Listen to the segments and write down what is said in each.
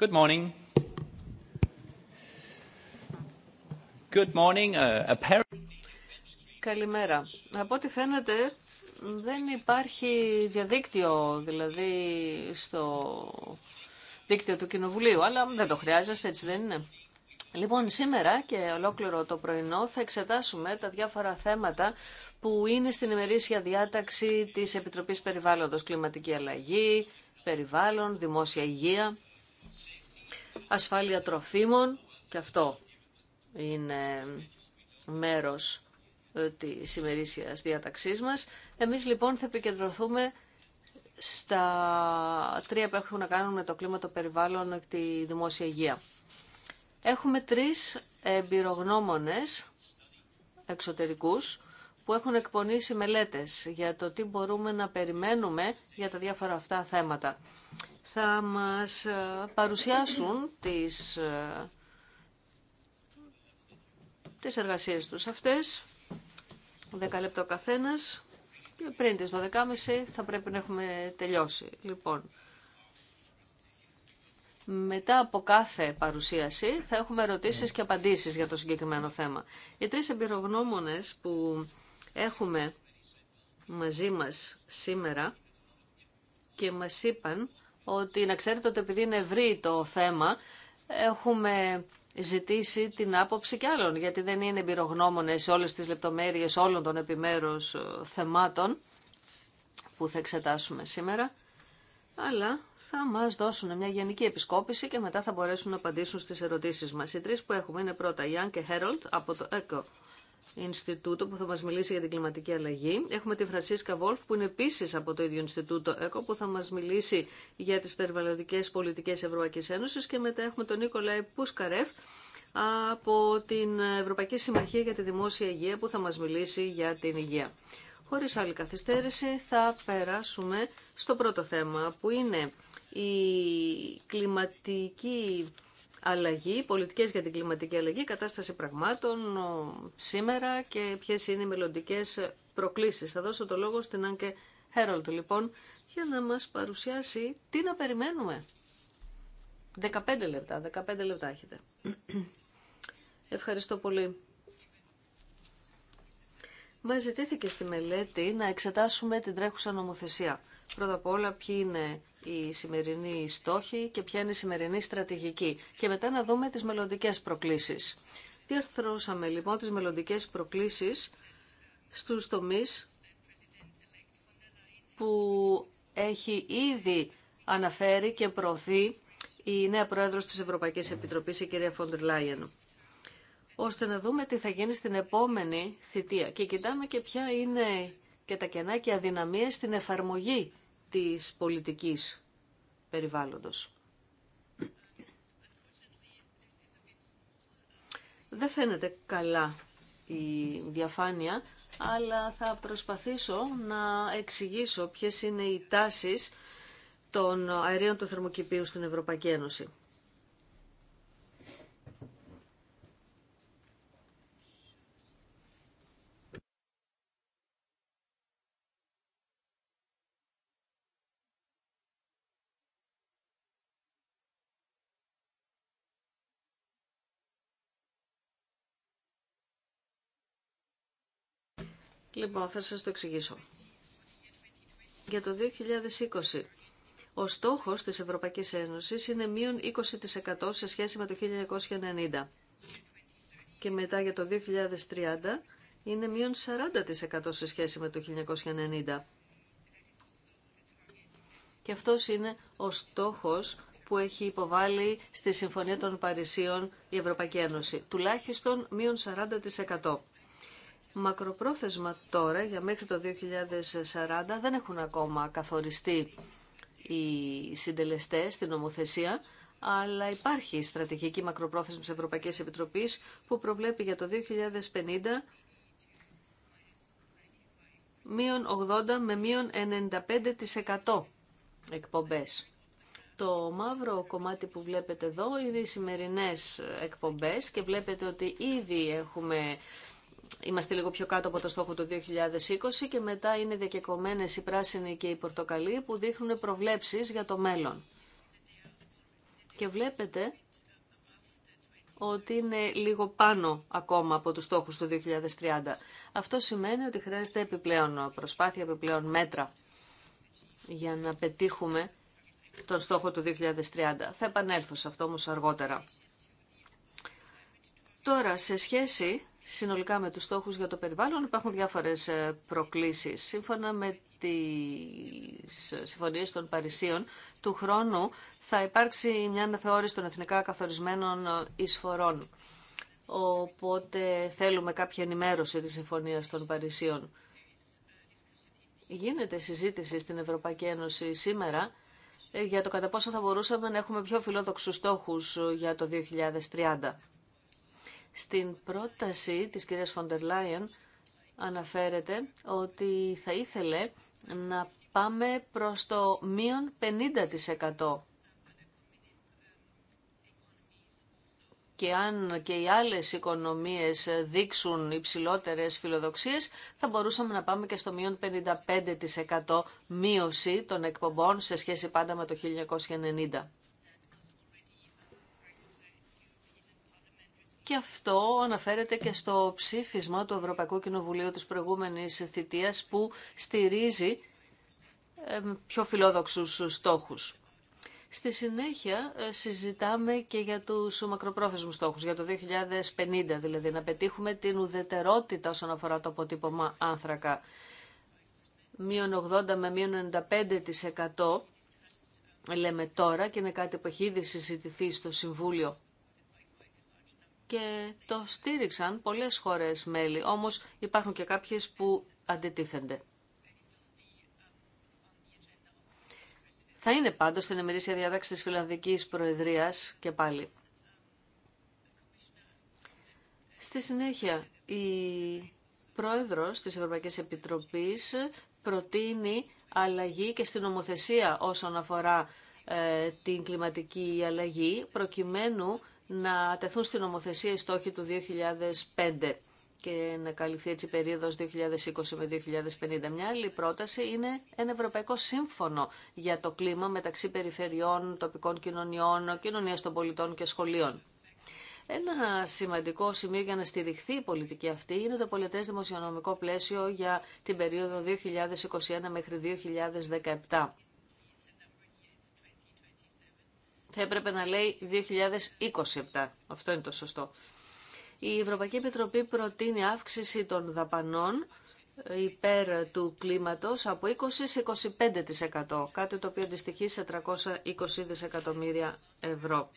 Good morning. Uh, Καλημέρα. Από ό,τι φαίνεται δεν υπάρχει διαδίκτυο, δηλαδή στο δίκτυο του Κοινοβουλίου, αλλά δεν το χρειάζεστε, έτσι δεν είναι. Λοιπόν, σήμερα και ολόκληρο το πρωινό θα εξετάσουμε τα διάφορα θέματα που είναι στην ημερήσια διάταξη της Επιτροπής Περιβάλλοντος, Κλιματική Αλλαγή, Περιβάλλον, Δημόσια Υγεία ασφάλεια τροφίμων και αυτό είναι μέρος ε, της ημερήσιας διάταξής μας. Εμείς λοιπόν θα επικεντρωθούμε στα τρία που έχουν να κάνουν με το κλίμα, το περιβάλλον και τη δημόσια υγεία. Έχουμε τρεις εμπειρογνώμονες εξωτερικούς που έχουν εκπονήσει μελέτες για το τι μπορούμε να περιμένουμε για τα διάφορα αυτά θέματα θα μας ε, παρουσιάσουν τις, ε, τις εργασίες τους αυτές. 10 λεπτό καθένας και πριν τις 12.30 θα πρέπει να έχουμε τελειώσει. Λοιπόν, μετά από κάθε παρουσίαση θα έχουμε ερωτήσεις και απαντήσεις για το συγκεκριμένο θέμα. Οι τρεις εμπειρογνώμονες που έχουμε μαζί μας σήμερα και μας είπαν ότι να ξέρετε ότι επειδή είναι ευρύ το θέμα, έχουμε ζητήσει την άποψη κι άλλων, γιατί δεν είναι εμπειρογνώμονε σε όλες τις λεπτομέρειες όλων των επιμέρους ε, θεμάτων που θα εξετάσουμε σήμερα, αλλά θα μας δώσουν μια γενική επισκόπηση και μετά θα μπορέσουν να απαντήσουν στις ερωτήσεις μας. Οι τρεις που έχουμε είναι πρώτα Ιάν και Χέρολτ από το ΕΚΟ Ινστιτούτο που θα μας μιλήσει για την κλιματική αλλαγή. Έχουμε τη Φρασίσκα Βόλφ που είναι επίσης από το ίδιο Ινστιτούτο ΕΚΟ που θα μας μιλήσει για τις περιβαλλοντικές πολιτικές Ευρωπαϊκής Ένωσης και μετά έχουμε τον Νίκολα Πουσκαρεφ από την Ευρωπαϊκή Συμμαχία για τη Δημόσια Υγεία που θα μας μιλήσει για την υγεία. Χωρίς άλλη καθυστέρηση θα περάσουμε στο πρώτο θέμα που είναι η κλιματική αλλαγή, πολιτικές για την κλιματική αλλαγή, κατάσταση πραγμάτων σήμερα και ποιες είναι οι μελλοντικέ προκλήσεις. Θα δώσω το λόγο στην Άνκε Χέρολτ, λοιπόν για να μας παρουσιάσει τι να περιμένουμε. 15 λεπτά, 15 λεπτά έχετε. Ευχαριστώ πολύ. Μα ζητήθηκε στη μελέτη να εξετάσουμε την τρέχουσα νομοθεσία. Πρώτα απ' όλα ποιοι είναι η σημερινοί στόχοι και ποια είναι η σημερινή στρατηγική. Και μετά να δούμε τις μελλοντικές προκλήσεις. αρθρώσαμε λοιπόν τις μελλοντικές προκλήσεις στους τομείς που έχει ήδη αναφέρει και προωθεί η νέα πρόεδρος της Ευρωπαϊκής Επιτροπής, η κυρία Φόντερ Λάιεν, ώστε να δούμε τι θα γίνει στην επόμενη θητεία. Και κοιτάμε και ποια είναι και τα κενά και αδυναμίες στην εφαρμογή της πολιτικής περιβάλλοντος. Δεν φαίνεται καλά η διαφάνεια, αλλά θα προσπαθήσω να εξηγήσω ποιες είναι οι τάσεις των αερίων του θερμοκηπίου στην Ευρωπαϊκή Ένωση. Λοιπόν, θα σας το εξηγήσω. Για το 2020, ο στόχος της Ευρωπαϊκής Ένωσης είναι μείον 20% σε σχέση με το 1990. Και μετά για το 2030 είναι μείον 40% σε σχέση με το 1990. Και αυτός είναι ο στόχος που έχει υποβάλει στη Συμφωνία των Παρισίων η Ευρωπαϊκή Ένωση. Τουλάχιστον μείον 40%. Μακροπρόθεσμα τώρα, για μέχρι το 2040, δεν έχουν ακόμα καθοριστεί οι συντελεστές στην νομοθεσία, αλλά υπάρχει η στρατηγική της Ευρωπαϊκής Επιτροπής που προβλέπει για το 2050 μείον 80 με μείον 95% εκπομπές. Το μαύρο κομμάτι που βλέπετε εδώ είναι οι σημερινές εκπομπές και βλέπετε ότι ήδη έχουμε Είμαστε λίγο πιο κάτω από το στόχο του 2020 και μετά είναι διακεκομένες οι πράσινοι και οι πορτοκαλί που δείχνουν προβλέψεις για το μέλλον. Και βλέπετε ότι είναι λίγο πάνω ακόμα από τους στόχους του 2030. Αυτό σημαίνει ότι χρειάζεται επιπλέον προσπάθεια, επιπλέον μέτρα για να πετύχουμε τον στόχο του 2030. Θα επανέλθω σε αυτό όμως αργότερα. Τώρα, σε σχέση Συνολικά με τους στόχους για το περιβάλλον υπάρχουν διάφορες ε, προκλήσεις. Σύμφωνα με τις ε, συμφωνίες των Παρισίων, του χρόνου θα υπάρξει μια αναθεώρηση των εθνικά καθορισμένων ε, εισφορών. Οπότε θέλουμε κάποια ενημέρωση της συμφωνίας των Παρισίων. Γίνεται συζήτηση στην Ευρωπαϊκή Ένωση σήμερα για το κατά πόσο θα μπορούσαμε να έχουμε πιο φιλόδοξους στόχους για το 2030. Στην πρόταση της κυρίας Φοντερ Λάιεν αναφέρεται ότι θα ήθελε να πάμε προς το μείον 50%. Και αν και οι άλλες οικονομίες δείξουν υψηλότερες φιλοδοξίες, θα μπορούσαμε να πάμε και στο μείον 55% μείωση των εκπομπών σε σχέση πάντα με το 1990. Και αυτό αναφέρεται και στο ψήφισμα του Ευρωπαϊκού Κοινοβουλίου της προηγούμενης θητείας που στηρίζει ε, πιο φιλόδοξους στόχους. Στη συνέχεια ε, συζητάμε και για τους μακροπρόθεσμους στόχους, για το 2050 δηλαδή, να πετύχουμε την ουδετερότητα όσον αφορά το αποτύπωμα άνθρακα. Μείον 80 με μείον 95% λέμε τώρα και είναι κάτι που έχει ήδη συζητηθεί στο Συμβούλιο και το στήριξαν πολλές χώρες μέλη, όμως υπάρχουν και κάποιες που αντιτίθενται. Θα είναι πάντως στην εμερήσια διάταξη της Φιλανδικής Προεδρίας και πάλι. Στη συνέχεια, η Πρόεδρος της Ευρωπαϊκής Επιτροπής προτείνει αλλαγή και στην νομοθεσία όσον αφορά ε, την κλιματική αλλαγή, προκειμένου να τεθούν στην νομοθεσία οι στόχοι του 2005 και να καλυφθεί έτσι η περίοδος 2020 με 2050. Μια άλλη πρόταση είναι ένα ευρωπαϊκό σύμφωνο για το κλίμα μεταξύ περιφερειών, τοπικών κοινωνιών, κοινωνίας των πολιτών και σχολείων. Ένα σημαντικό σημείο για να στηριχθεί η πολιτική αυτή είναι το πολιτές δημοσιονομικό πλαίσιο για την περίοδο 2021 μέχρι 2017 θα έπρεπε να λέει 2027. Αυτό είναι το σωστό. Η Ευρωπαϊκή Επιτροπή προτείνει αύξηση των δαπανών ε, υπέρ του κλίματος από 20% σε 25%, κάτι το οποίο αντιστοιχεί σε 320 δισεκατομμύρια ευρώ.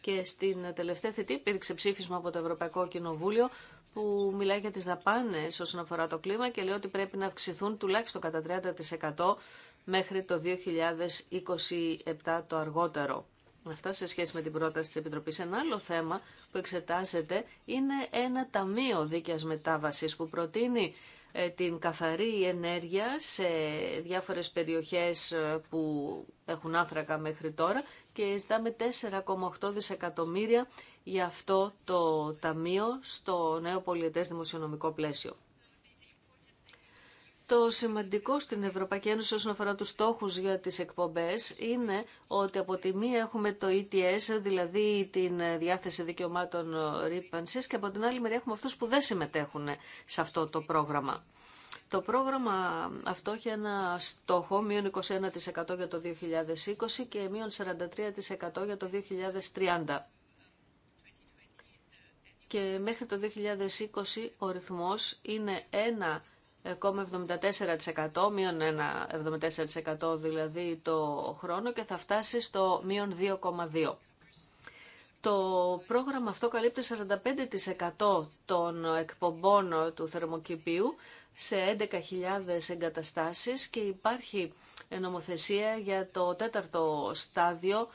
Και στην τελευταία θητή υπήρξε ψήφισμα από το Ευρωπαϊκό Κοινοβούλιο που μιλάει για τις δαπάνες όσον αφορά το κλίμα και λέει ότι πρέπει να αυξηθούν τουλάχιστον κατά 30% μέχρι το 2027 το αργότερο. Αυτά σε σχέση με την πρόταση της Επιτροπής. Ένα άλλο θέμα που εξετάζεται είναι ένα ταμείο δίκαιας μετάβασης που προτείνει ε, την καθαρή ενέργεια σε διάφορες περιοχές ε, που έχουν άνθρακα μέχρι τώρα και ζητάμε 4,8 δισεκατομμύρια για αυτό το ταμείο στο νέο πολιετές δημοσιονομικό πλαίσιο. Το σημαντικό στην Ευρωπαϊκή Ένωση όσον αφορά τους στόχους για τις εκπομπές είναι ότι από τη μία έχουμε το ETS, δηλαδή την διάθεση δικαιωμάτων ρήπανσης και από την άλλη μεριά έχουμε αυτούς που δεν συμμετέχουν σε αυτό το πρόγραμμα. Το πρόγραμμα αυτό έχει ένα στόχο, μείον 21% για το 2020 και μείον 43% για το 2030. Και μέχρι το 2020 ο ρυθμός είναι ένα 0,74%, μείον 1,74% δηλαδή το χρόνο και θα φτάσει στο μείον 2,2%. Το πρόγραμμα αυτό καλύπτει 45% των εκπομπών του θερμοκηπίου σε 11.000 εγκαταστάσεις και υπάρχει νομοθεσία για το τέταρτο στάδιο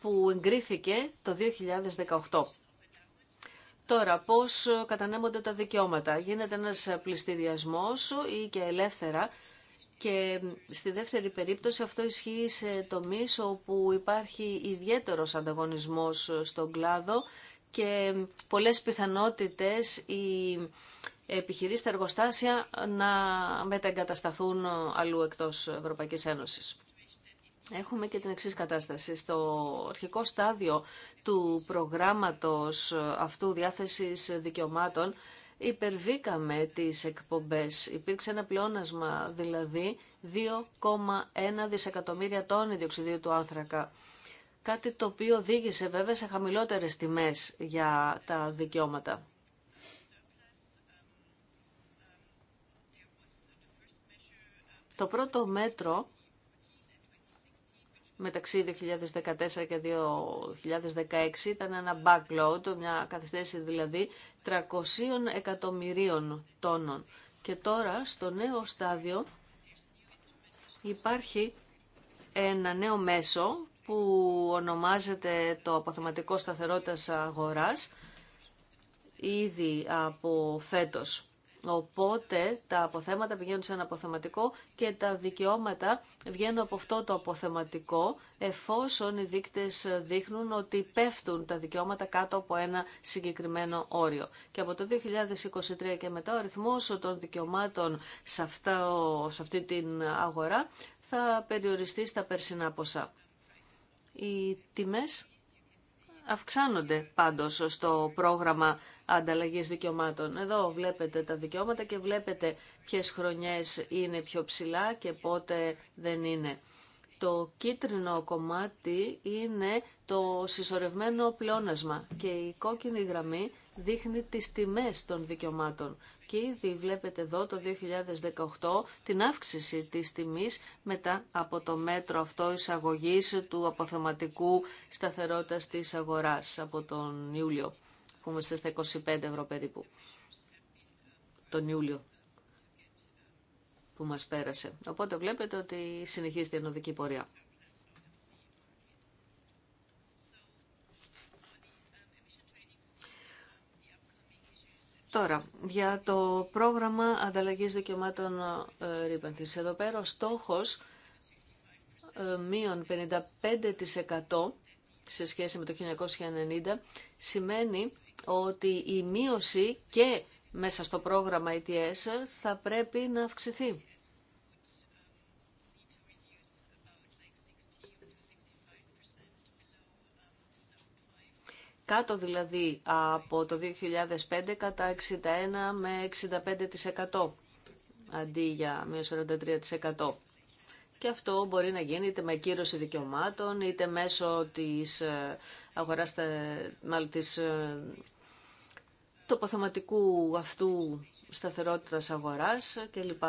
που εγκρίθηκε το 2018. Τώρα, πώς κατανέμονται τα δικαιώματα. Γίνεται ένας πληστηριασμός ή και ελεύθερα και στη δεύτερη περίπτωση αυτό ισχύει σε τομείς όπου υπάρχει ιδιαίτερος ανταγωνισμός στον κλάδο και πολλές πιθανότητες οι επιχειρήσεις, τα εργοστάσια να μεταγκατασταθούν αλλού εκτός Ευρωπαϊκής Ένωσης έχουμε και την εξή κατάσταση. Στο αρχικό στάδιο του προγράμματος αυτού διάθεσης δικαιωμάτων υπερβήκαμε τις εκπομπές. Υπήρξε ένα πλεόνασμα δηλαδή 2,1 δισεκατομμύρια τόνοι διοξιδίου του άνθρακα. Κάτι το οποίο οδήγησε βέβαια σε χαμηλότερες τιμές για τα δικαιώματα. Το πρώτο μέτρο μεταξύ 2014 και 2016 ήταν ένα backload, μια καθυστέρηση δηλαδή 300 εκατομμυρίων τόνων. Και τώρα στο νέο στάδιο υπάρχει ένα νέο μέσο που ονομάζεται το αποθεματικό σταθερότητας αγοράς ήδη από φέτος. Οπότε τα αποθέματα πηγαίνουν σε ένα αποθεματικό και τα δικαιώματα βγαίνουν από αυτό το αποθεματικό εφόσον οι δείκτες δείχνουν ότι πέφτουν τα δικαιώματα κάτω από ένα συγκεκριμένο όριο. Και από το 2023 και μετά ο αριθμός των δικαιωμάτων σε, σε αυτή την αγορά θα περιοριστεί στα περσινά ποσά. Οι τιμές αυξάνονται πάντως στο πρόγραμμα ανταλλαγής δικαιωμάτων. Εδώ βλέπετε τα δικαιώματα και βλέπετε ποιες χρονιές είναι πιο ψηλά και πότε δεν είναι. Το κίτρινο κομμάτι είναι το συσσωρευμένο πλεόνασμα και η κόκκινη γραμμή δείχνει τις τιμές των δικαιωμάτων και ήδη βλέπετε εδώ το 2018 την αύξηση της τιμής μετά από το μέτρο αυτό εισαγωγής του αποθεματικού σταθερότητας της αγοράς από τον Ιούλιο που είμαστε στα 25 ευρώ περίπου τον Ιούλιο που μας πέρασε. Οπότε βλέπετε ότι συνεχίζεται η ενωδική πορεία. Τώρα, για το πρόγραμμα ανταλλαγής δικαιωμάτων ε, ρήπανθης. Εδώ πέρα ο στόχος ε, μείων 55% σε σχέση με το 1990 σημαίνει ότι η μείωση και μέσα στο πρόγραμμα ETS θα πρέπει να αυξηθεί. κάτω δηλαδή από το 2005 κατά 61 με 65% αντί για 43%. Και αυτό μπορεί να γίνει είτε με κύρωση δικαιωμάτων, είτε μέσω της ε, αγοράς, της ε, τοποθεματικού αυτού σταθερότητας αγοράς κλπ.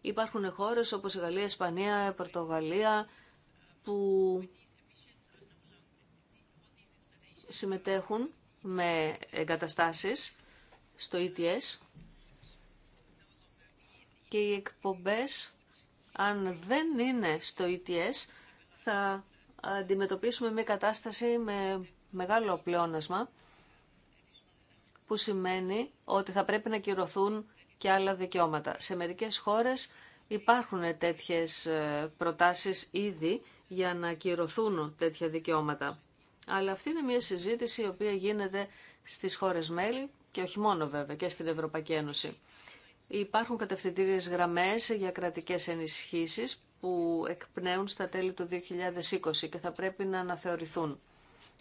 Υπάρχουν χώρες όπως η Γαλλία, η Ισπανία, η Πορτογαλία που συμμετέχουν με εγκαταστάσεις στο ETS και οι εκπομπές αν δεν είναι στο ETS θα αντιμετωπίσουμε μια κατάσταση με μεγάλο πλεόνασμα που σημαίνει ότι θα πρέπει να κυρωθούν και άλλα δικαιώματα. Σε μερικές χώρες υπάρχουν τέτοιες ε, προτάσεις ήδη για να κυρωθούν τέτοια δικαιώματα. Αλλά αυτή είναι μια συζήτηση η οποία γίνεται στις χώρες μέλη και όχι μόνο βέβαια και στην Ευρωπαϊκή Ένωση. Υπάρχουν κατευθυντήριες γραμμές για κρατικές ενισχύσεις που εκπνέουν στα τέλη του 2020 και θα πρέπει να αναθεωρηθούν.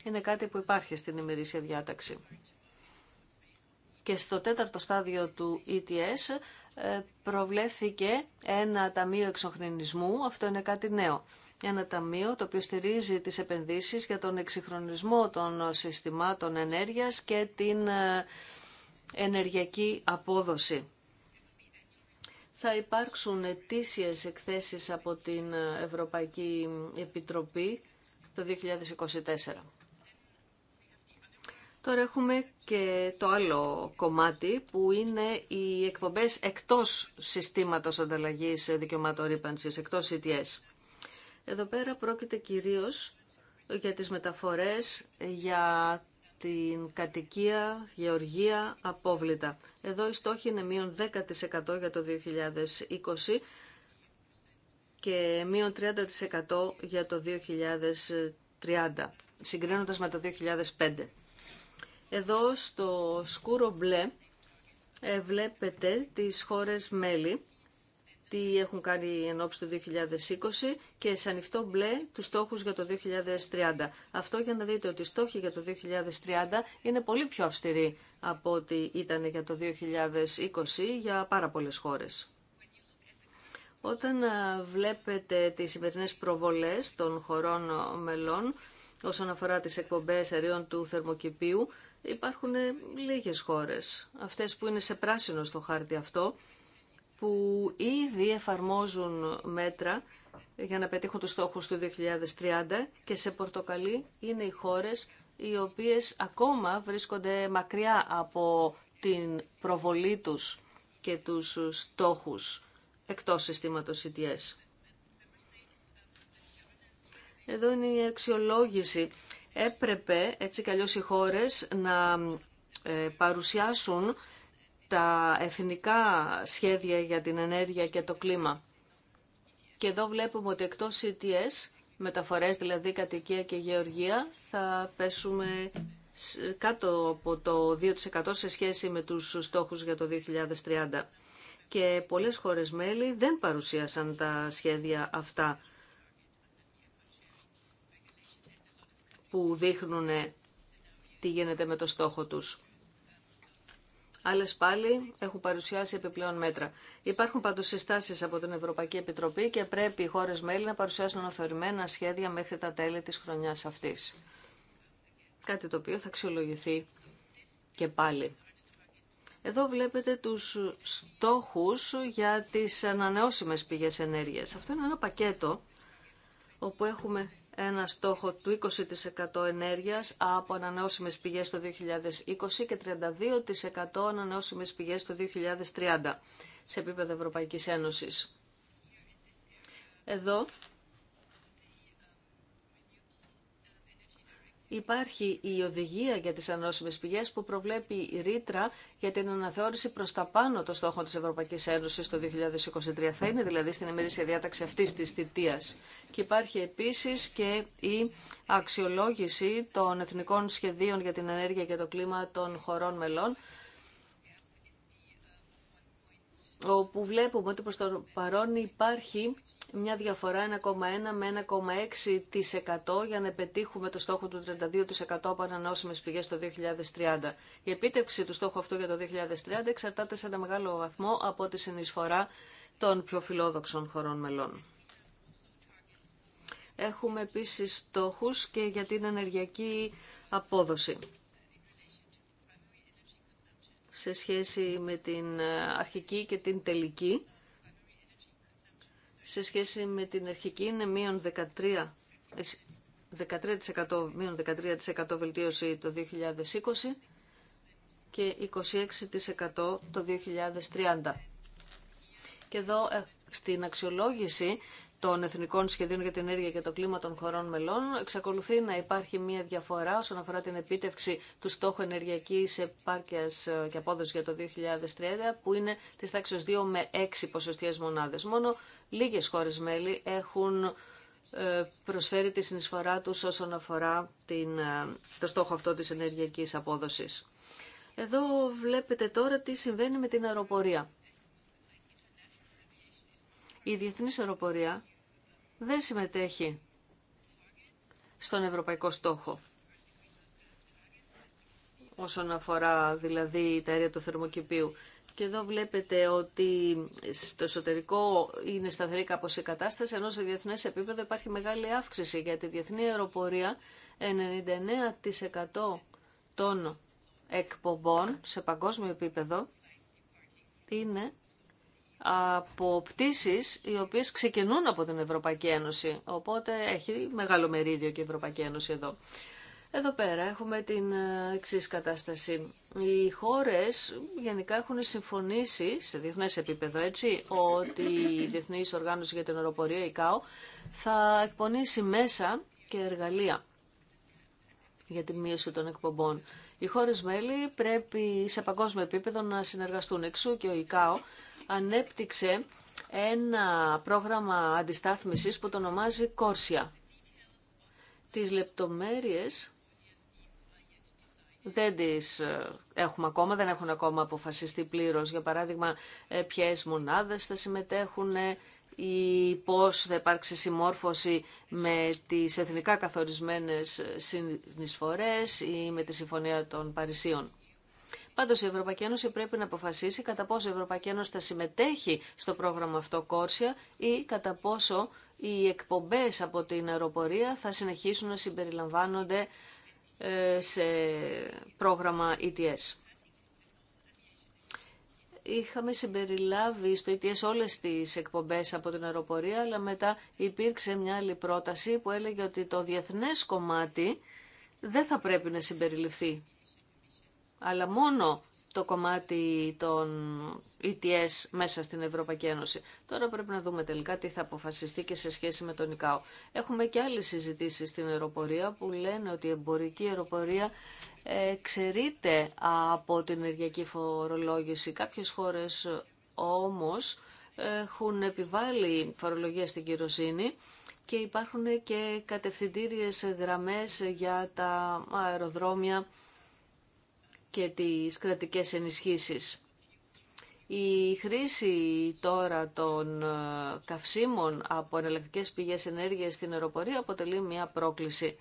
Είναι κάτι που υπάρχει στην ημερήσια διάταξη. Και στο τέταρτο στάδιο του ETS ε, προβλέφθηκε ένα ταμείο εξοχρινισμού. Αυτό είναι κάτι νέο ένα ταμείο το οποίο στηρίζει τις επενδύσεις για τον εξυγχρονισμό των συστημάτων ενέργειας και την ε, ενεργειακή απόδοση. Θα υπάρξουν ετήσιες εκθέσεις από την Ευρωπαϊκή Επιτροπή το 2024. Τώρα έχουμε και το άλλο κομμάτι που είναι οι εκπομπές εκτός συστήματος ανταλλαγής δικαιωμάτων ρήπανσης, εκτός ETS. Εδώ πέρα πρόκειται κυρίως για τις μεταφορές, για την κατοικία, γεωργία, απόβλητα. Εδώ η στόχη είναι μείον 10% για το 2020 και μείον 30% για το 2030, συγκρίνοντας με το 2005. Εδώ στο σκούρο μπλε ε, βλέπετε τις χώρες μέλη τι έχουν κάνει οι ενόψεις του 2020 και σε ανοιχτό μπλε τους στόχους για το 2030. Αυτό για να δείτε ότι οι στόχοι για το 2030 είναι πολύ πιο αυστηροί από ό,τι ήταν για το 2020 για πάρα πολλές χώρες. Όταν ε, βλέπετε τις σημερινές προβολές των χωρών μελών όσον αφορά τις εκπομπές αερίων του θερμοκηπίου, υπάρχουν ε, λίγες χώρες. Αυτές που είναι σε πράσινο στο χάρτη αυτό, που ήδη εφαρμόζουν μέτρα για να πετύχουν τους στόχους του 2030 και σε πορτοκαλί είναι οι χώρες οι οποίες ακόμα βρίσκονται μακριά από την προβολή τους και τους στόχους εκτός συστήματος ETS. Εδώ είναι η αξιολόγηση. Έπρεπε έτσι κι οι χώρες να ε, παρουσιάσουν τα εθνικά σχέδια για την ενέργεια και το κλίμα. Και εδώ βλέπουμε ότι εκτός CTS, μεταφορές δηλαδή κατοικία και γεωργία, θα πέσουμε κάτω από το 2% σε σχέση με τους στόχους για το 2030. Και πολλές χώρες μέλη δεν παρουσίασαν τα σχέδια αυτά που δείχνουν τι γίνεται με το στόχο τους. Άλλε πάλι έχουν παρουσιάσει επιπλέον μέτρα. Υπάρχουν πάντω συστάσει από την Ευρωπαϊκή Επιτροπή και πρέπει οι χώρε μέλη να παρουσιάσουν αναθεωρημένα σχέδια μέχρι τα τέλη τη χρονιά αυτή. Κάτι το οποίο θα αξιολογηθεί και πάλι. Εδώ βλέπετε τους στόχους για τις ανανεώσιμες πηγές ενέργειας. Αυτό είναι ένα πακέτο όπου έχουμε ένα στόχο του 20% ενέργειας από ανανεώσιμες πηγές το 2020 και 32% ανανεώσιμες πηγές το 2030 σε επίπεδο Ευρωπαϊκής Ένωσης. Εδώ Υπάρχει η οδηγία για τις ανώσιμες πηγές που προβλέπει η ρήτρα για την αναθεώρηση προς τα πάνω των στόχων της Ευρωπαϊκής Ένωσης το 2023. Θα είναι δηλαδή στην ημερήσια διάταξη αυτής της θητείας. Και υπάρχει επίσης και η αξιολόγηση των εθνικών σχεδίων για την ενέργεια και το κλίμα των χωρών μελών όπου βλέπουμε ότι προς το παρόν υπάρχει μια διαφορά 1,1 με 1,6% για να πετύχουμε το στόχο του 32% από ανανεώσιμε πηγέ το 2030. Η επίτευξη του στόχου αυτού για το 2030 εξαρτάται σε ένα μεγάλο βαθμό από τη συνεισφορά των πιο φιλόδοξων χωρών μελών. Έχουμε επίσης στόχους και για την ενεργειακή απόδοση σε σχέση με την αρχική και την τελική σε σχέση με την αρχική είναι μείον 13%. 13%, 13% βελτίωση το 2020 και 26% το 2030. Και εδώ ε, στην αξιολόγηση των Εθνικών Σχεδίων για την Ενέργεια και το Κλίμα των χωρών μελών, εξακολουθεί να υπάρχει μια διαφορά όσον αφορά την επίτευξη του στόχου ενεργειακής επάρκεια ε, και απόδοση για το 2030, που είναι τη τάξης 2 με 6 ποσοστιαίες μονάδες. Μόνο λίγες χώρες μέλη έχουν ε, προσφέρει τη συνεισφορά του όσον αφορά την, ε, το στόχο αυτό τη ενεργειακή απόδοση. Εδώ βλέπετε τώρα τι συμβαίνει με την αεροπορία η διεθνή αεροπορία δεν συμμετέχει στον ευρωπαϊκό στόχο. Όσον αφορά δηλαδή τα αέρια του θερμοκηπίου. Και εδώ βλέπετε ότι στο εσωτερικό είναι σταθερή κάπως η κατάσταση, ενώ σε διεθνές επίπεδο υπάρχει μεγάλη αύξηση, γιατί η διεθνή αεροπορία 99% των εκπομπών σε παγκόσμιο επίπεδο είναι από πτήσει οι οποίε ξεκινούν από την Ευρωπαϊκή Ένωση. Οπότε έχει μεγάλο μερίδιο και η Ευρωπαϊκή Ένωση εδώ. Εδώ πέρα έχουμε την ε, εξή κατάσταση. Οι χώρες γενικά έχουν συμφωνήσει σε διεθνέ επίπεδο έτσι ότι η Διεθνή Οργάνωση για την Οροπορία η ΚΑΟ, θα εκπονήσει μέσα και εργαλεία για τη μείωση των εκπομπών. Οι χώρες μέλη πρέπει σε παγκόσμιο επίπεδο να συνεργαστούν εξού και ο ΙΚΑΟ ανέπτυξε ένα πρόγραμμα αντιστάθμισης που το ονομάζει Κόρσια. Τις λεπτομέρειες δεν τις ε, έχουμε ακόμα, δεν έχουν ακόμα αποφασιστεί πλήρως. Για παράδειγμα, ε, ποιες μονάδες θα συμμετέχουν ε, ή πώς θα υπάρξει συμμόρφωση με τις εθνικά καθορισμένες συνεισφορές ή με τη Συμφωνία των Παρισίων. Πάντω η Ευρωπαϊκή Ένωση πρέπει να αποφασίσει κατά πόσο η Ευρωπαϊκή Ένωση θα συμμετέχει στο πρόγραμμα αυτό Κόρσια ή κατά πόσο οι εκπομπέ από την αεροπορία θα συνεχίσουν να συμπεριλαμβάνονται ε, σε πρόγραμμα ETS. Είχαμε συμπεριλάβει στο ETS όλες τις εκπομπές από την αεροπορία, αλλά μετά υπήρξε μια άλλη πρόταση που έλεγε ότι το διεθνές κομμάτι δεν θα πρέπει να συμπεριληφθεί αλλά μόνο το κομμάτι των ETS μέσα στην Ευρωπαϊκή Ένωση. Τώρα πρέπει να δούμε τελικά τι θα αποφασιστεί και σε σχέση με τον ΙΚΑΟ. Έχουμε και άλλες συζητήσεις στην αεροπορία που λένε ότι η εμπορική αεροπορία ε, εξαιρείται από την ενεργειακή φορολόγηση. Κάποιες χώρες όμως έχουν επιβάλει φορολογία στην κυροσύνη και υπάρχουν και κατευθυντήριες γραμμές για τα αεροδρόμια και τις κρατικές ενισχύσεις. Η χρήση τώρα των ε, καυσίμων από εναλλακτικές πηγές ενέργειας στην αεροπορία αποτελεί μια πρόκληση.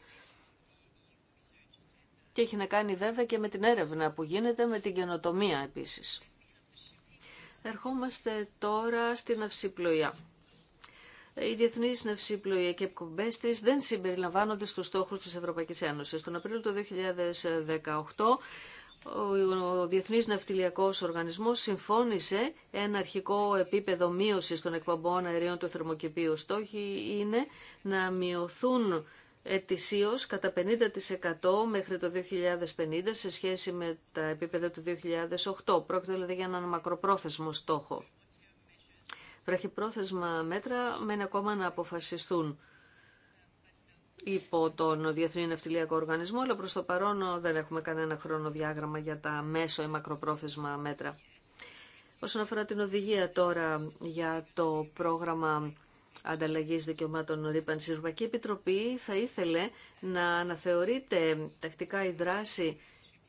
Και έχει να κάνει βέβαια και με την έρευνα που γίνεται, με την καινοτομία επίσης. Ερχόμαστε τώρα στην αυσιπλοεία. Οι διεθνεί νευσίπλοοι και εκπομπέ τη δεν συμπεριλαμβάνονται στου στόχου τη Ευρωπαϊκή Ένωση. Τον Απρίλιο του 2018 ο Διεθνής Ναυτιλιακός Οργανισμός συμφώνησε ένα αρχικό επίπεδο μείωση των εκπομπών αερίων του θερμοκηπίου. Στόχοι είναι να μειωθούν ετησίως κατά 50% μέχρι το 2050 σε σχέση με τα επίπεδα του 2008. Πρόκειται δηλαδή για έναν μακροπρόθεσμο στόχο. Βραχυπρόθεσμα μέτρα μένει ακόμα να αποφασιστούν υπό τον Διεθνή Νευτιλιακό Οργανισμό, αλλά προς το παρόν δεν έχουμε κανένα χρονοδιάγραμμα για τα μέσο ή μακροπρόθεσμα μέτρα. Όσον αφορά την οδηγία τώρα για το πρόγραμμα ανταλλαγής δικαιωμάτων ρήπανση, η Ευρωπαϊκή Επιτροπή θα ήθελε να αναθεωρείται τακτικά η δράση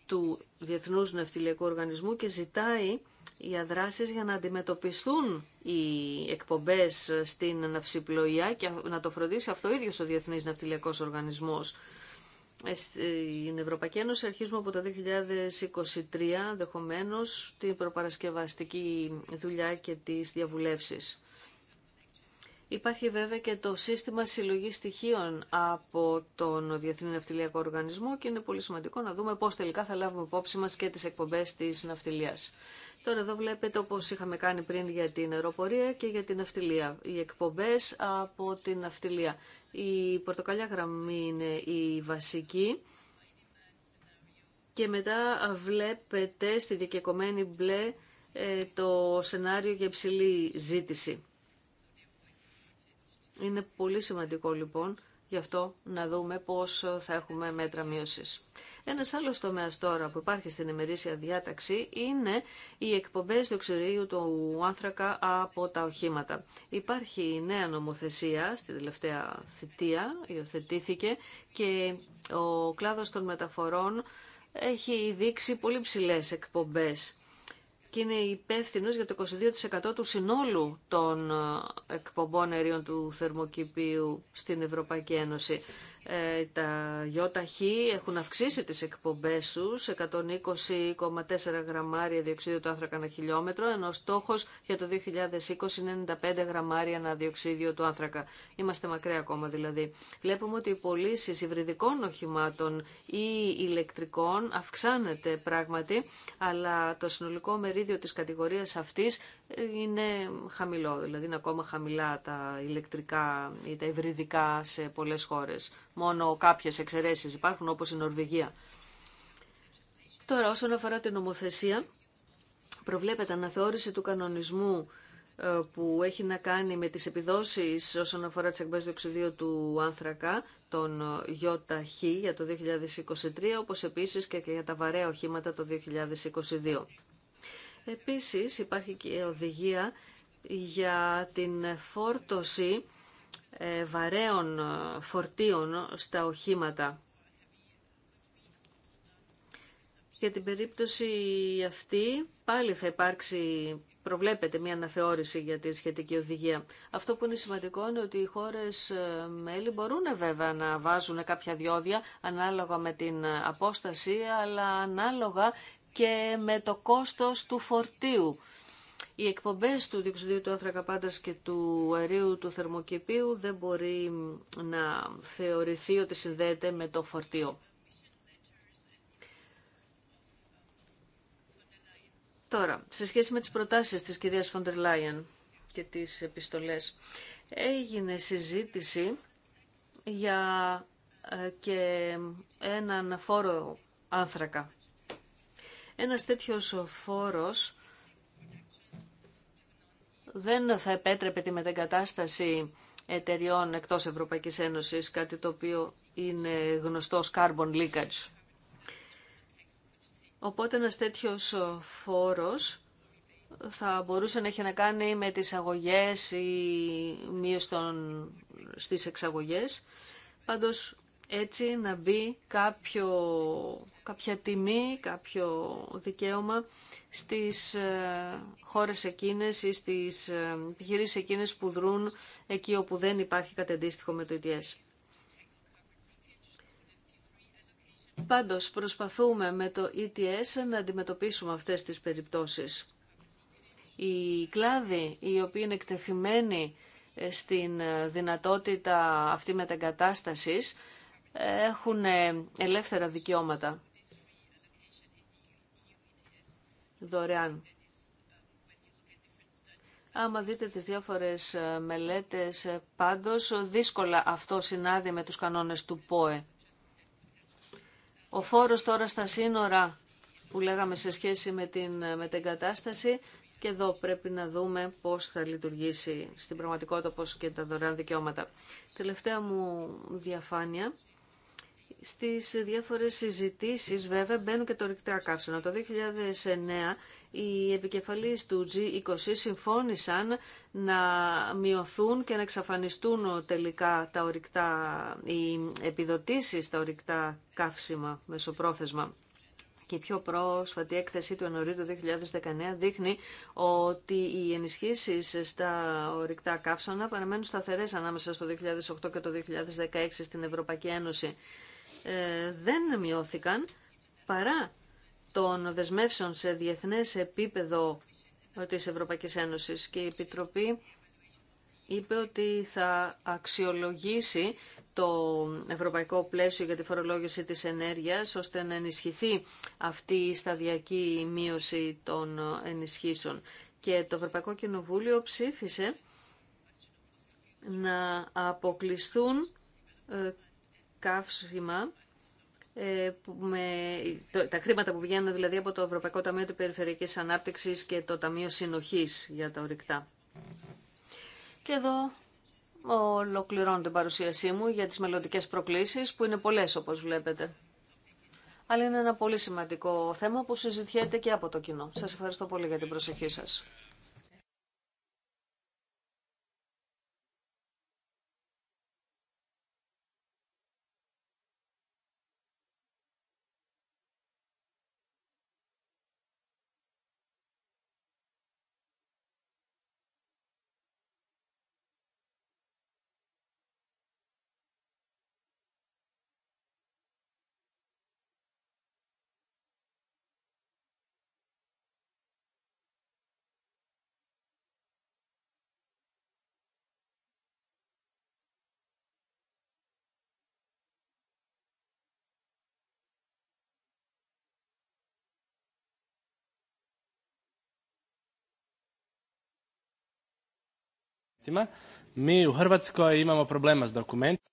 του Διεθνούς Νευτιλιακού Οργανισμού και ζητάει οι αδράσεις για να αντιμετωπιστούν οι εκπομπές στην ναυσιπλοεία και να το φροντίσει αυτό ίδιο ίδιος ο Διεθνής Ναυτιλιακός Οργανισμός. Ε, στην ε, Ευρωπαϊκή Ένωση αρχίζουμε από το 2023, δεχομένω την προπαρασκευαστική δουλειά και τις διαβουλεύσεις. Υπάρχει βέβαια και το σύστημα συλλογής στοιχείων από τον Διεθνή Ναυτιλιακό Οργανισμό και είναι πολύ σημαντικό να δούμε πώς τελικά θα λάβουμε υπόψη μας και τις εκπομπές της ναυτιλίας. Τώρα εδώ βλέπετε όπως είχαμε κάνει πριν για την αεροπορία και για την αυτιλία. Οι εκπομπές από την αυτιλία. Η πορτοκαλιά γραμμή είναι η βασική. Και μετά βλέπετε στη δικαιοκομένη μπλε ε, το σενάριο για υψηλή ζήτηση. Είναι πολύ σημαντικό λοιπόν γι' αυτό να δούμε πώς θα έχουμε μέτρα μείωσης. Ένα άλλο τομέα τώρα που υπάρχει στην ημερήσια διάταξη είναι οι εκπομπές διοξιδίου του άνθρακα από τα οχήματα. Υπάρχει η νέα νομοθεσία στη τελευταία θητεία, υιοθετήθηκε και ο κλάδος των μεταφορών έχει δείξει πολύ ψηλές εκπομπές και είναι υπεύθυνο για το 22% του συνόλου των εκπομπών αερίων του θερμοκηπίου στην Ευρωπαϊκή Ένωση. Ε, τα ΙΧ έχουν αυξήσει τις εκπομπές τους 120,4 γραμμάρια διοξίδιο του άνθρακα ένα χιλιόμετρο, ενώ ο στόχος για το 2020 είναι 95 γραμμάρια ανά διοξίδιο του άνθρακα. Είμαστε μακριά ακόμα δηλαδή. Βλέπουμε ότι οι πωλήσει υβριδικών οχημάτων ή ηλεκτρικών αυξάνεται πράγματι, αλλά το συνολικό μερίδιο της κατηγορίας αυτής ε, είναι χαμηλό, δηλαδή είναι ακόμα χαμηλά τα ηλεκτρικά ή τα υβριδικά σε πολλές χώρες Μόνο κάποιες εξαιρέσεις υπάρχουν όπως η Νορβηγία. Τώρα όσον αφορά την νομοθεσία, προβλέπεται αναθεώρηση του κανονισμού ε, που έχει να κάνει με τις επιδόσεις όσον αφορά τις εκπομπές διοξιδίου του άνθρακα, τον ε, ΙΧ για το 2023, όπως επίσης και για τα βαρέα οχήματα το 2022. Επίσης υπάρχει και οδηγία για την φόρτωση ε, βαρέων ε, φορτίων στα οχήματα. Για την περίπτωση αυτή πάλι θα υπάρξει, προβλέπεται μια αναθεώρηση για τη σχετική οδηγία. Αυτό που είναι σημαντικό είναι ότι οι χώρες ε, μέλη μπορούν βέβαια να βάζουν κάποια διόδια ανάλογα με την απόσταση αλλά ανάλογα και με το κόστος του φορτίου οι εκπομπές του διεξουδίου του άνθρακα πάντας και του αερίου του θερμοκηπίου δεν μπορεί να θεωρηθεί ότι συνδέεται με το φορτίο. Τώρα, σε σχέση με τις προτάσεις της κυρίας Φοντερ Λάιεν και τις επιστολές, έγινε συζήτηση για ε, και έναν φόρο άνθρακα. Ένας τέτοιος φόρος δεν θα επέτρεπε τη μετεγκατάσταση εταιριών εκτός Ευρωπαϊκής Ένωσης, κάτι το οποίο είναι γνωστό ως carbon leakage. Οπότε ένας τέτοιος φόρος θα μπορούσε να έχει να κάνει με τις αγωγές ή μείωση στις εξαγωγές. Πάντως έτσι να μπει κάποιο, κάποια τιμή, κάποιο δικαίωμα στις ε, χώρες εκείνες ή στις ε, επιχειρήσεις εκείνες που δρούν εκεί όπου δεν υπάρχει κάτι με το ETS. Πάντως προσπαθούμε με το ETS να αντιμετωπίσουμε αυτές τις περιπτώσεις. Η κλάδη, η οποία είναι εκτεθειμένη ε, στην δυνατότητα αυτή μεταγκατάστασης έχουν ε, ελεύθερα δικαιώματα. Δωρεάν. Άμα δείτε τις διάφορες ε, μελέτες, ε, πάντως δύσκολα αυτό συνάδει με τους κανόνες του ΠΟΕ. Ο φόρος τώρα στα σύνορα που λέγαμε σε σχέση με την μετεγκατάσταση και εδώ πρέπει να δούμε πώς θα λειτουργήσει στην πραγματικότητα πως και τα δωρεάν δικαιώματα. Τελευταία μου διαφάνεια στις διάφορες συζητήσεις βέβαια μπαίνουν και τα ρηκτρά καύσωνα. Το 2009 οι επικεφαλείς του G20 συμφώνησαν να μειωθούν και να εξαφανιστούν τελικά τα ορυκτά, οι επιδοτήσεις στα ορυκτά καύσιμα μεσοπρόθεσμα. Και η πιο πρόσφατη έκθεση του Ενωρίου του 2019 δείχνει ότι οι ενισχύσει στα ορυκτά καύσωνα παραμένουν σταθερές ανάμεσα στο 2008 και το 2016 στην Ευρωπαϊκή Ένωση. Ε, δεν μειώθηκαν παρά των δεσμεύσεων σε διεθνές επίπεδο της Ευρωπαϊκής Ένωσης και η Επιτροπή είπε ότι θα αξιολογήσει το ευρωπαϊκό πλαίσιο για τη φορολόγηση της ενέργειας ώστε να ενισχυθεί αυτή η σταδιακή μείωση των ενισχύσεων. Και το Ευρωπαϊκό Κοινοβούλιο ψήφισε να αποκλειστούν ε, καύσιμα ε, με, τα χρήματα που βγαίνουν δηλαδή από το Ευρωπαϊκό Ταμείο του Περιφερειακής Ανάπτυξης και το Ταμείο Συνοχής για τα ορυκτά. Και εδώ ολοκληρώνω την παρουσίασή μου για τις μελλοντικέ προκλήσεις που είναι πολλές όπως βλέπετε. Αλλά είναι ένα πολύ σημαντικό θέμα που συζητιέται και από το κοινό. Σας ευχαριστώ πολύ για την προσοχή σας. dokumentima. Mi u Hrvatskoj imamo problema s dokumentima.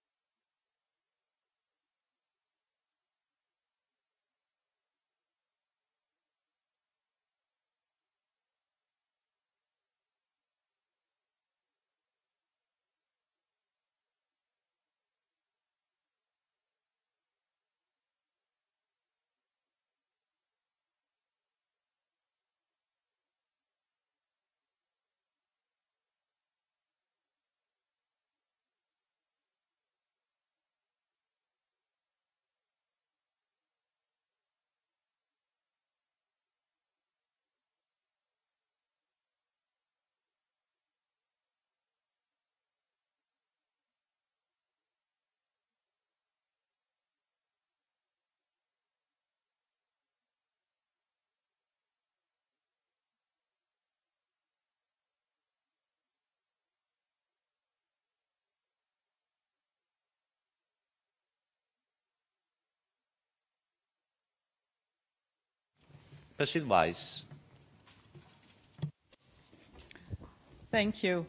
Thank you.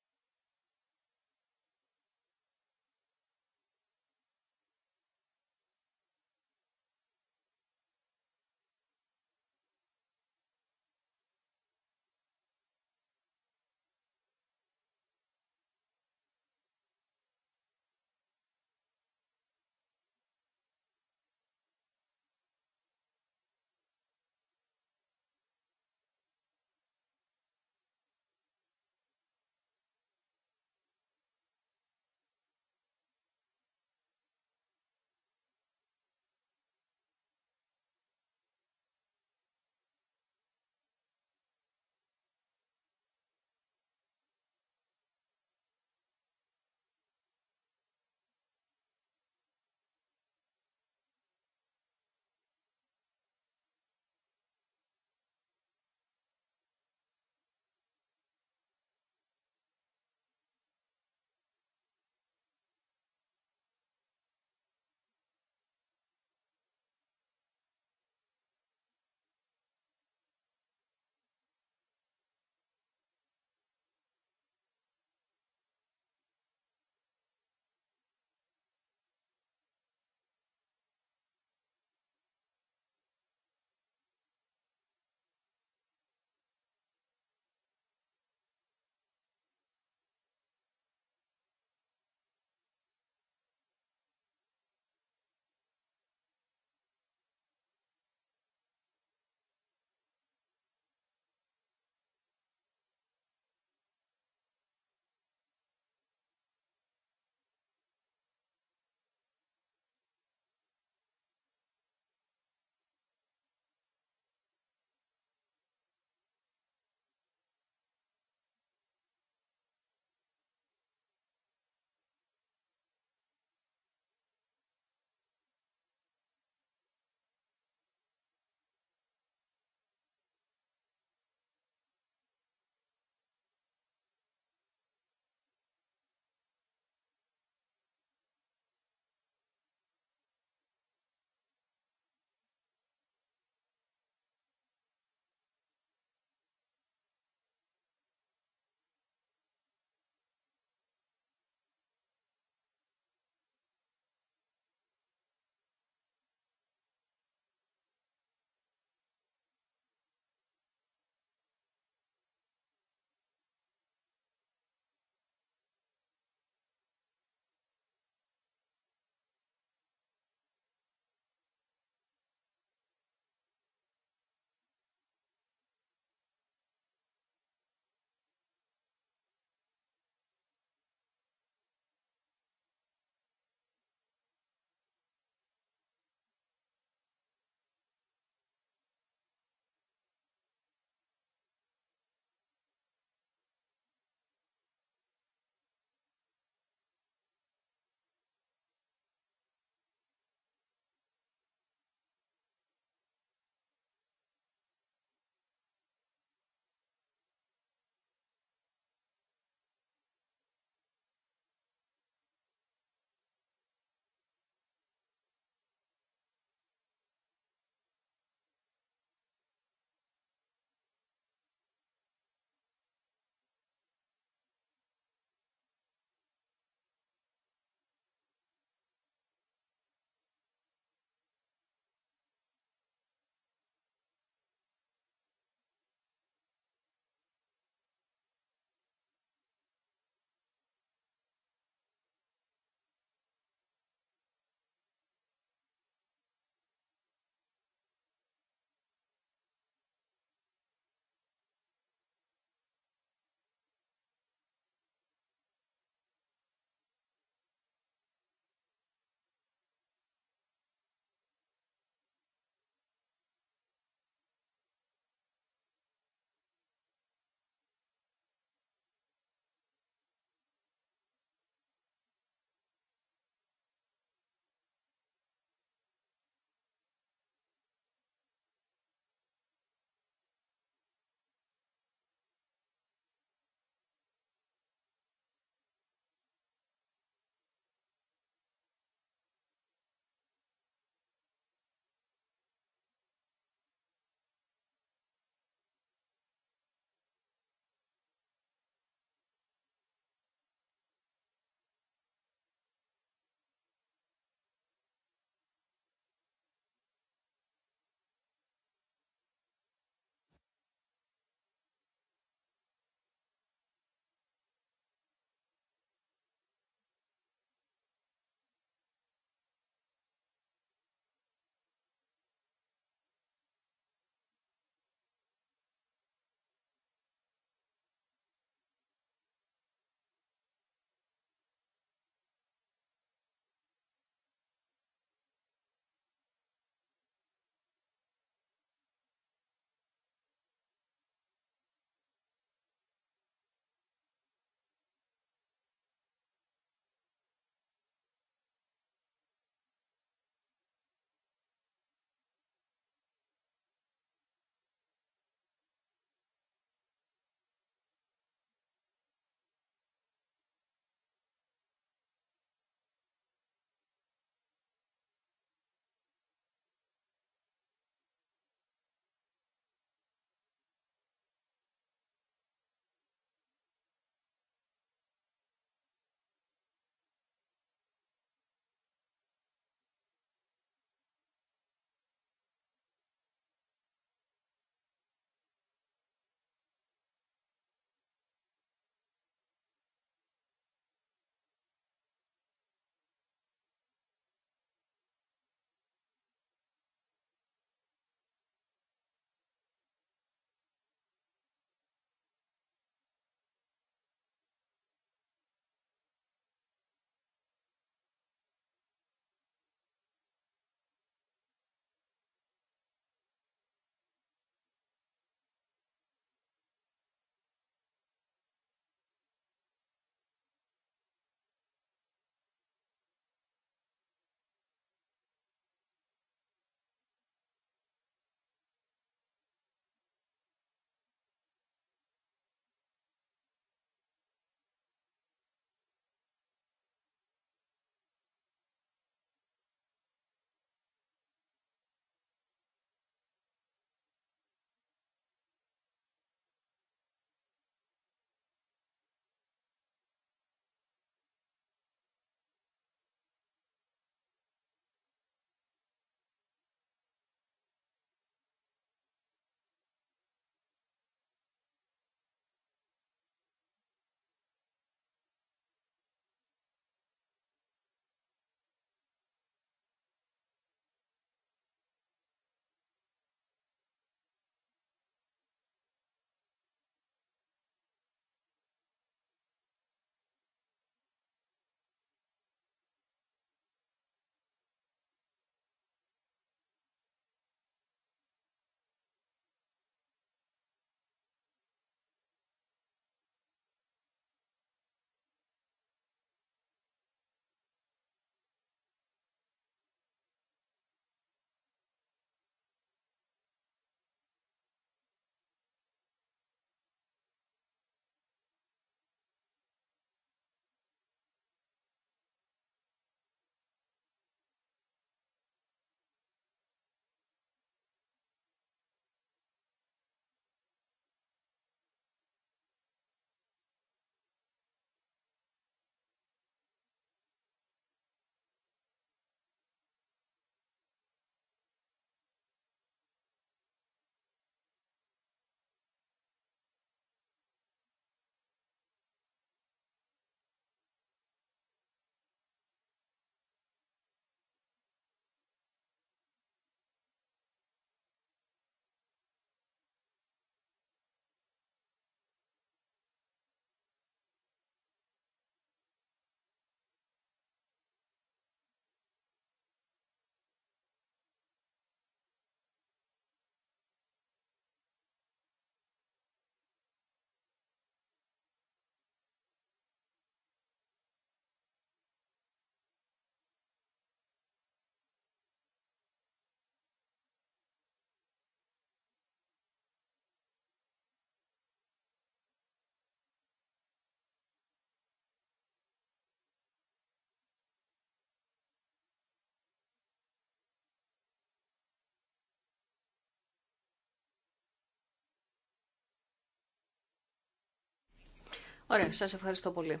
Ωραία, σας ευχαριστώ πολύ.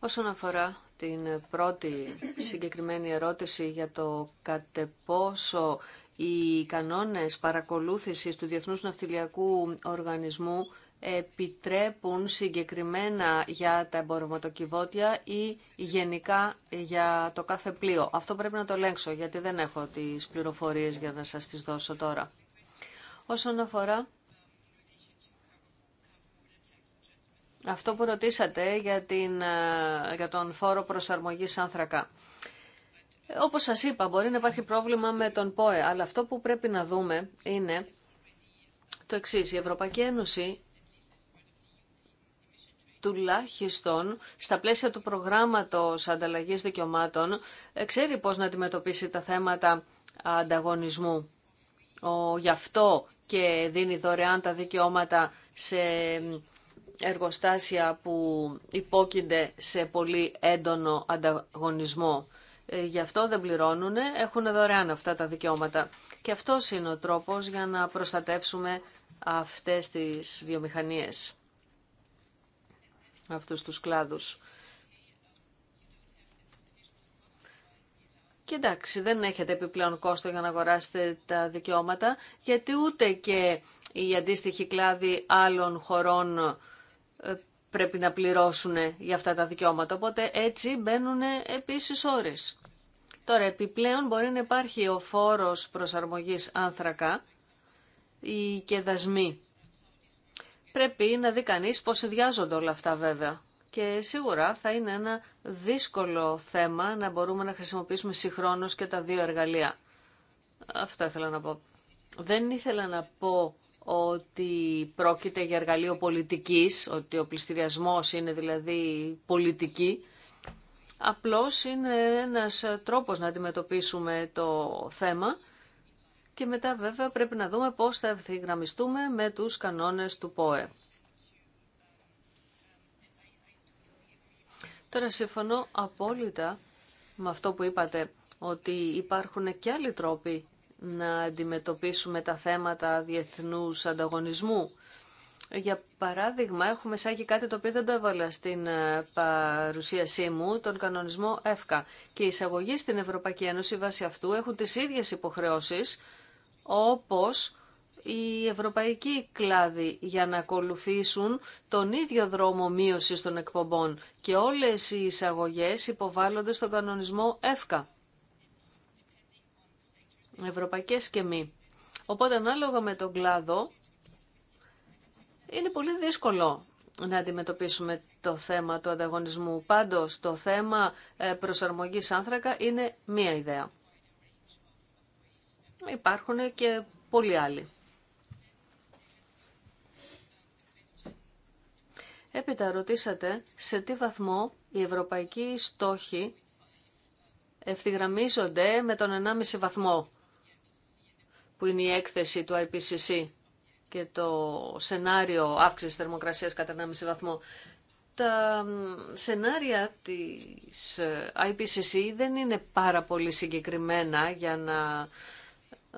Όσον αφορά την πρώτη συγκεκριμένη ερώτηση για το κατεπόσο οι κανόνες παρακολούθησης του Διεθνούς Ναυτιλιακού Οργανισμού επιτρέπουν συγκεκριμένα για τα εμπορευματοκιβώτια ή γενικά για το κάθε πλοίο. Αυτό πρέπει να το ελέγξω γιατί δεν έχω τις πληροφορίες για να σας τις δώσω τώρα. Όσον αφορά αυτό που ρωτήσατε για, την, ε, για τον φόρο προσαρμογής άνθρακα. Όπως σας είπα, μπορεί να υπάρχει πρόβλημα με τον ΠΟΕ, αλλά αυτό που πρέπει να δούμε είναι το εξής. Η Ευρωπαϊκή Ένωση τουλάχιστον στα πλαίσια του προγράμματος ανταλλαγής δικαιωμάτων ε, ξέρει πώς να αντιμετωπίσει τα θέματα ανταγωνισμού. Ο, γι' αυτό και δίνει δωρεάν τα δικαιώματα σε εργοστάσια που υπόκεινται σε πολύ έντονο ανταγωνισμό. Ε, γι' αυτό δεν πληρώνουν, έχουν δωρεάν αυτά τα δικαιώματα. Και αυτό είναι ο τρόπος για να προστατεύσουμε αυτές τις βιομηχανίες, αυτούς τους κλάδους. Και εντάξει, δεν έχετε επιπλέον κόστο για να αγοράσετε τα δικαιώματα, γιατί ούτε και οι αντίστοιχοι κλάδοι άλλων χωρών ε, πρέπει να πληρώσουν για αυτά τα δικαιώματα. Οπότε έτσι μπαίνουν επίσης ώρες. Τώρα, επιπλέον μπορεί να υπάρχει ο φόρος προσαρμογής άνθρακα ή και δασμοί. Πρέπει να δει κανείς πώς συνδυάζονται όλα αυτά βέβαια και σίγουρα θα είναι ένα δύσκολο θέμα να μπορούμε να χρησιμοποιήσουμε συγχρόνως και τα δύο εργαλεία. Αυτό ήθελα να πω. Δεν ήθελα να πω ότι πρόκειται για εργαλείο πολιτικής, ότι ο πληστηριασμός είναι δηλαδή πολιτική. Απλώς είναι ένας τρόπος να αντιμετωπίσουμε το θέμα και μετά βέβαια πρέπει να δούμε πώς θα ευθυγραμμιστούμε με τους κανόνες του ΠΟΕ. Τώρα συμφωνώ απόλυτα με αυτό που είπατε, ότι υπάρχουν και άλλοι τρόποι να αντιμετωπίσουμε τα θέματα διεθνούς ανταγωνισμού. Για παράδειγμα, έχουμε σάγει κάτι το οποίο δεν το έβαλα στην ε, παρουσίασή μου, τον κανονισμό ΕΦΚΑ. Και οι εισαγωγοί στην Ευρωπαϊκή Ένωση βάσει αυτού έχουν τις ίδιες υποχρεώσεις όπως οι ευρωπαϊκοί κλάδοι για να ακολουθήσουν τον ίδιο δρόμο μείωσης των εκπομπών και όλες οι εισαγωγές υποβάλλονται στον κανονισμό ΕΦΚΑ. Ευρωπαϊκές και μη. Οπότε ανάλογα με τον κλάδο είναι πολύ δύσκολο να αντιμετωπίσουμε το θέμα του ανταγωνισμού. Πάντως το θέμα ε, προσαρμογής άνθρακα είναι μία ιδέα. Υπάρχουν και πολλοί άλλοι. Έπειτα ρωτήσατε σε τι βαθμό οι ευρωπαϊκοί στόχοι ευθυγραμμίζονται με τον 1,5 βαθμό που είναι η έκθεση του IPCC και το σενάριο αύξησης θερμοκρασίας κατά 1,5 βαθμό. Τα σενάρια της ε, IPCC δεν είναι πάρα πολύ συγκεκριμένα για να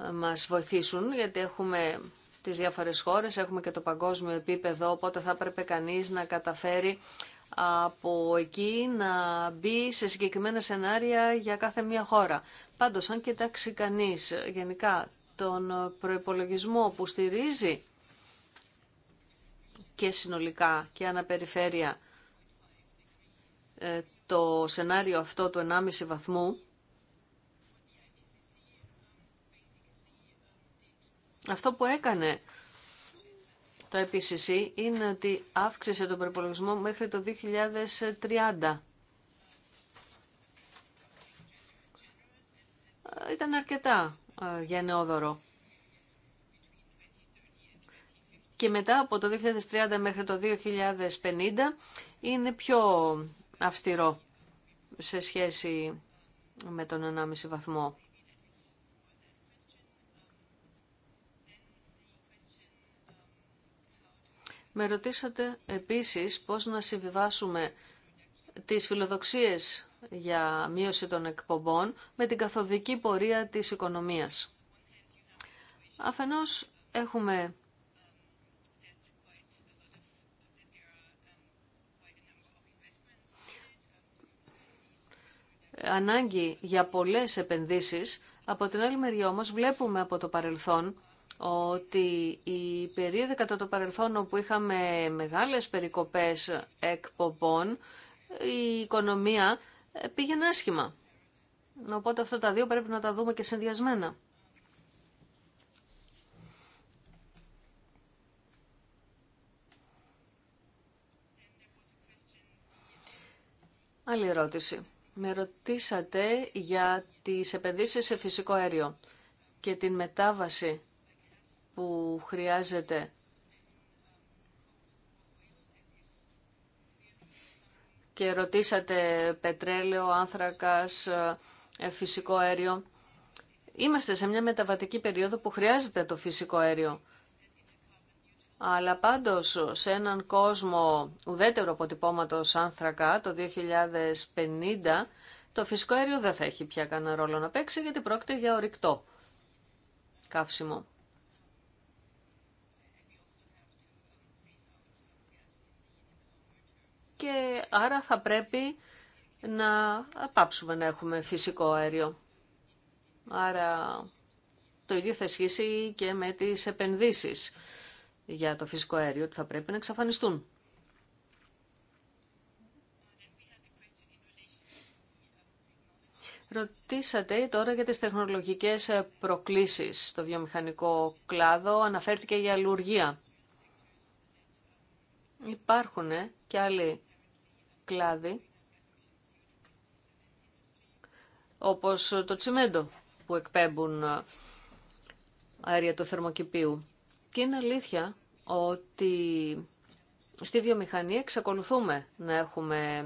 ε, μας βοηθήσουν, γιατί έχουμε τις διάφορες χώρες, έχουμε και το παγκόσμιο επίπεδο, οπότε θα έπρεπε κανείς να καταφέρει από εκεί να μπει σε συγκεκριμένα σενάρια για κάθε μία χώρα. Πάντως, αν κοιτάξει κανείς γενικά τον προϋπολογισμό που στηρίζει και συνολικά και αναπεριφέρεια ε, το σενάριο αυτό του 1,5 βαθμού, Αυτό που έκανε το EPCC είναι ότι αύξησε τον προπολογισμό μέχρι το 2030. Ήταν αρκετά ε, γενναιόδωρο. Και μετά από το 2030 μέχρι το 2050 είναι πιο αυστηρό σε σχέση με τον 1,5 βαθμό. Με ρωτήσατε επίσης πώς να συμβιβάσουμε τις φιλοδοξίες για μείωση των εκπομπών με την καθοδική πορεία της οικονομίας. Αφενός έχουμε ανάγκη για πολλές επενδύσεις, από την άλλη μεριά όμως βλέπουμε από το παρελθόν ότι η περίοδο κατά το παρελθόν όπου είχαμε μεγάλες περικοπές εκπομπών, η οικονομία ε, πήγαινε άσχημα. Οπότε αυτά τα δύο πρέπει να τα δούμε και συνδυασμένα. Άλλη ερώτηση. Με ρωτήσατε για τις επενδύσεις σε φυσικό αέριο και την μετάβαση που χρειάζεται και ρωτήσατε πετρέλαιο, άνθρακας, ε, ε, φυσικό αέριο. Είμαστε σε μια μεταβατική περίοδο που χρειάζεται το φυσικό αέριο. Αλλά πάντως σε έναν κόσμο ουδέτερο αποτυπώματος άνθρακα το 2050 το φυσικό αέριο δεν θα έχει πια κανένα ρόλο να παίξει γιατί πρόκειται για ορυκτό καύσιμο. και άρα θα πρέπει να πάψουμε να έχουμε φυσικό αέριο. Άρα το ίδιο θα και με τις επενδύσεις για το φυσικό αέριο ότι θα πρέπει να εξαφανιστούν. Ρωτήσατε τώρα για τις τεχνολογικές προκλήσεις στο βιομηχανικό κλάδο. Αναφέρθηκε η αλλουργία. Υπάρχουν και άλλοι όπω όπως το τσιμέντο που εκπέμπουν ε, αέρια του θερμοκηπίου. Και είναι αλήθεια ότι στη βιομηχανία εξακολουθούμε να έχουμε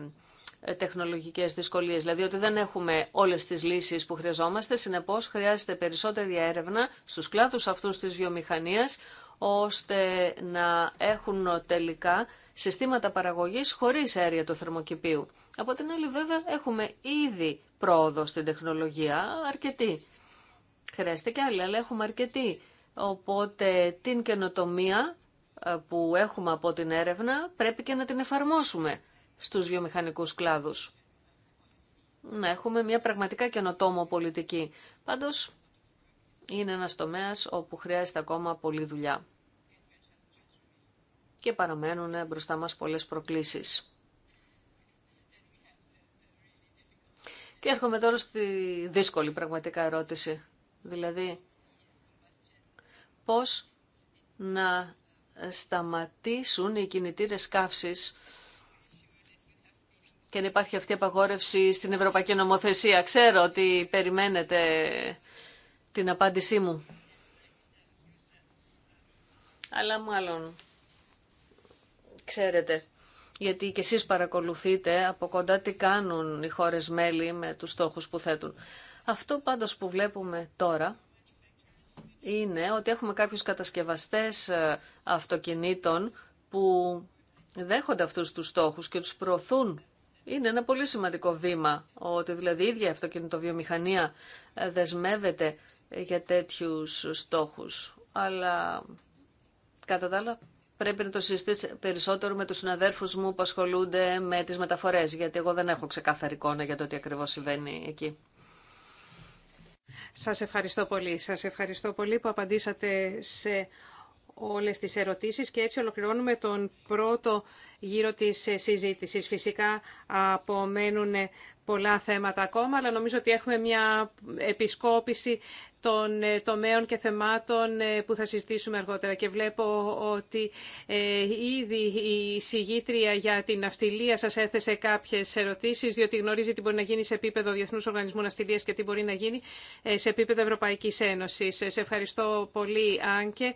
ε, τεχνολογικές δυσκολίες, δηλαδή ότι δεν έχουμε όλες τις λύσεις που χρειαζόμαστε, συνεπώς χρειάζεται περισσότερη έρευνα στους κλάδους αυτούς της βιομηχανίας, ώστε να έχουν τελικά συστήματα παραγωγής χωρίς αέρια του θερμοκηπίου. Από την άλλη βέβαια έχουμε ήδη πρόοδο στην τεχνολογία, αρκετή. Χρειάζεται και άλλη, αλλά έχουμε αρκετή. Οπότε την καινοτομία ε, που έχουμε από την έρευνα πρέπει και να την εφαρμόσουμε στους βιομηχανικούς κλάδους. Να έχουμε μια πραγματικά καινοτόμο πολιτική. Πάντως είναι ένας τομέας όπου χρειάζεται ακόμα πολλή δουλειά και παραμένουν μπροστά μας πολλές προκλήσεις. Και έρχομαι τώρα στη δύσκολη πραγματικά ερώτηση. Δηλαδή, πώς να σταματήσουν οι κινητήρες καύσης και να υπάρχει αυτή η απαγόρευση στην Ευρωπαϊκή Νομοθεσία. Ξέρω ότι περιμένετε την απάντησή μου. Αλλά μάλλον ξέρετε, γιατί και εσείς παρακολουθείτε από κοντά τι κάνουν οι χώρες μέλη με τους στόχους που θέτουν. Αυτό πάντως που βλέπουμε τώρα είναι ότι έχουμε κάποιους κατασκευαστές ε, αυτοκινήτων που δέχονται αυτούς τους στόχους και τους προωθούν. Είναι ένα πολύ σημαντικό βήμα ότι δηλαδή η ίδια αυτοκινητοβιομηχανία ε, δεσμεύεται για τέτοιους στόχους. Αλλά κατά πρέπει να το συζητήσω περισσότερο με τους συναδέρφους μου που ασχολούνται με τις μεταφορές, γιατί εγώ δεν έχω ξεκάθαρη εικόνα για το τι ακριβώς συμβαίνει εκεί. Σας ευχαριστώ πολύ. Σας ευχαριστώ πολύ που απαντήσατε σε όλες τις ερωτήσεις και έτσι ολοκληρώνουμε τον πρώτο γύρο της συζήτησης. Φυσικά απομένουν πολλά θέματα ακόμα, αλλά νομίζω ότι έχουμε μια επισκόπηση των ε, τομέων και θεμάτων ε, που θα συζητήσουμε αργότερα. Και βλέπω ότι ε, ήδη η συγγήτρια για την ναυτιλία σας έθεσε κάποιες ερωτήσεις, διότι γνωρίζει τι μπορεί να γίνει σε επίπεδο Διεθνού Οργανισμού Ναυτιλίας και τι μπορεί να γίνει σε επίπεδο Ευρωπαϊκής Ένωσης. Σε ευχαριστώ πολύ, Άνκε,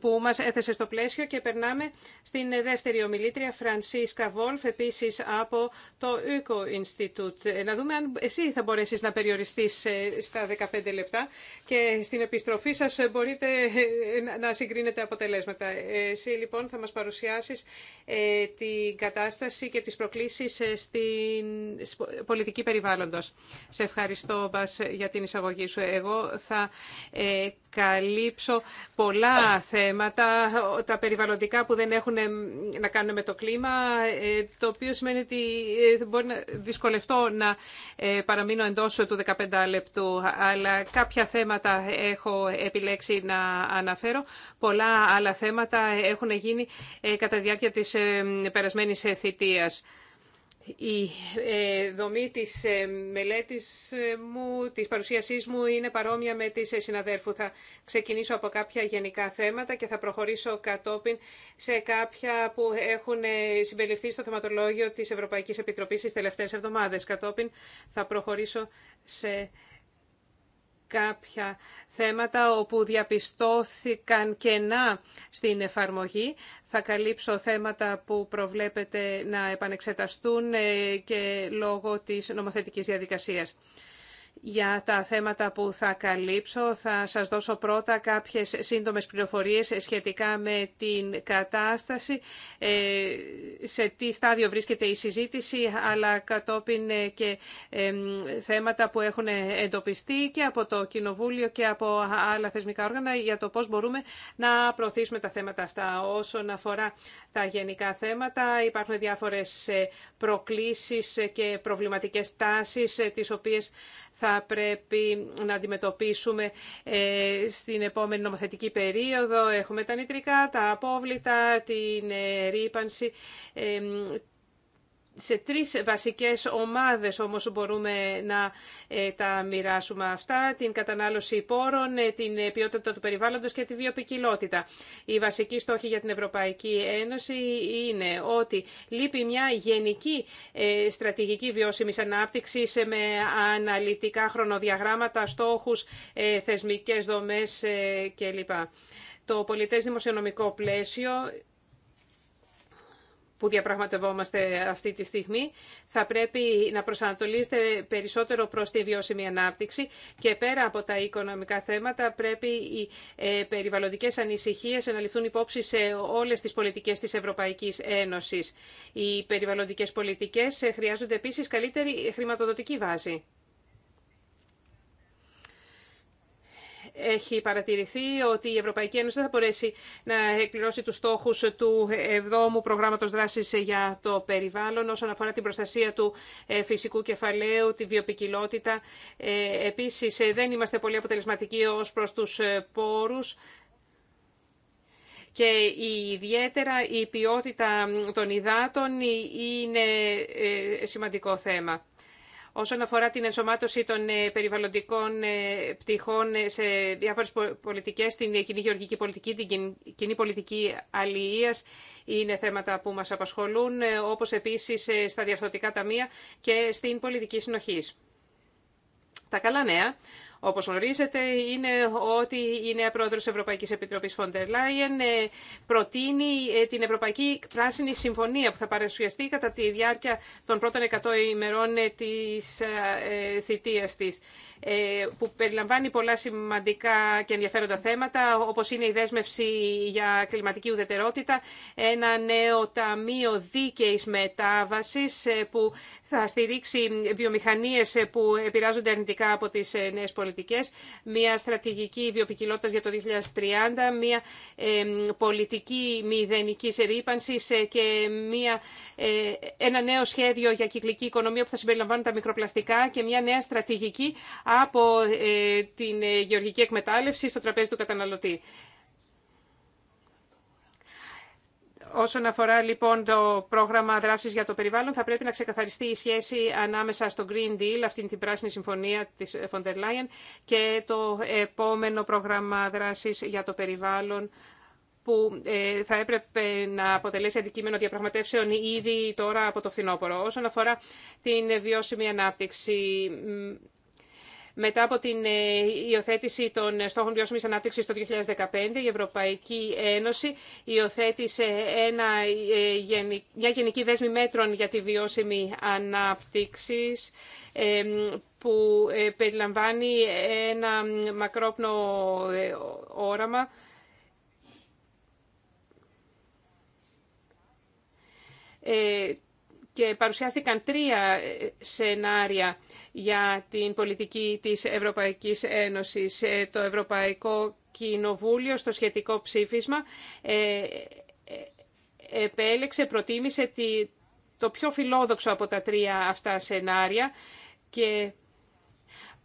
που μας έθεσε στο πλαίσιο και περνάμε στην δεύτερη ομιλήτρια, Φρανσίσκα Βόλφ, επίσης από το Eco Institute. Να δούμε αν εσύ θα μπορέσει να περιοριστείς στα 15 λεπτά και στην επιστροφή σας μπορείτε να συγκρίνετε αποτελέσματα. Εσύ λοιπόν θα μας παρουσιάσεις ε, την κατάσταση και τις προκλήσεις ε, στην πολιτική περιβάλλοντος. Σε ευχαριστώ Μπας για την εισαγωγή σου. Εγώ θα ε, καλύψω πολλά θέματα, τα περιβαλλοντικά που δεν έχουν να κάνουν με το κλίμα, ε, το οποίο σημαίνει ότι ε, μπορεί να δυσκολευτώ να ε, παραμείνω εντός του 15 λεπτού, αλλά κάποια θέματα έχω επιλέξει να αναφέρω. Πολλά άλλα θέματα έχουν γίνει κατά τη διάρκεια της περασμένης θητείας. Η ε, δομή της ε, μελέτης ε, μου, της παρουσίασής μου είναι παρόμοια με της συναδέρφου. Θα ξεκινήσω από κάποια γενικά θέματα και θα προχωρήσω κατόπιν σε κάποια που έχουν συμπεριληφθεί στο θεματολόγιο της Ευρωπαϊκής Επιτροπής τις τελευταίες εβδομάδες. Κατόπιν θα προχωρήσω σε κάποια θέματα όπου διαπιστώθηκαν κενά στην εφαρμογή. Θα καλύψω θέματα που προβλέπεται να επανεξεταστούν ε, και λόγω της νομοθετικής διαδικασίας για τα θέματα που θα καλύψω. Θα σας δώσω πρώτα κάποιες σύντομες πληροφορίες σχετικά με την κατάσταση, ε, σε τι στάδιο βρίσκεται η συζήτηση, αλλά κατόπιν ε, και θέματα που έχουν εντοπιστεί και από το Κοινοβούλιο και από άλλα θεσμικά όργανα για το πώς μπορούμε να προωθήσουμε τα θέματα αυτά. Όσον αφορά τα γενικά θέματα, υπάρχουν διάφορες ε, προκλήσεις και προβληματικές τάσεις, τις οποίες θα πρέπει να αντιμετωπίσουμε ε, στην επόμενη νομοθετική περίοδο. Έχουμε τα νητρικά, τα απόβλητα, την ε, ρήπανση, ε, σε τρεις βασικές ομάδες όμως μπορούμε να ε, τα μοιράσουμε αυτά, την κατανάλωση πόρων, ε, την ε, ποιότητα του περιβάλλοντος και τη βιοπικιλότητα. Η βασική στόχη για την Ευρωπαϊκή Ένωση είναι ότι λείπει μια γενική στρατηγική βιώσιμης ανάπτυξης με αναλυτικά χρονοδιαγράμματα, στόχους, θεσμικές δομές κλπ. Το πολιτές δημοσιονομικό πλαίσιο που διαπραγματευόμαστε αυτή τη στιγμή θα πρέπει να προσανατολίζεται περισσότερο προς τη βιώσιμη ανάπτυξη και πέρα από τα οικονομικά θέματα πρέπει οι ε, περιβαλλοντικές ανησυχίες να ληφθούν υπόψη σε όλες τις πολιτικές της Ευρωπαϊκής Ένωσης. Οι περιβαλλοντικές πολιτικές ε, χρειάζονται επίσης καλύτερη χρηματοδοτική βάση. έχει παρατηρηθεί ότι η Ευρωπαϊκή Ένωση δεν θα μπορέσει να εκπληρώσει τους στόχους του 7ου προγράμματος δράσης για το περιβάλλον όσον αφορά την προστασία του ε, φυσικού κεφαλαίου, τη βιοπικιλότητα. Ε, επίσης ε, δεν είμαστε πολύ αποτελεσματικοί ως προς τους πόρους και ιδιαίτερα η ποιότητα των υδάτων είναι σημαντικό θέμα όσον αφορά την ενσωμάτωση των ε, περιβαλλοντικών ε, πτυχών ε, σε διάφορες πολιτικές, την κοινή γεωργική πολιτική, την κοινή πολιτική αλληλείας, είναι θέματα που μας απασχολούν, όπως επίσης στα διαρθρωτικά ταμεία και στην πολιτική συνοχής. Τα καλά νέα όπως γνωρίζετε, είναι ότι η νέα πρόεδρος της Ευρωπαϊκής Επιτροπής Φοντερ Λάιεν ε, προτείνει ε, την Ευρωπαϊκή Πράσινη Συμφωνία που θα παρουσιαστεί κατά τη διάρκεια των πρώτων 100 ημερών ε, της θητείας της. Ε, που περιλαμβάνει πολλά σημαντικά και ενδιαφέροντα θέματα, όπως είναι η δέσμευση για κλιματική ουδετερότητα, ένα νέο ταμείο δίκαιης μετάβασης ε, που θα στηρίξει βιομηχανίες ε, που επηρεάζονται αρνητικά από τις νέες πολιτικές, μια στρατηγική βιοπικιλότητας για το 2030, μια πολιτική μηδενικής ρήπανσης και μια, ένα νέο σχέδιο για κυκλική οικονομία που θα συμπεριλαμβάνουν τα μικροπλαστικά και μια νέα στρατηγική από ε, την ε, γεωργική εκμετάλλευση στο τραπέζι του καταναλωτή. Όσον αφορά λοιπόν το πρόγραμμα δράσης για το περιβάλλον, θα πρέπει να ξεκαθαριστεί η σχέση ανάμεσα στο Green Deal, αυτήν την πράσινη συμφωνία της Φοντερ Λάιεν, και το επόμενο πρόγραμμα δράσης για το περιβάλλον, που ε, θα έπρεπε να αποτελέσει αντικείμενο διαπραγματεύσεων ήδη τώρα από το φθινόπωρο. Όσον αφορά την βιώσιμη ανάπτυξη, μετά από την ε, υιοθέτηση των ε, στόχων βιώσιμης ανάπτυξης το 2015, η Ευρωπαϊκή Ένωση υιοθέτησε ένα, ε, μια γενική δέσμη μέτρων για τη βιώσιμη ανάπτυξη που περιλαμβάνει ένα μακρόπνο όραμα και παρουσιάστηκαν τρία ε, σενάρια για την πολιτική της Ευρωπαϊκής Ένωσης. Ε, το Ευρωπαϊκό Κοινοβούλιο στο σχετικό ψήφισμα ε, επέλεξε, προτίμησε το πιο φιλόδοξο από τα τρία αυτά σενάρια και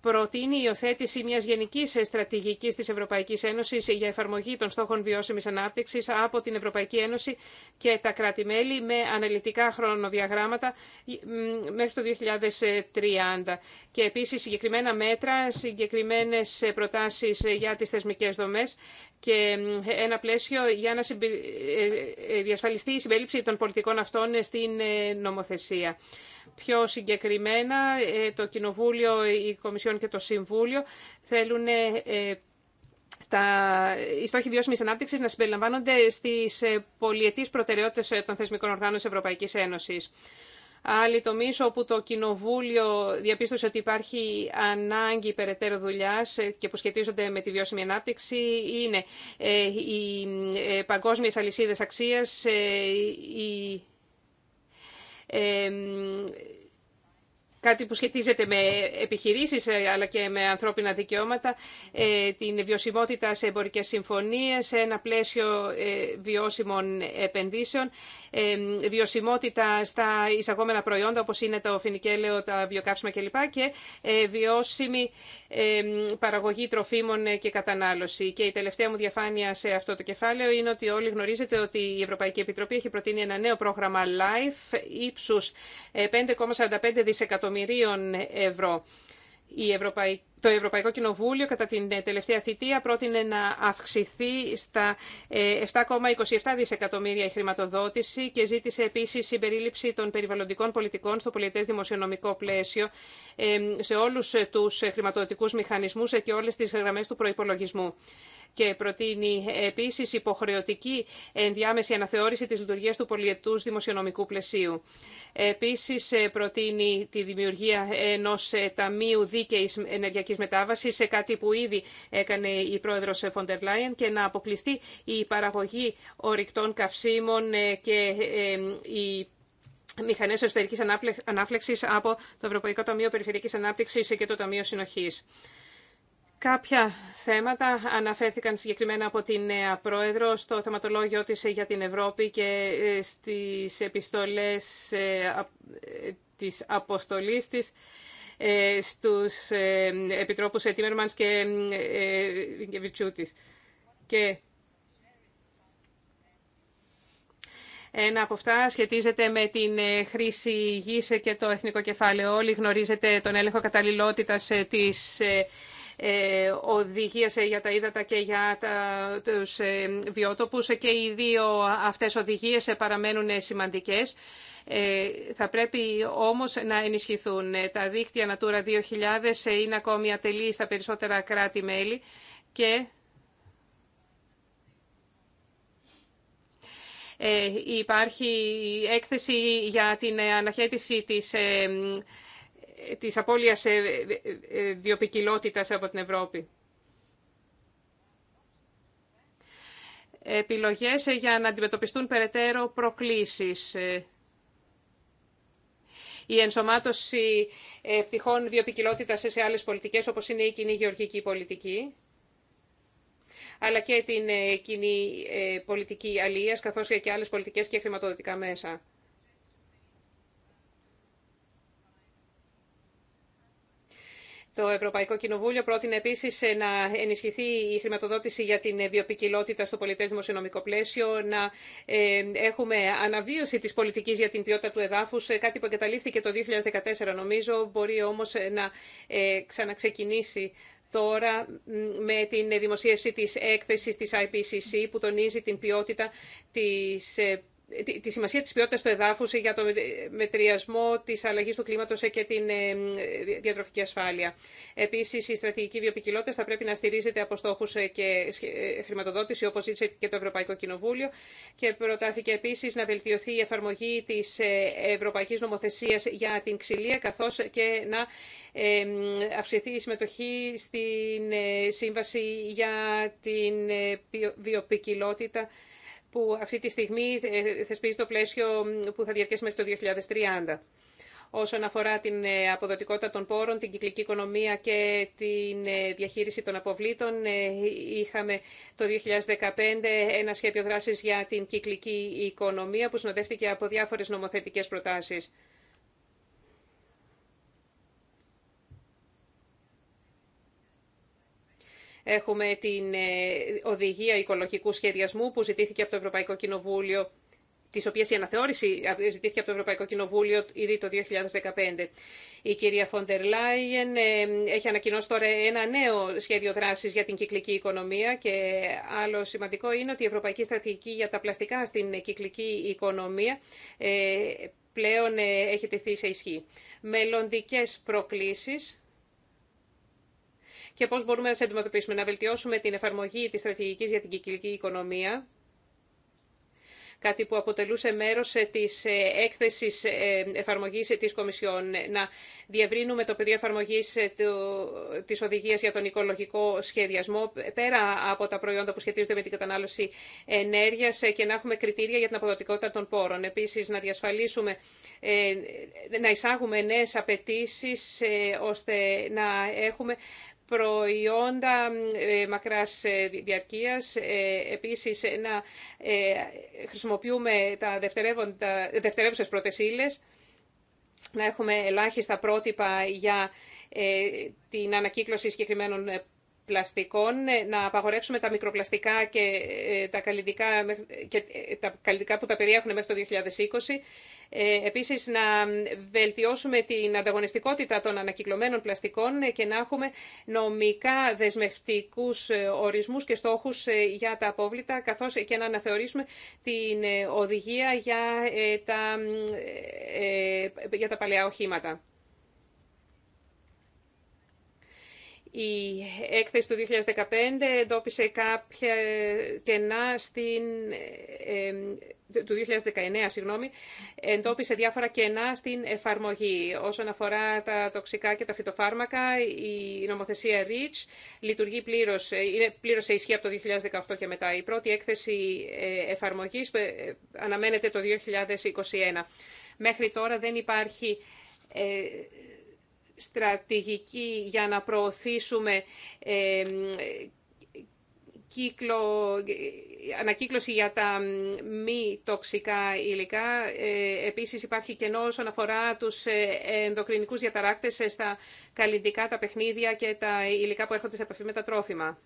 προτείνει η υιοθέτηση μια γενική στρατηγική τη Ευρωπαϊκή Ένωση για εφαρμογή των στόχων βιώσιμη ανάπτυξη από την Ευρωπαϊκή Ένωση και τα κράτη-μέλη με αναλυτικά χρονοδιαγράμματα ε, μέχρι το 2030. Και επίση συγκεκριμένα μέτρα, συγκεκριμένε προτάσει για τι θεσμικέ δομέ και ένα πλαίσιο για να ε, ε, διασφαλιστεί η συμπέληψη των πολιτικών αυτών στην νομοθεσία. Πιο συγκεκριμένα, ε, το Κοινοβούλιο, η Κομισιόν και το Συμβούλιο θέλουν ε, ε, τα, οι στόχοι βιώσιμη ανάπτυξη να συμπεριλαμβάνονται στι πολιετή προτεραιότητε των θεσμικών οργάνων τη Ευρωπαϊκή Ένωση. Άλλοι τομεί όπου το Κοινοβούλιο διαπίστωσε ότι υπάρχει ανάγκη περαιτέρω δουλειά και που σχετίζονται με τη βιώσιμη ανάπτυξη είναι οι παγκόσμιε αλυσίδε αξία, οι κάτι που σχετίζεται με επιχειρήσεις ε, αλλά και με ανθρώπινα δικαιώματα, ε, την βιωσιμότητα σε εμπορικές συμφωνίες, σε ένα πλαίσιο ε, βιώσιμων επενδύσεων, βιωσιμότητα στα εισαγόμενα προϊόντα όπως είναι το φινικέλαιο, τα βιοκάψιμα κλπ. και ε, βιώσιμη παραγωγή τροφίμων και κατανάλωση. Και η τελευταία μου διαφάνεια σε αυτό το κεφάλαιο είναι ότι όλοι γνωρίζετε ότι η Ευρωπαϊκή Επιτροπή έχει προτείνει ένα νέο πρόγραμμα LIFE ύψους 5,45 ε, δισεκατομμυρίων ευρώ. Η Το Ευρωπαϊκό Κοινοβούλιο κατά την ε, τελευταία θητεία πρότεινε να αυξηθεί στα 7,27 ε, δισεκατομμύρια η χρηματοδότηση και ζήτησε επίσης συμπερίληψη των περιβαλλοντικών πολιτικών στο πολιτές δημοσιονομικό πλαίσιο ε, σε όλους τους χρηματοδοτικούς μηχανισμούς και όλες τις γραμμές του προϋπολογισμού και προτείνει επίσης υποχρεωτική ενδιάμεση αναθεώρηση της λειτουργίας του πολιετούς δημοσιονομικού πλαισίου. Επίσης ε, προτείνει τη δημιουργία ενός ε, Ταμείου Δίκαιης Ενεργειακής Μετάβασης, σε κάτι που ήδη έκανε η πρόεδρος Φοντερ Λάιεν και να αποκλειστεί η παραγωγή ορυκτών καυσίμων ε, και η μηχανές εσωτερικής ανάφλεξης από το Ευρωπαϊκό Ταμείο Περιφερειακής Ανάπτυξης και το Ταμείο Συνοχής. Κάποια θέματα αναφέρθηκαν συγκεκριμένα από την νέα πρόεδρο στο θεματολόγιο της για την Ευρώπη και ε, στις επιστολές ε, ε, της αποστολής της στους επιτρόπους Τίμερμανς και Βιτσούτης. Και Ένα από αυτά σχετίζεται με την χρήση γης και το εθνικό κεφάλαιο. Όλοι γνωρίζετε τον έλεγχο καταλληλότητας της ε, οδηγίες για τα ύδατα και για τους ε, βιότοπους και οι δύο αυτές οδηγίες παραμένουν σημαντικές. Ε, θα πρέπει όμως να ενισχυθούν. Τα δίκτυα Natura 2000 είναι ακόμη ατελή στα περισσότερα κράτη-μέλη και υπάρχει έκθεση για την αναχέτηση της της απώλειας ε, ε, ε, διοπικιλότητας από την Ευρώπη. Επιλογές για να αντιμετωπιστούν περαιτέρω προκλήσεις. Η ενσωμάτωση πτυχών διοπικιλότητας σε άλλες πολιτικές, όπως είναι η κοινή γεωργική πολιτική, αλλά και την κοινή πολιτική αλίας, καθώς και άλλες πολιτικές και χρηματοδοτικά μέσα. Το Ευρωπαϊκό Κοινοβούλιο πρότεινε επίση ε, να ενισχυθεί η χρηματοδότηση για την ε, βιοπικιλότητα στο πολιτέ δημοσιονομικό πλαίσιο, να ε, έχουμε αναβίωση τη πολιτική για την ποιότητα του εδάφου, κάτι που εγκαταλείφθηκε το 2014 νομίζω, μπορεί όμω να ξαναξεκινήσει τώρα με την δημοσίευση της έκθεσης της IPCC που τονίζει την ποιότητα της τη σημασία της ποιότητας του εδάφους για το μετριασμό της αλλαγής του κλίματος και την ε, διατροφική ασφάλεια. Επίσης, η στρατηγική βιοπικιλότητα θα πρέπει να στηρίζεται από στόχου ε, και ε, χρηματοδότηση, όπως ζήτησε και το Ευρωπαϊκό Κοινοβούλιο. Και προτάθηκε επίσης να βελτιωθεί η εφαρμογή της Ευρωπαϊκής Νομοθεσίας για την ξυλία, καθώς και να αυξηθεί η συμμετοχή στην Σύμβαση για την βιοπικιλότητα που αυτή τη στιγμή ε, θεσπίζει το πλαίσιο που θα διαρκέσει μέχρι το 2030 όσον αφορά την ε, αποδοτικότητα των πόρων, την κυκλική οικονομία και την ε, διαχείριση των αποβλήτων. Είχαμε το 2015 ένα σχέδιο δράσης για την κυκλική οικονομία που συνοδεύτηκε από διάφορες νομοθετικές προτάσεις. Έχουμε την ε, οδηγία οικολογικού σχεδιασμού που ζητήθηκε από το Ευρωπαϊκό Κοινοβούλιο τη οποία η αναθεώρηση ζητήθηκε από το Ευρωπαϊκό Κοινοβούλιο ήδη το 2015. Η κυρία Φοντερ Λάιεν ε, έχει ανακοινώσει τώρα ένα νέο σχέδιο δράση για την κυκλική οικονομία και άλλο σημαντικό είναι ότι η Ευρωπαϊκή Στρατηγική για τα Πλαστικά στην κυκλική οικονομία ε, πλέον έχει τεθεί σε ισχύ. Μελλοντικέ προκλήσει και πώς μπορούμε να σε αντιμετωπίσουμε. Να βελτιώσουμε την εφαρμογή της στρατηγικής για την κυκλική οικονομία, κάτι που αποτελούσε μέρος ε, της ε, έκθεσης ε, εφαρμογής της Κομισιόν. Να διευρύνουμε το πεδίο εφαρμογής της οδηγίας για τον οικολογικό σχεδιασμό πέρα από τα προϊόντα που σχετίζονται με την κατανάλωση ενέργειας και να έχουμε κριτήρια για την αποδοτικότητα των πόρων. Επίσης, να διασφαλίσουμε, να εισάγουμε νέες απαιτήσει ώστε να έχουμε προϊόντα ε, μακράς ε, διαρκείας, ε, επίσης να χρησιμοποιούμε τα δευτερεύουσες πρώτες ύλες, να έχουμε ελάχιστα πρότυπα για την ανακύκλωση συγκεκριμένων πλαστικών, να απαγορεύσουμε τα μικροπλαστικά και τα καλλιτικά, και τα καλλιτικά που τα περιέχουν μέχρι το 2020, ε, επίσης, να βελτιώσουμε την ανταγωνιστικότητα των ανακυκλωμένων πλαστικών ε, και να έχουμε νομικά δεσμευτικούς ε, ορισμούς και στόχους για τα απόβλητα, καθώς και να αναθεωρήσουμε την οδηγία για τα, για τα παλαιά οχήματα. Η έκθεση του 2015 εντόπισε κάποια κενά στην... του 2019, συγγνώμη, εντόπισε διάφορα κενά στην εφαρμογή. Όσον αφορά τα τοξικά και τα φυτοφάρμακα, η νομοθεσία REACH λειτουργεί πλήρως, είναι πλήρως σε ισχύ από το 2018 και μετά. Η πρώτη έκθεση ε, εφαρμογής ε, αναμένεται το 2021. Μέχρι τώρα δεν υπάρχει ε, στρατηγική για να προωθήσουμε κύκλο, ανακύκλωση για τα μη τοξικά υλικά. Ε, επίσης υπάρχει κενό όσον αφορά τους ε, ενδοκρινικούς διαταράκτες ε, στα καλλιντικά, τα παιχνίδια και τα υλικά που έρχονται σε επαφή με τα τρόφιμα.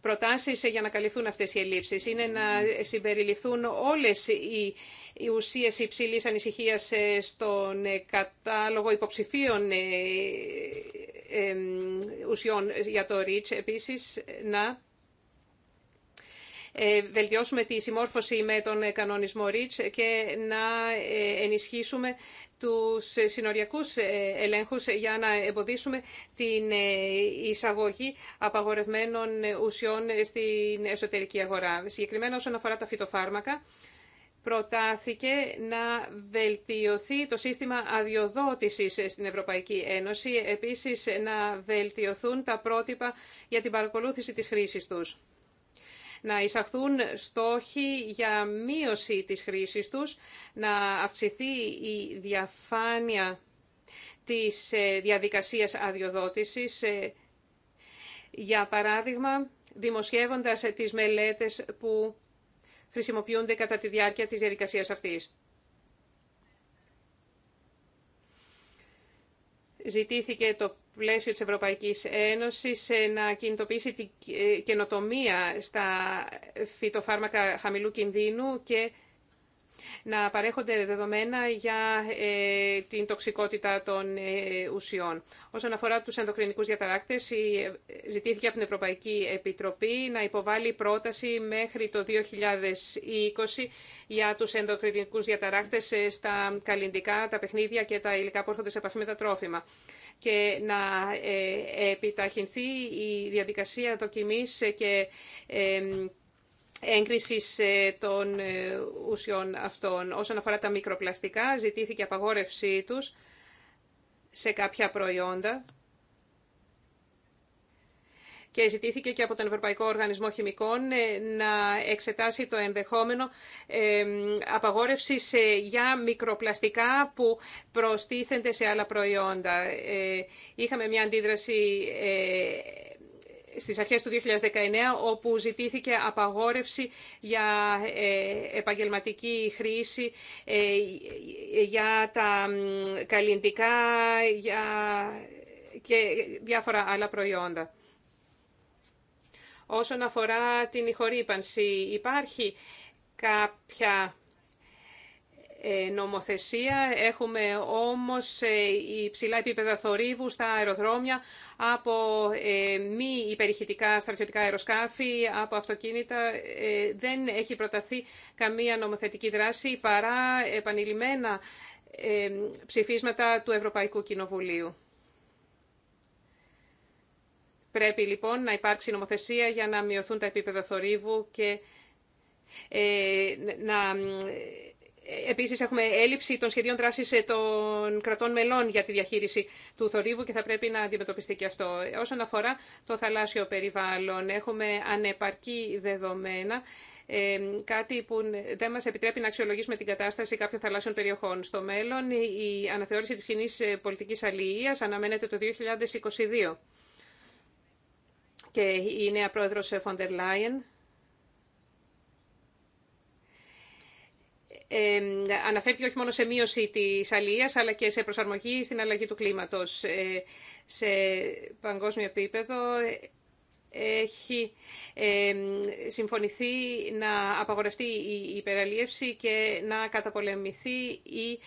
Προτάσεις για να καλυφθούν αυτές οι ελλείψεις είναι να συμπεριληφθούν όλες οι οι ουσίες υψηλής ανησυχίας ε, στον ε, κατάλογο υποψηφίων ε, ουσιών για το REACH. Επίσης, να βελτιώσουμε τη συμμόρφωση με τον κανονισμό REACH και να ενισχύσουμε τους συνοριακούς ελέγχους για να εμποδίσουμε την εισαγωγή απαγορευμένων ουσιών στην εσωτερική αγορά. Συγκεκριμένα όσον αφορά τα φυτοφάρμακα, προτάθηκε να βελτιωθεί το σύστημα αδειοδότησης στην Ευρωπαϊκή Ένωση, επίσης να βελτιωθούν τα πρότυπα για την παρακολούθηση της χρήσης τους. Να εισαχθούν στόχοι για μείωση της χρήσης τους, να αυξηθεί η διαφάνεια της ε, διαδικασίας αδειοδότησης, ε, για παράδειγμα, δημοσιεύοντας τις μελέτες που χρησιμοποιούνται κατά τη διάρκεια της διαδικασίας αυτής. Ζητήθηκε το πλαίσιο της Ευρωπαϊκής Ένωσης ε, να κινητοποιήσει την ε, καινοτομία στα φυτοφάρμακα χαμηλού κινδύνου και να παρέχονται δεδομένα για ε, την τοξικότητα των ε, ουσιών. Όσον αφορά τους ενδοκρινικούς διαταράκτες, ε, ζητήθηκε από την Ευρωπαϊκή Επιτροπή να υποβάλει πρόταση μέχρι το 2020 για τους ενδοκρινικούς διαταράκτες στα καλλιντικά, τα παιχνίδια και τα υλικά που έρχονται σε επαφή με τα τρόφιμα και να επιταχυνθεί η διαδικασία δοκιμής και Έγκριση ε, των ε, ουσιών αυτών. Όσον αφορά τα μικροπλαστικά, ζητήθηκε απαγόρευσή τους σε κάποια προϊόντα και ζητήθηκε και από τον Ευρωπαϊκό Οργανισμό Χημικών ε, να εξετάσει το ενδεχόμενο απαγόρευση για μικροπλαστικά που προστίθενται σε άλλα προϊόντα. Είχαμε μια αντίδραση στις αρχές του 2019 όπου ζητήθηκε απαγόρευση για ε, επαγγελματική χρήση ε, για τα καλλιντικά για... και διάφορα άλλα προϊόντα. Όσον αφορά την ηχορύπανση, υπάρχει κάποια ε, νομοθεσία. Έχουμε όμως ε, υψηλά επίπεδα θορύβου στα αεροδρόμια από ε, μη υπερηχητικά στρατιωτικά αεροσκάφη, από αυτοκίνητα. Δεν έχει προταθεί καμία νομοθετική δράση παρά επανειλημμένα ψηφίσματα του Ευρωπαϊκού Κοινοβουλίου. Πρέπει λοιπόν να υπάρξει νομοθεσία για να μειωθούν τα επίπεδα θορύβου και να Επίσης έχουμε έλλειψη των σχεδίων δράσης ε, των κρατών μελών για τη διαχείριση του θορύβου και θα πρέπει να αντιμετωπιστεί και αυτό. Όσον αφορά το θαλάσσιο περιβάλλον, έχουμε ανεπαρκή δεδομένα ε, κάτι που δεν μας επιτρέπει να αξιολογήσουμε την κατάσταση κάποιων θαλάσσιων περιοχών. Στο μέλλον, η αναθεώρηση της κοινή ε, πολιτικής αλληλείας αναμένεται το 2022. Και η νέα πρόεδρος Φοντερ Λάιεν αναφέρθηκε όχι μόνο σε μείωση της αλληλείας, αλλά και σε προσαρμογή στην αλλαγή του κλίματος. Ε, σε παγκόσμιο επίπεδο έχει συμφωνηθεί να απαγορευτεί η υπεραλίευση και να καταπολεμηθεί η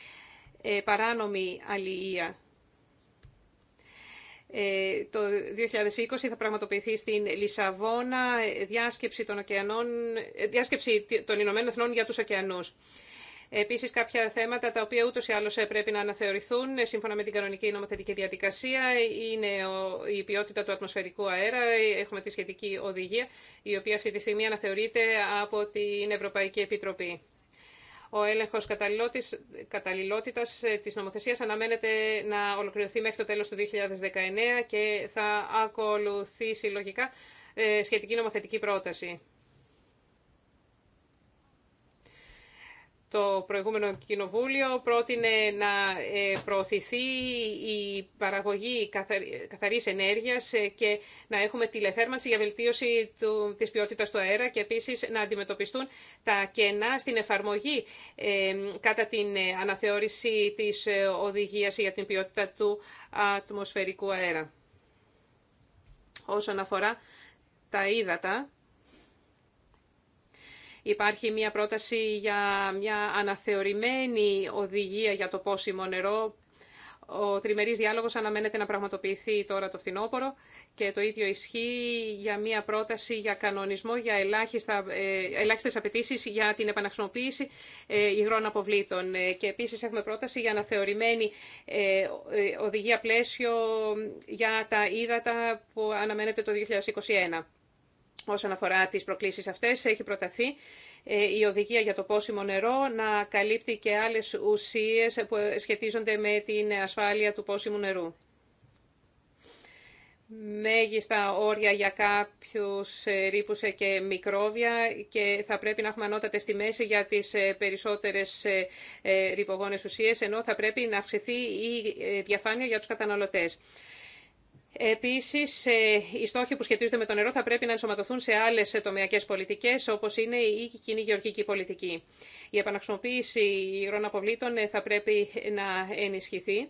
ε, παράνομη αλληλεία. Ε, το 2020 θα πραγματοποιηθεί στην Λισαβόνα διάσκεψη των, ωκεανών, διάσκεψη των Ηνωμένων Εθνών για τους ωκεανούς. Επίσης κάποια θέματα τα οποία ούτως ή άλλως πρέπει να αναθεωρηθούν σύμφωνα με την κανονική νομοθετική διαδικασία είναι η ποιότητα του ατμοσφαιρικού αέρα. Έχουμε τη σχετική οδηγία η οποία αυτή τη στιγμή αναθεωρείται από την Ευρωπαϊκή Επιτροπή. Ο έλεγχο καταλληλότητα ε, τη νομοθεσία αναμένεται να ολοκληρωθεί μέχρι το τέλο του 2019 και θα ακολουθήσει λογικά ε, σχετική νομοθετική πρόταση. το προηγούμενο κοινοβούλιο πρότεινε να ε, προωθηθεί η παραγωγή καθαρής ενέργειας ε, και να έχουμε τηλεθέρμανση για βελτίωση της ποιότητας του αέρα και επίσης να αντιμετωπιστούν τα κενά στην εφαρμογή ε, κατά την αναθεώρηση της οδηγίας για την ποιότητα του ατμοσφαιρικού αέρα. Όσον αφορά τα ύδατα, Υπάρχει μια πρόταση για μια αναθεωρημένη οδηγία για το πόσιμο νερό. Ο τριμερής διάλογος αναμένεται να πραγματοποιηθεί τώρα το φθινόπωρο και το ίδιο ισχύει για μια πρόταση για κανονισμό για ελάχιστα, ε, ελάχιστες απαιτήσει για την επαναχρησιμοποίηση ε, υγρών αποβλήτων. Ε, και επίσης έχουμε πρόταση για αναθεωρημένη ε, ε, οδηγία πλαίσιο για τα ύδατα που αναμένεται το 2021 όσον αφορά τις προκλήσεις αυτές. Έχει προταθεί ε, η οδηγία για το πόσιμο νερό να καλύπτει και άλλες ουσίες που σχετίζονται με την ασφάλεια του πόσιμου νερού. Μέγιστα όρια για κάποιους ε, ρήπους ε, και μικρόβια και θα πρέπει να έχουμε στη μέση για τις περισσότερες ρηπογόνες ουσίες, ενώ θα πρέπει να αυξηθεί η διαφάνεια για τους καταναλωτές. Επίσης, ε, οι στόχοι που σχετίζονται με το νερό θα πρέπει να ενσωματωθούν σε άλλες ε, τομεακές πολιτικές, όπως είναι η κοινή γεωργική πολιτική. Η επαναχρησιμοποίηση υγρών αποβλήτων ε, θα πρέπει να ενισχυθεί.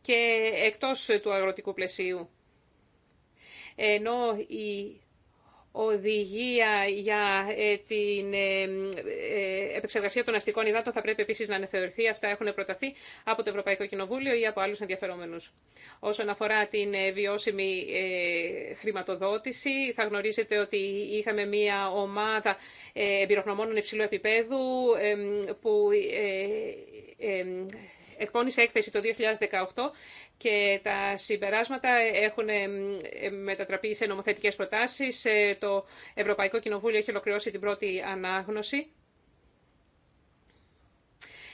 Και εκτός του αγροτικού πλαισίου. Ενώ η οδηγία για ε, την ε, ε, επεξεργασία των αστικών υδάτων θα πρέπει επίσης να ανεθεωρηθεί. Αυτά έχουν προταθεί από το Ευρωπαϊκό Κοινοβούλιο ή από άλλους ενδιαφερόμενους. Όσον αφορά την βιώσιμη χρηματοδότηση, θα γνωρίζετε ότι είχαμε μία ομάδα εμπειρογνωμόνων υψηλού επίπεδου που εκπώνησε έκθεση το 2018 και τα συμπεράσματα έχουν μετατραπεί σε νομοθετικές προτάσεις. Ε, το Ευρωπαϊκό Κοινοβούλιο έχει ολοκληρώσει την πρώτη ανάγνωση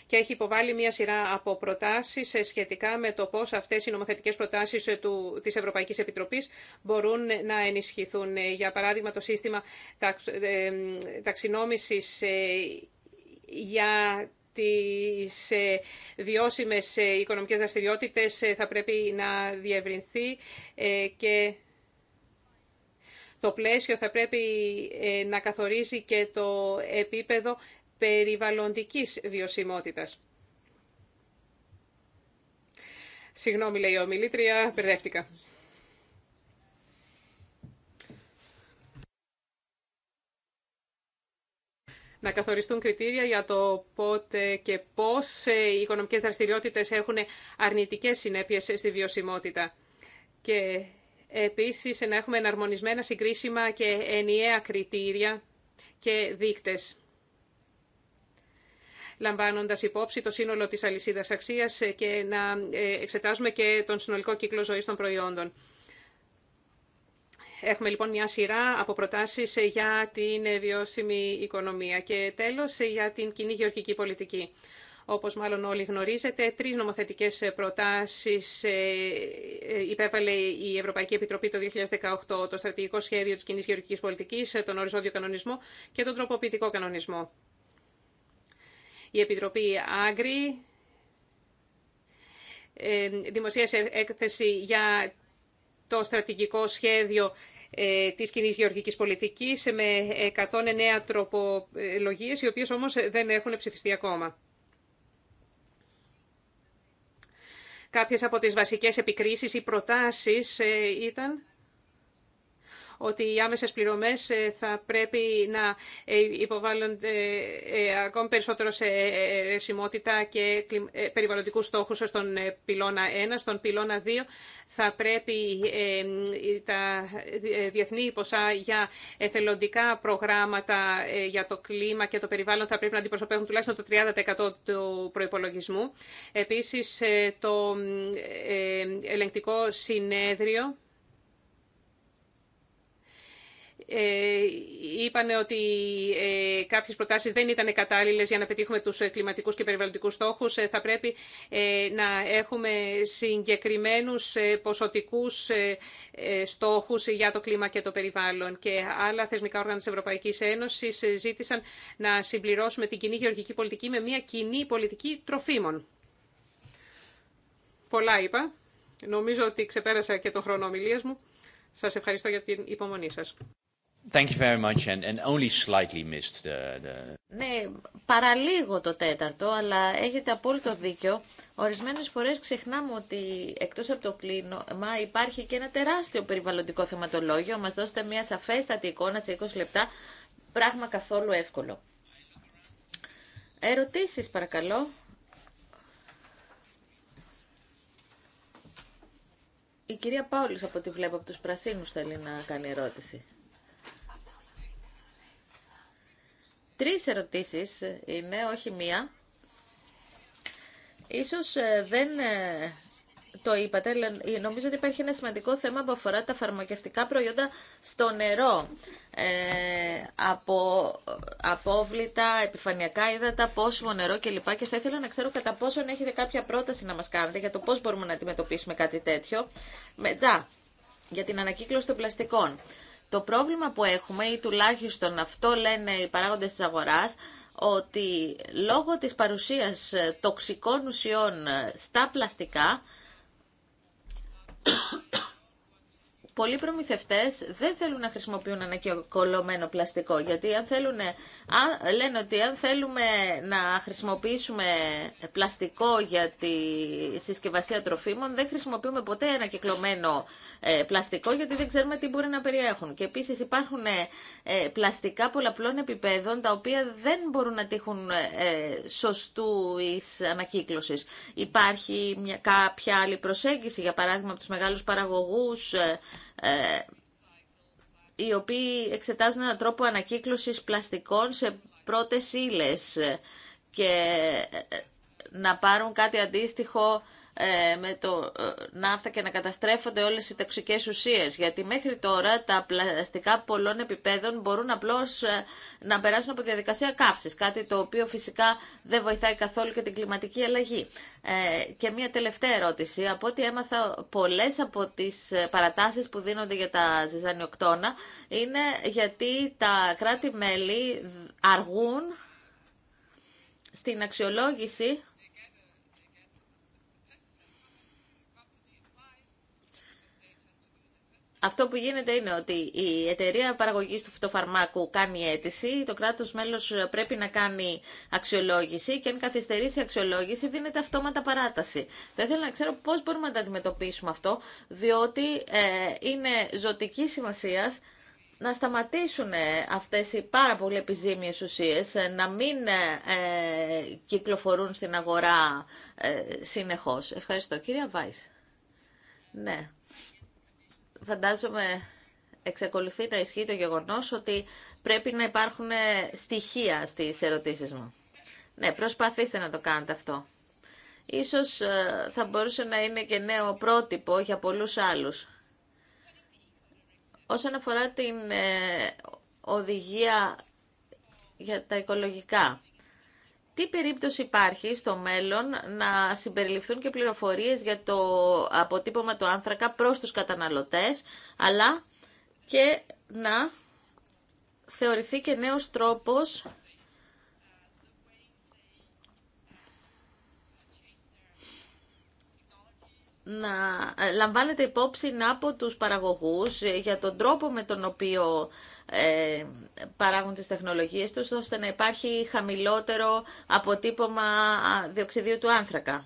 και έχει υποβάλει μια σειρά από προτάσεις ε, σχετικά με το πώς αυτές οι νομοθετικές προτάσεις ε, του, της Ευρωπαϊκής Επιτροπής μπορούν να ενισχυθούν. Για παράδειγμα, το σύστημα ταξινόμησης για τις ε, βιώσιμες ε, οικονομικές δραστηριότητες ε, θα πρέπει να διευρυνθεί και το πλαίσιο θα πρέπει να καθορίζει και το επίπεδο περιβαλλοντικής βιωσιμότητας. Συγγνώμη, λέει η ομιλήτρια, μπερδεύτηκα. να καθοριστούν κριτήρια για το πότε και πώς ε, οι οικονομικές δραστηριότητες έχουν αρνητικές συνέπειες στη βιωσιμότητα. Και επίσης να έχουμε εναρμονισμένα συγκρίσιμα και ενιαία κριτήρια και δείκτες λαμβάνοντας υπόψη το σύνολο της αλυσίδας αξίας ε, και να ε, εξετάζουμε και τον συνολικό κύκλο ζωής των προϊόντων. Έχουμε λοιπόν μια σειρά από προτάσεις για την βιώσιμη οικονομία και τέλος για την κοινή γεωργική πολιτική. Όπως μάλλον όλοι γνωρίζετε, τρεις νομοθετικές προτάσεις ε, ε, υπέβαλε η Ευρωπαϊκή Επιτροπή το 2018, το στρατηγικό σχέδιο της κοινή γεωργικής πολιτικής, τον οριζόντιο κανονισμό και τον τροποποιητικό κανονισμό. Η Επιτροπή Άγκρη ε, δημοσίασε έκθεση για το στρατηγικό σχέδιο ε, της κοινή γεωργικής πολιτικής με 109 τροπολογίες, οι οποίες όμως δεν έχουν ψηφιστεί ακόμα. Κάποιες από τις βασικές επικρίσεις ή προτάσεις ε, ήταν ότι οι άμεσες πληρωμές ε, θα πρέπει να ε, υποβάλλονται ε, ακόμη περισσότερο σε ρεσιμότητα και περιβαλλοντικούς στόχους στον πυλώνα 1. Στον πυλώνα 2 θα πρέπει τα διεθνή ποσά για εθελοντικά προγράμματα για το κλίμα και το περιβάλλον θα πρέπει να αντιπροσωπεύουν τουλάχιστον το 30% του προϋπολογισμού. Επίσης, το ελεγκτικό συνέδριο Ε, Είπαν ότι ε, κάποιες προτάσεις δεν ήταν κατάλληλες για να πετύχουμε τους ε, κλιματικούς και περιβαλλοντικούς στόχους. Θα πρέπει να έχουμε συγκεκριμένους ποσοτικούς στόχους για το κλίμα και το περιβάλλον. Και άλλα θεσμικά όργανα της Ευρωπαϊκής Ένωσης ζήτησαν να συμπληρώσουμε την κοινή γεωργική πολιτική με μια κοινή πολιτική τροφίμων. Πολλά είπα. Νομίζω ότι ξεπέρασα και το χρόνο ομιλίας μου. Σας ευχαριστώ για την υπομονή σας. Thank you very much and, and only slightly missed the, the... Ναι, παραλίγο το τέταρτο, αλλά έχετε απόλυτο δίκιο. Ορισμένες φορές ξεχνάμε ότι εκτός από το κλίμα υπάρχει και ένα τεράστιο περιβαλλοντικό θεματολόγιο. Μας δώσετε μια σαφέστατη εικόνα σε 20 λεπτά, πράγμα καθόλου εύκολο. Ερωτήσεις παρακαλώ. Η κυρία Πάουλης από ό,τι βλέπω από τους Πρασίνους θέλει να κάνει ερώτηση. Τρεις ερωτήσεις είναι, όχι μία. Ίσως ε, δεν ε, το είπατε, νομίζω ότι υπάρχει ένα σημαντικό θέμα που αφορά τα φαρμακευτικά προϊόντα στο νερό. Ε, από απόβλητα, επιφανειακά ύδατα, πόσιμο νερό κλπ. Και θα ήθελα να ξέρω κατά πόσον έχετε κάποια πρόταση να μας κάνετε για το πώς μπορούμε να αντιμετωπίσουμε κάτι τέτοιο. Μετά, για την ανακύκλωση των πλαστικών. Το πρόβλημα που έχουμε, ή τουλάχιστον αυτό λένε οι παράγοντες της αγοράς, ότι λόγω της παρουσίας τοξικών ουσιών στα πλαστικά πολλοί προμηθευτέ δεν θέλουν να χρησιμοποιούν ανακυκλωμένο πλαστικό, γιατί αν θέλουν, ε, λένε ότι αν θέλουμε να χρησιμοποιήσουμε πλαστικό για τη συσκευασία τροφίμων, δεν χρησιμοποιούμε ποτέ ανακυκλωμένο ε, πλαστικό, γιατί δεν ξέρουμε τι μπορεί να περιέχουν. Και επίση υπάρχουν ε, ε, πλαστικά πολλαπλών επιπέδων, τα οποία δεν μπορούν να τύχουν ε, σωστού εις ανακύκλωση. Υπάρχει μια, κάποια άλλη προσέγγιση, για παράδειγμα, από τους μεγάλους παραγωγούς, ε, οι οποίοι εξετάζουν έναν τρόπο ανακύκλωσης πλαστικών σε πρώτες ύλες και ε, ε, να πάρουν κάτι αντίστοιχο ε, με το ε, ναύτα και να καταστρέφονται όλες οι ταξικές ουσίες. Γιατί μέχρι τώρα τα πλαστικά πολλών επιπέδων μπορούν απλώς ε, να περάσουν από διαδικασία καύσης. Κάτι το οποίο φυσικά δεν βοηθάει καθόλου και την κλιματική αλλαγή. Και μια τελευταία ερώτηση. Από ό,τι έμαθα πολλές από τις παρατάσεις που δίνονται για τα ζυζανιοκτώνα είναι γιατί τα κράτη-μέλη αργούν στην αξιολόγηση Αυτό που γίνεται είναι ότι η εταιρεία παραγωγή του φυτοφαρμάκου κάνει αίτηση, το κράτο μέλο πρέπει να κάνει αξιολόγηση και αν καθυστερήσει η αξιολόγηση δίνεται αυτόματα παράταση. Θα ήθελα να ξέρω πώ μπορούμε να τα αντιμετωπίσουμε αυτό, διότι ε, είναι ζωτική σημασία να σταματήσουν αυτές οι πάρα πολύ επιζήμιες ουσίες, ε, να μην ε, ε, κυκλοφορούν στην αγορά ε, συνεχώς. Ευχαριστώ. Κυρία Βάης. Ναι φαντάζομαι εξακολουθεί να ισχύει το γεγονός ότι πρέπει να υπάρχουν στοιχεία στις ερωτήσεις μου. Ναι, προσπαθήστε να το κάνετε αυτό. Ίσως ε, θα μπορούσε να είναι και νέο πρότυπο για πολλούς άλλους. Όσον αφορά την ε, οδηγία για τα οικολογικά, τι περίπτωση υπάρχει στο μέλλον να συμπεριληφθούν και πληροφορίες για το αποτύπωμα του άνθρακα προς τους καταναλωτές, αλλά και να θεωρηθεί και νέος τρόπος να ε, λαμβάνεται υπόψη από τους παραγωγούς για τον τρόπο με τον οποίο ε, παράγουν τις τεχνολογίες τους, ώστε να υπάρχει χαμηλότερο αποτύπωμα διοξιδίου του άνθρακα.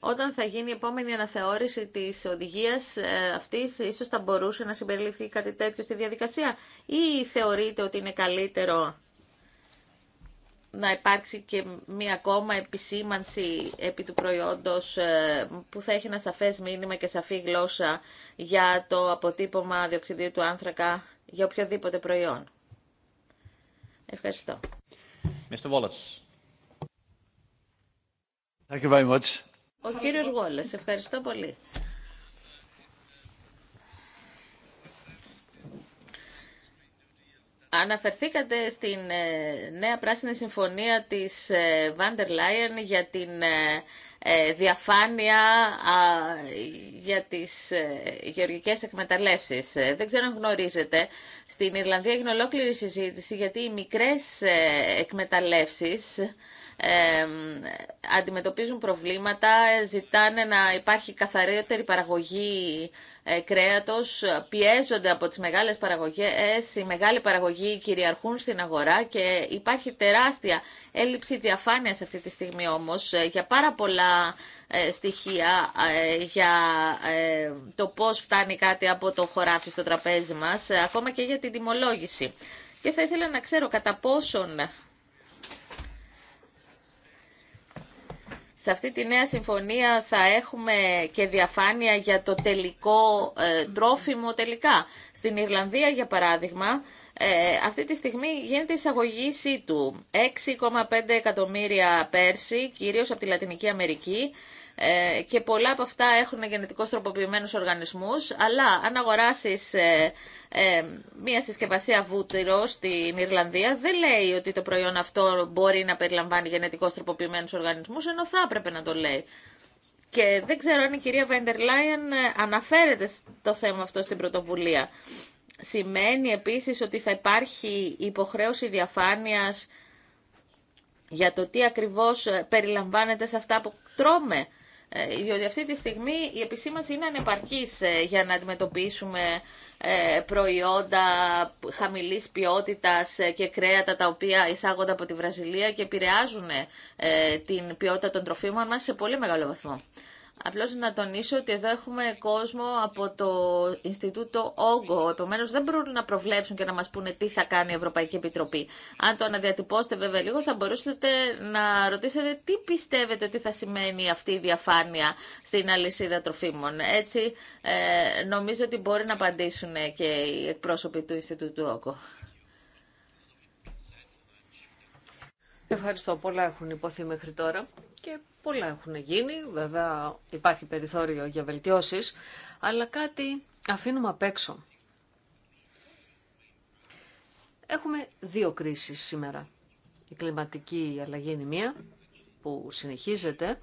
Όταν θα γίνει η επόμενη αναθεώρηση της οδηγίας ε, αυτής, ίσως θα μπορούσε να συμπεριληφθεί κάτι τέτοιο στη διαδικασία ή θεωρείτε ότι είναι καλύτερο να υπάρξει και μία ακόμα επισήμανση επί του προϊόντος ε, που θα έχει ένα σαφές μήνυμα και σαφή γλώσσα για το αποτύπωμα διοξιδίου του άνθρακα για οποιοδήποτε προϊόν. Ευχαριστώ. Mr. Wallace. Thank you very much. Ο κύριος Wallace, ευχαριστώ πολύ. Αναφερθήκατε στην ε, νέα πράσινη συμφωνία της Βάντερ Λάιεν για την ε, ε, διαφάνεια για τις γεωργικές εκμεταλλεύσεις. Δεν ξέρω αν γνωρίζετε, στην Ιρλανδία έγινε ολόκληρη συζήτηση γιατί οι μικρές εκμεταλλεύσεις αντιμετωπίζουν προβλήματα, ζητάνε να υπάρχει καθαρότερη παραγωγή ε, κρέατος, πιέζονται από τις μεγάλες παραγωγές, οι μεγάλοι παραγωγοί κυριαρχούν στην αγορά και υπάρχει τεράστια έλλειψη διαφάνειας αυτή τη στιγμή όμως ε, για πάρα πολλά ε, στοιχεία ε, για το πώς φτάνει κάτι από το χωράφι στο τραπέζι μας, ακόμα και για την τιμολόγηση. Και θα ήθελα να ξέρω κατά πόσον σε αυτή τη νέα συμφωνία θα έχουμε και διαφάνεια για το τελικό ε, τρόφιμο τελικά. Στην Ιρλανδία, για παράδειγμα, ε, αυτή τη στιγμή γίνεται εισαγωγή του 6,5 εκατομμύρια πέρσι, κυρίως από τη Λατινική Αμερική, ε, και πολλά από αυτά έχουν γενετικώ τροποποιημένους οργανισμούς, αλλά αν αγοράσεις ε, ε, μία συσκευασία βούτυρο στην Ιρλανδία, δεν λέει ότι το προϊόν αυτό μπορεί να περιλαμβάνει γενετικώ τροποποιημένους οργανισμούς, ενώ θα έπρεπε να το λέει. Και δεν ξέρω αν η κυρία Βέντερ Λάιεν αναφέρεται στο θέμα αυτό στην πρωτοβουλία. Σημαίνει επίσης ότι θα υπάρχει υποχρέωση διαφάνειας για το τι ακριβώς περιλαμβάνεται σε αυτά που τρώμε. Ε, διότι αυτή τη στιγμή η επισήμανση είναι ανεπαρκής ε, για να αντιμετωπίσουμε ε, προϊόντα χαμηλής ποιότητας και κρέατα τα οποία εισάγονται από τη Βραζιλία και επηρεάζουν την ποιότητα των τροφίμων μας σε πολύ μεγάλο βαθμό. Απλώ να τονίσω ότι εδώ έχουμε κόσμο από το Ινστιτούτο Όγκο, Επομένω δεν μπορούν να προβλέψουν και να μας πούνε τι θα κάνει η Ευρωπαϊκή Επιτροπή. Αν το αναδιατυπώσετε βέβαια λίγο θα μπορούσατε να ρωτήσετε τι πιστεύετε ότι θα σημαίνει αυτή η διαφάνεια στην αλυσίδα τροφίμων. Έτσι ε, νομίζω ότι μπορεί να απαντήσουν και οι εκπρόσωποι του Ινστιτούτου Όγκο. Ευχαριστώ. Πολλά έχουν υποθεί μέχρι τώρα και πολλά έχουν γίνει. Βέβαια υπάρχει περιθώριο για βελτιώσεις, αλλά κάτι αφήνουμε απ' έξω. Έχουμε δύο κρίσεις σήμερα. Η κλιματική αλλαγή είναι μία που συνεχίζεται,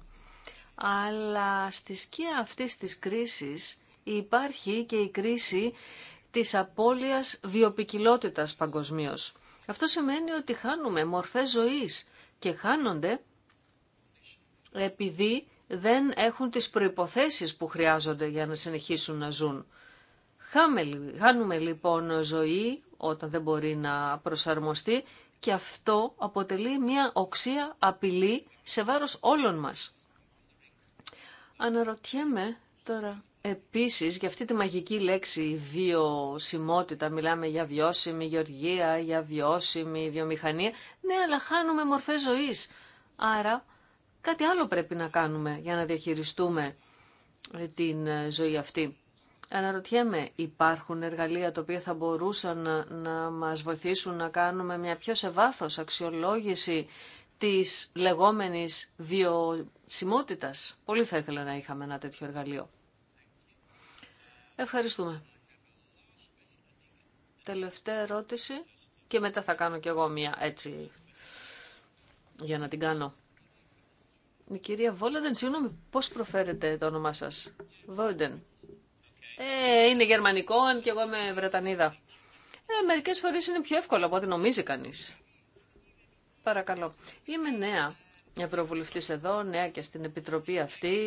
αλλά στη σκία αυτής της κρίσης υπάρχει και η κρίση της απώλειας βιοπικιλότητας παγκοσμίως. Αυτό σημαίνει ότι χάνουμε μορφές ζωής και χάνονται επειδή δεν έχουν τις προϋποθέσεις που χρειάζονται για να συνεχίσουν να ζουν. Χάνουμε λοιπόν ζωή όταν δεν μπορεί να προσαρμοστεί και αυτό αποτελεί μια οξία απειλή σε βάρος όλων μας. Αναρωτιέμαι τώρα Επίσης, για αυτή τη μαγική λέξη βιωσιμότητα, μιλάμε για βιώσιμη γεωργία, για βιώσιμη βιομηχανία, ναι, αλλά χάνουμε μορφές ζωής. Άρα, κάτι άλλο πρέπει να κάνουμε για να διαχειριστούμε ε, την ε, ζωή αυτή. Αναρωτιέμαι, υπάρχουν εργαλεία τα οποία θα μπορούσαν να μας βοηθήσουν να κάνουμε μια πιο σε βάθος αξιολόγηση της λεγόμενης βιωσιμότητας. Πολύ θα ήθελα να είχαμε ένα τέτοιο εργαλείο. Ευχαριστούμε. Τελευταία ερώτηση και μετά θα κάνω κι εγώ μία έτσι για να την κάνω. Η κυρία Βόλαντεν, συγγνώμη, πώς προφέρετε το όνομά σας. Βόλτεν. Ε, είναι γερμανικό, αν και εγώ είμαι Βρετανίδα. Ε, μερικές φορές είναι πιο εύκολο από ό,τι νομίζει κανείς. Παρακαλώ. Είμαι νέα Ευρωβουλευτής εδώ, νέα και στην Επιτροπή αυτή,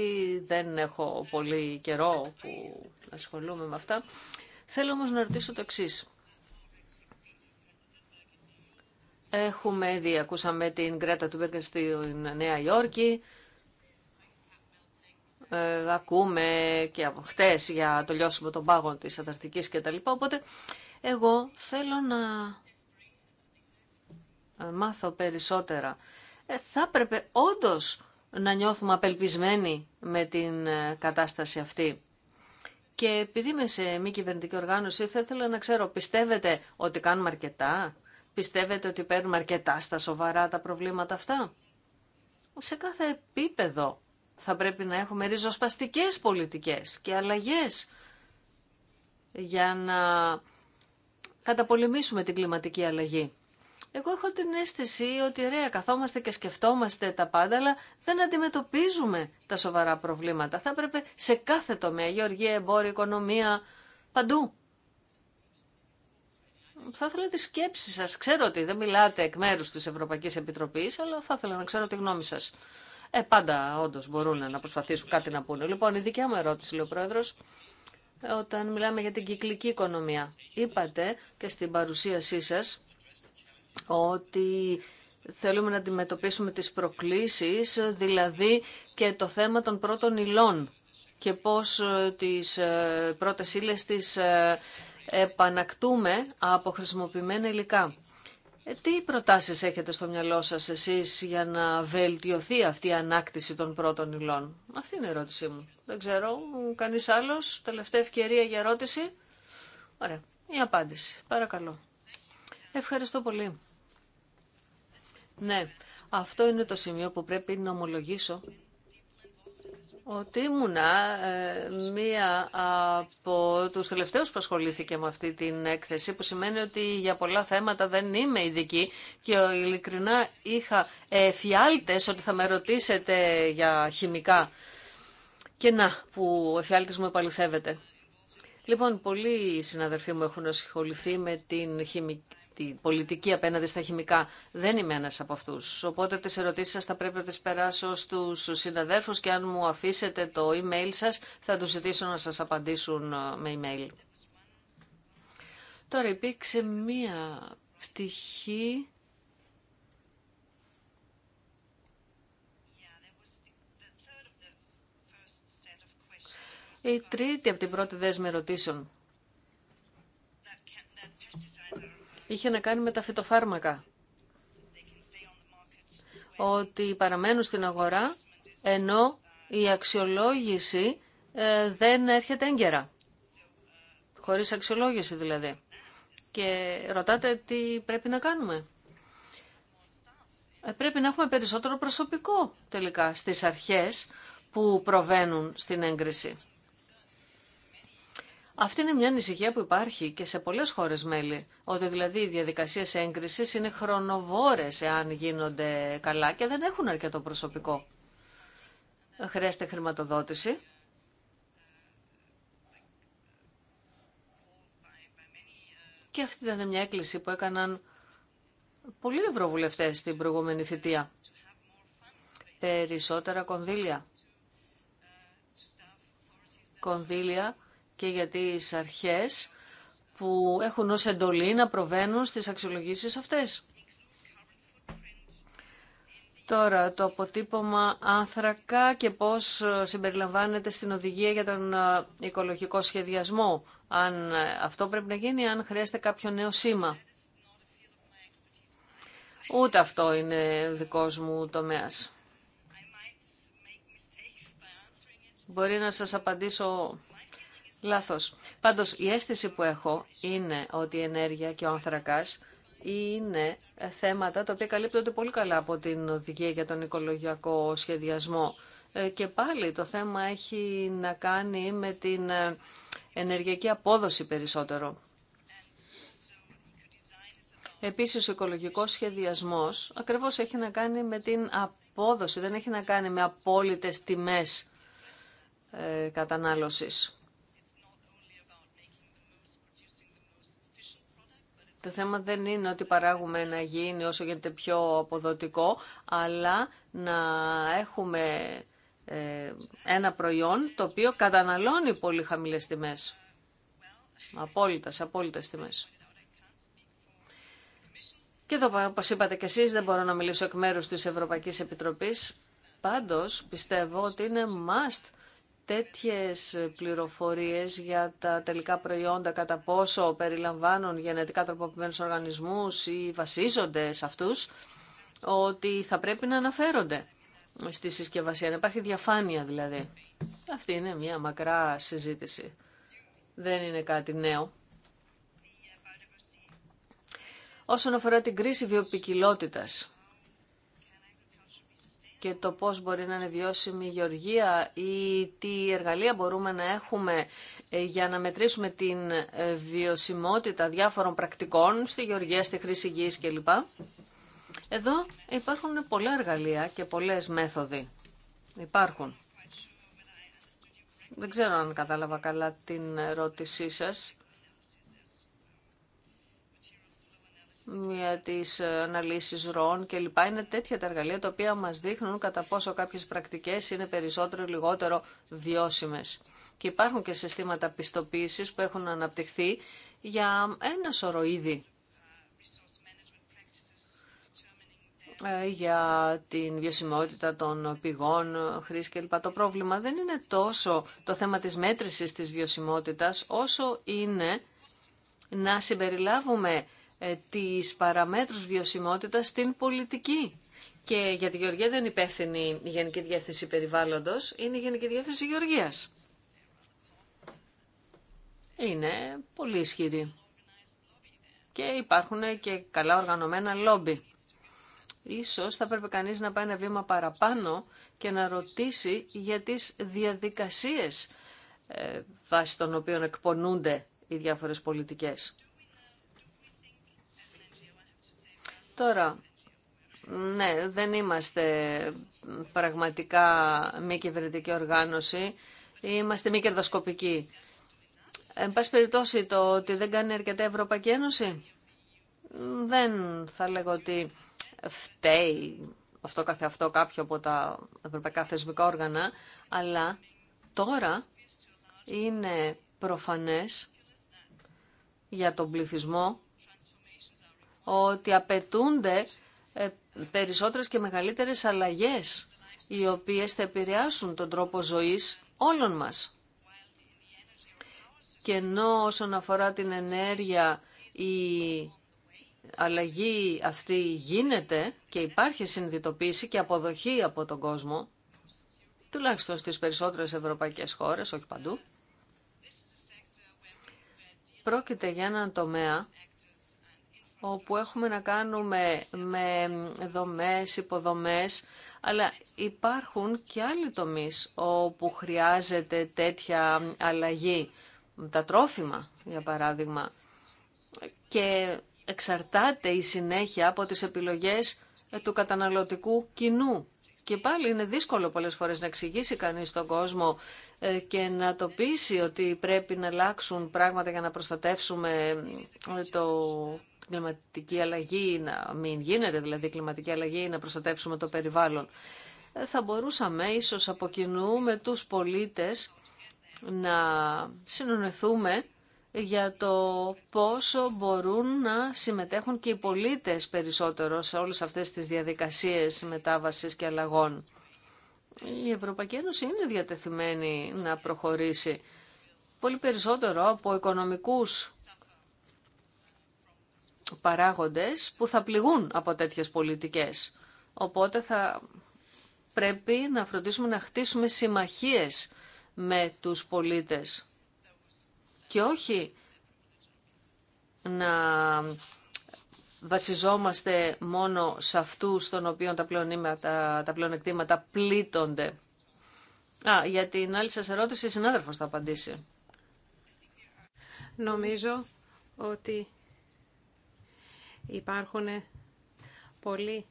δεν έχω πολύ καιρό που ασχολούμαι με αυτά. Θέλω όμως να ρωτήσω το εξής. Έχουμε ήδη, ακούσαμε την κρέτα του στη Νέα Υόρκη, ε, ακούμε και από χτες για το λιώσιμο των πάγων της Ανταρκτικής κτλ. Οπότε εγώ θέλω να μάθω περισσότερα ε, θα έπρεπε όντως να νιώθουμε απελπισμένοι με την ε, κατάσταση αυτή. Και επειδή είμαι σε μη κυβερνητική οργάνωση, θα ήθελα να ξέρω, πιστεύετε ότι κάνουμε αρκετά, πιστεύετε ότι παίρνουμε αρκετά στα σοβαρά τα προβλήματα αυτά. Σε κάθε επίπεδο θα πρέπει να έχουμε ριζοσπαστικές πολιτικές και αλλαγές για να καταπολεμήσουμε την κλιματική αλλαγή. Εγώ έχω την αίσθηση ότι ρε, καθόμαστε και σκεφτόμαστε τα πάντα, αλλά δεν αντιμετωπίζουμε τα σοβαρά προβλήματα. Θα έπρεπε σε κάθε τομέα, γεωργία, εμπόριο, οικονομία, παντού. Θα ήθελα τη σκέψη σας. Ξέρω ότι δεν μιλάτε εκ μέρους της Ευρωπαϊκής Επιτροπής, αλλά θα ήθελα να ξέρω τη γνώμη σας. Ε, πάντα όντω μπορούν να προσπαθήσουν κάτι να πούνε. Λοιπόν, η δικιά μου ερώτηση, λέει ο πρόεδρο, όταν μιλάμε για την κυκλική οικονομία. Είπατε και στην παρουσίασή σας ότι θέλουμε να αντιμετωπίσουμε τις προκλήσεις, δηλαδή και το θέμα των πρώτων υλών και πώς ε, τις ε, πρώτες ύλες τις ε, επανακτούμε από χρησιμοποιημένα υλικά. Τι προτάσεις έχετε στο μυαλό σας εσείς για να βελτιωθεί αυτή η ανάκτηση των πρώτων υλών. Αυτή είναι η ερώτησή μου. Δεν ξέρω, κανείς άλλος, τελευταία ευκαιρία για ερώτηση. Ωραία, η απάντηση. Παρακαλώ. Ευχαριστώ πολύ. Ναι, αυτό είναι το σημείο που πρέπει να ομολογήσω ότι ήμουνα ε, μία από τους τελευταίους που ασχολήθηκε με αυτή την έκθεση, που σημαίνει ότι για πολλά θέματα δεν είμαι ειδική και ειλικρινά είχα ε, ότι θα με ρωτήσετε για χημικά. Και να, που ο φιάλτης μου επαληθεύεται. Λοιπόν, πολλοί συναδελφοί μου έχουν ασχοληθεί με την χημική τη πολιτική απέναντι στα χημικά. Δεν είμαι ένας από αυτούς. Οπότε τι ερωτήσει σα θα πρέπει να τις περάσω στους συναδέρφους και αν μου αφήσετε το email σας θα τους ζητήσω να σας απαντήσουν ε, με email. Τώρα υπήρξε μία πτυχή... Η τρίτη από την πρώτη δέσμη ερωτήσεων είχε να κάνει με τα φυτοφάρμακα. Ότι παραμένουν στην αγορά ενώ η αξιολόγηση ε, δεν έρχεται έγκαιρα. Χωρίς αξιολόγηση δηλαδή. Και ρωτάτε τι πρέπει να κάνουμε. Ε, πρέπει να έχουμε περισσότερο προσωπικό τελικά στις αρχές που προβαίνουν στην έγκριση. Αυτή είναι μια ανησυχία που υπάρχει και σε πολλές χώρες μέλη, ότι δηλαδή οι διαδικασίε έγκριση είναι χρονοβόρες εάν γίνονται καλά και δεν έχουν αρκετό προσωπικό. Χρειάζεται χρηματοδότηση. Και αυτή ήταν μια έκκληση που έκαναν πολλοί ευρωβουλευτές στην προηγούμενη θητεία. Περισσότερα κονδύλια. Κονδύλια και για τις αρχές που έχουν ως εντολή να προβαίνουν στις αξιολογήσεις αυτές. Τώρα, το αποτύπωμα άνθρακα και πώς ε, συμπεριλαμβάνεται στην οδηγία για τον ε, οικολογικό σχεδιασμό. Αν ε, αυτό πρέπει να γίνει, αν χρειάζεται κάποιο νέο σήμα. Ούτε αυτό είναι δικός μου τομέας. Μπορεί να σας απαντήσω Λάθο. Πάντως η αίσθηση που έχω είναι ότι η ενέργεια και ο ανθρακάς είναι θέματα τα οποία καλύπτονται πολύ καλά από την οδηγία για τον οικολογιακό σχεδιασμό. Ε, και πάλι το θέμα έχει να κάνει με την ε, ενεργειακή απόδοση περισσότερο. Επίσης, ο οικολογικός σχεδιασμός ακριβώς έχει να κάνει με την απόδοση, δεν έχει να κάνει με απόλυτες τιμές ε, κατανάλωσης. Το θέμα δεν είναι ότι παράγουμε να γίνει όσο γίνεται πιο αποδοτικό, αλλά να έχουμε ε, ένα προϊόν το οποίο καταναλώνει πολύ χαμηλές τιμές. Απόλυτα, σε απόλυτες τιμές. Και εδώ, όπω είπατε και εσείς, δεν μπορώ να μιλήσω εκ μέρους της Ευρωπαϊκής Επιτροπής. Πάντως, πιστεύω ότι είναι must τέτοιες πληροφορίες για τα τελικά προϊόντα, κατά πόσο περιλαμβάνουν γενετικά τροποποιημένους οργανισμούς ή βασίζονται σε αυτούς, ότι θα πρέπει να αναφέρονται στη συσκευασία, να υπάρχει διαφάνεια δηλαδή. Αυτή είναι μια μακρά συζήτηση. Δεν είναι κάτι νέο. Όσον αφορά την κρίση βιοπικιλότητας, και το πώς μπορεί να είναι βιώσιμη η γεωργία ή τι εργαλεία μπορούμε να έχουμε ε, για να μετρήσουμε την ε, βιωσιμότητα διάφορων πρακτικών στη γεωργία, στη χρήση γης κλπ. Εδώ υπάρχουν πολλά εργαλεία και πολλές μέθοδοι. Υπάρχουν. Δεν ξέρω αν κατάλαβα καλά την ερώτησή σας. για τις αναλύσεις ροών λοιπά. Είναι τέτοια τα εργαλεία τα οποία μας δείχνουν κατά πόσο κάποιες πρακτικές είναι περισσότερο ή λιγότερο βιώσιμες. Και υπάρχουν και συστήματα πιστοποίησης που έχουν αναπτυχθεί για ένα σωρό είδη. Ε, για την βιωσιμότητα των πηγών και κλπ. Το πρόβλημα δεν είναι τόσο το θέμα της μέτρησης της βιωσιμότητας, όσο είναι να συμπεριλάβουμε ε, τις παραμέτρους βιωσιμότητας στην πολιτική. Και για τη Γεωργία δεν υπεύθυνη η Γενική Διεύθυνση Περιβάλλοντος, είναι η Γενική Διεύθυνση Γεωργίας. Είναι πολύ ισχυρή. Και υπάρχουν και καλά οργανωμένα λόμπι. Ίσως θα πρέπει κανείς να πάει ένα βήμα παραπάνω και να ρωτήσει για τις διαδικασίες ε, βάσει των οποίων εκπονούνται οι διάφορες πολιτικές. Τώρα, ναι, δεν είμαστε πραγματικά μη κυβερνητική οργάνωση. Είμαστε μη κερδοσκοπικοί. Εν πάση περιπτώσει, το ότι δεν κάνει αρκετά Ευρωπαϊκή Ένωση, δεν θα λέγω ότι φταίει αυτό καθε αυτό κάποιο από τα ευρωπαϊκά θεσμικά όργανα, αλλά τώρα είναι προφανές για τον πληθυσμό ότι απαιτούνται ε, περισσότερες και μεγαλύτερες αλλαγές οι οποίες θα επηρεάσουν τον τρόπο ζωής όλων μας. Και ενώ όσον αφορά την ενέργεια η αλλαγή αυτή γίνεται και υπάρχει συνδυτοποίηση και αποδοχή από τον κόσμο, τουλάχιστον στις περισσότερες ευρωπαϊκές χώρες, όχι παντού, πρόκειται για έναν τομέα όπου έχουμε να κάνουμε με δομές, υποδομές, αλλά υπάρχουν και άλλοι τομείς όπου χρειάζεται τέτοια αλλαγή. Τα τρόφιμα, για παράδειγμα. Και εξαρτάται η συνέχεια από τις επιλογές του καταναλωτικού κοινού και πάλι είναι δύσκολο πολλές φορές να εξηγήσει κανείς τον κόσμο ε, και να το πείσει ότι πρέπει να αλλάξουν πράγματα για να προστατεύσουμε ε, το κλιματική αλλαγή, να μην γίνεται δηλαδή κλιματική αλλαγή, να προστατεύσουμε το περιβάλλον. Ε, θα μπορούσαμε ίσως από κοινού με τους πολίτες να συνονεθούμε για το πόσο μπορούν να συμμετέχουν και οι πολίτες περισσότερο σε όλες αυτές τις διαδικασίες μετάβασης και αλλαγών. Η Ευρωπαϊκή Ένωση είναι διατεθειμένη να προχωρήσει πολύ περισσότερο από οικονομικούς παράγοντες που θα πληγούν από τέτοιες πολιτικές. Οπότε θα πρέπει να φροντίσουμε να χτίσουμε συμμαχίες με τους πολίτες και όχι να βασιζόμαστε μόνο σε αυτούς των οποίων τα, πλεονήματα, τα πλεονεκτήματα πλήττονται. Α, για την άλλη σας ερώτηση, η συνάδελφος θα απαντήσει. Νομίζω ότι υπάρχουν πολλοί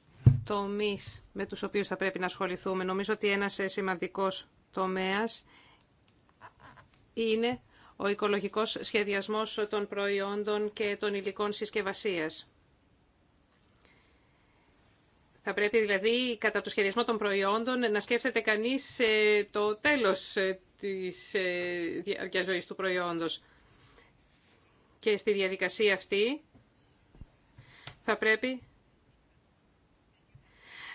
τομείς με τους οποίους θα πρέπει να ασχοληθούμε. Νομίζω ότι ένας σημαντικός τομέας είναι ο οικολογικός σχεδιασμός των προϊόντων και των υλικών συσκευασίας. Θα πρέπει δηλαδή κατά το σχεδιασμό των προϊόντων να σκέφτεται κανείς ε, το τέλος ε, της ε, διάρκειας του προϊόντος. Και στη διαδικασία αυτή θα πρέπει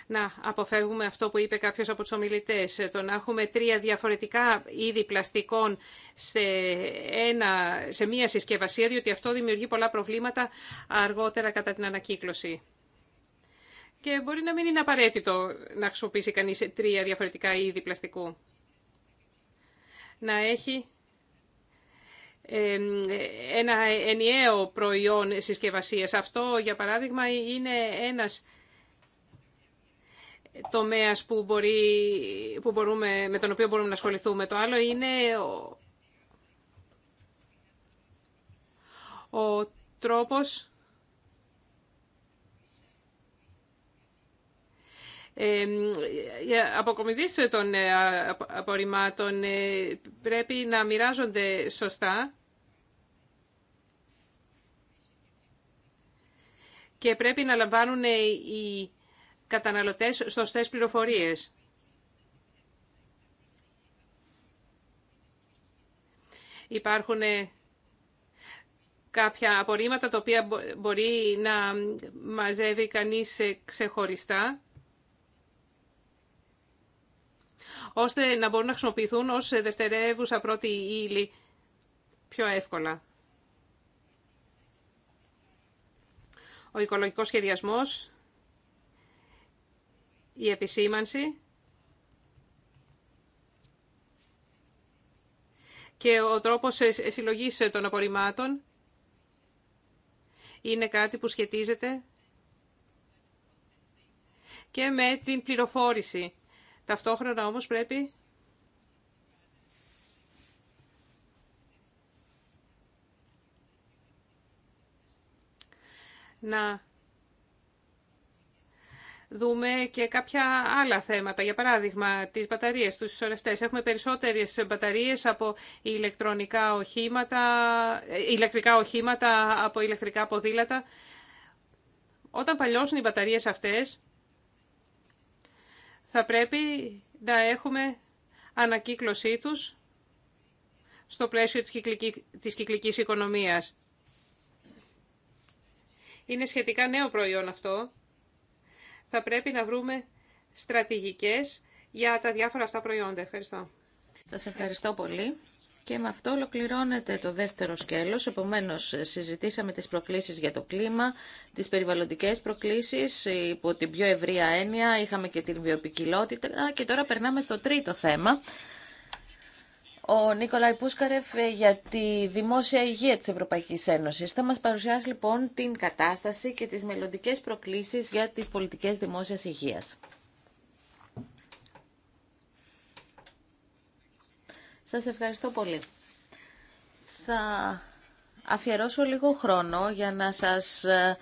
να αποφεύγουμε αυτό που είπε κάποιος από τους ομιλητές, το να έχουμε τρία διαφορετικά είδη πλαστικών σε, ένα, σε μία συσκευασία, διότι αυτό δημιουργεί πολλά προβλήματα αργότερα κατά την ανακύκλωση. Και μπορεί να μην είναι απαραίτητο να χρησιμοποιήσει κανείς τρία διαφορετικά είδη πλαστικού. Να έχει ένα ενιαίο προϊόν συσκευασίας. Αυτό, για παράδειγμα, είναι ένας τομέας που, που με τον οποίο μπορούμε να ασχοληθούμε. Το άλλο είναι ο, ο τρόπος Ε, αποκομιδής των ε, απορριμμάτων ε, πρέπει να μοιράζονται σωστά και πρέπει να λαμβάνουν ε, οι καταναλωτές σωστές πληροφορίες. Υπάρχουν ε, κάποια απορρίμματα τα οποία μπορεί να μαζεύει κανείς ε, ξεχωριστά ώστε να μπορούν να χρησιμοποιηθούν ως δευτερεύουσα πρώτη ύλη πιο εύκολα. Ο οικολογικός σχεδιασμός η επισήμανση και ο τρόπος ε, ε, συλλογής ε, των απορριμμάτων είναι κάτι που σχετίζεται και με την πληροφόρηση. Ταυτόχρονα όμως πρέπει να δούμε και κάποια άλλα θέματα. Για παράδειγμα, τις μπαταρίες, τους σωρευτές. Έχουμε περισσότερες μπαταρίες από ηλεκτρονικά οχήματα, ηλεκτρικά οχήματα, από ηλεκτρικά ποδήλατα. Όταν παλιώσουν οι μπαταρίες αυτές, θα πρέπει να έχουμε ανακύκλωσή τους στο πλαίσιο της, κυκλική, της κυκλικής οικονομίας. Είναι σχετικά νέο προϊόν αυτό θα πρέπει να βρούμε στρατηγικές για τα διάφορα αυτά προϊόντα. Ευχαριστώ. Σας ευχαριστώ πολύ. Και με αυτό ολοκληρώνεται το δεύτερο σκέλος. Επομένως, συζητήσαμε τις προκλήσεις για το κλίμα, τις περιβαλλοντικές προκλήσεις υπό την πιο ευρία έννοια, είχαμε και την βιοπικιλότητα και τώρα περνάμε στο τρίτο θέμα ο Νίκολαϊ Πούσκαρεφ ε, για τη δημόσια υγεία της Ευρωπαϊκής Ένωσης. Θα μας παρουσιάσει λοιπόν την κατάσταση και τις μελλοντικές προκλήσεις για τις πολιτικές δημόσιας υγείας. Σας ευχαριστώ πολύ. Θα αφιερώσω λίγο χρόνο για να σας ε,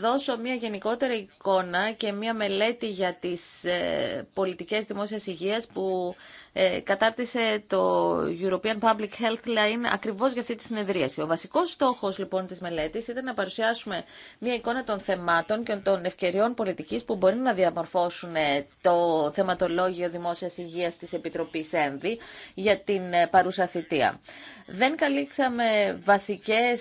δώσω μια γενικότερη εικόνα και μια μελέτη για τις ε, πολιτικές δημόσιας υγείας που ε, κατάρτισε το European Public Health Line ακριβώς για αυτή τη συνεδρίαση. Ο βασικός στόχος λοιπόν της μελέτης ήταν να παρουσιάσουμε μια εικόνα των θεμάτων και των ευκαιριών πολιτικής που μπορεί να διαμορφώσουν ε, το θεματολόγιο δημόσιας υγείας της Επιτροπής ΕΜΒΗ για την παρούσα θητεία. Δεν καλύψαμε βασικές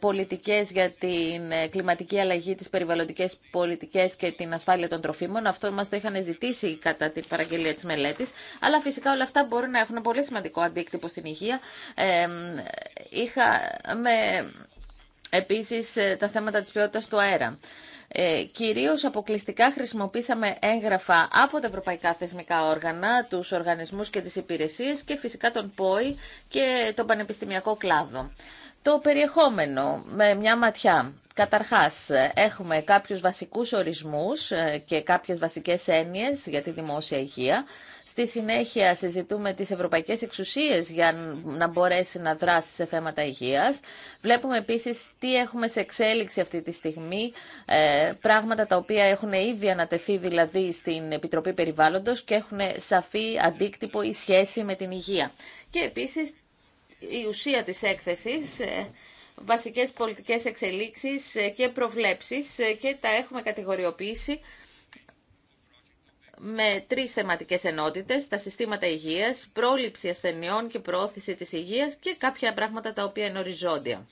πολιτικές για την κλιματική αλλαγή αλλαγή, τις περιβαλλοντικές πολιτικές και την ασφάλεια των τροφίμων. Αυτό μα το είχαν ζητήσει κατά την παραγγελία της μελέτης. Αλλά φυσικά όλα αυτά μπορούν να έχουν πολύ σημαντικό αντίκτυπο στην υγεία. Ε, με επίσης ε, τα θέματα της ποιότητας του αέρα. Ε, κυρίως αποκλειστικά χρησιμοποίησαμε έγγραφα από τα ευρωπαϊκά θεσμικά όργανα, τους οργανισμούς και τις υπηρεσίες και φυσικά τον ΠΟΗ και τον πανεπιστημιακό κλάδο. Το περιεχόμενο με μια ματιά. Καταρχάς, έχουμε κάποιους βασικούς ορισμούς ε, και κάποιες βασικές έννοιες για τη δημόσια υγεία. Στη συνέχεια συζητούμε τις ευρωπαϊκές εξουσίες για να μπορέσει να δράσει σε θέματα υγείας. Βλέπουμε επίσης τι έχουμε σε εξέλιξη αυτή τη στιγμή, ε, πράγματα τα οποία έχουν ήδη ανατεθεί δηλαδή στην Επιτροπή Περιβάλλοντος και έχουν σαφή αντίκτυπο ή σχέση με την υγεία. Και επίσης η ουσία της έκθεσης ε, βασικές πολιτικές εξελίξεις ε, και προβλέψεις ε, και τα έχουμε κατηγοριοποιήσει με τρεις θεματικές ενότητες, τα συστήματα υγείας, πρόληψη ασθενειών και προώθηση της υγείας και κάποια πράγματα τα οποία είναι οριζόντια.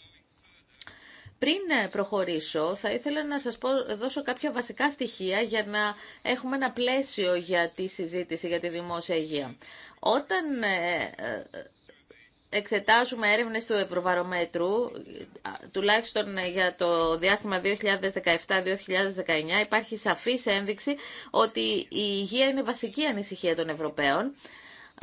Πριν ε, προχωρήσω, θα ήθελα να σας πω, δώσω κάποια βασικά στοιχεία για να έχουμε ένα πλαίσιο για τη συζήτηση για τη δημόσια υγεία. Όταν εξετάζουμε έρευνες του Ευρωβαρομέτρου, τουλάχιστον ε, για το διάστημα 2017-2019 υπάρχει σαφής ένδειξη ότι η υγεία είναι βασική ανησυχία των Ευρωπαίων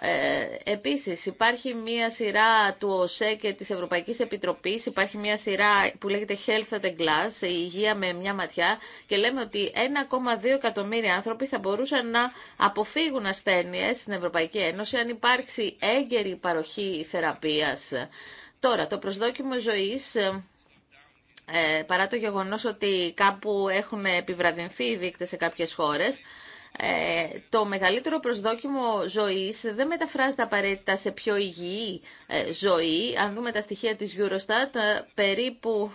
ε, επίσης υπάρχει μία σειρά του ΟΣΕ και της Ευρωπαϊκής Επιτροπής, υπάρχει μία σειρά που λέγεται Health at a Glass, η υγεία με μια ματιά και λέμε ότι 1,2 εκατομμύρια άνθρωποι θα μπορούσαν να αποφύγουν ασθένειες στην Ευρωπαϊκή Ένωση αν υπάρξει έγκαιρη παροχή θεραπείας. Τώρα, το προσδόκιμο ζωής ε, παρά το γεγονός ότι κάπου έχουν επιβραδυνθεί οι σε κάποιες χώρες, ε, το μεγαλύτερο προσδόκιμο ζωής δεν μεταφράζεται απαραίτητα σε πιο υγιή ε, ζωή. Αν δούμε τα στοιχεία της Eurostat, ε, περίπου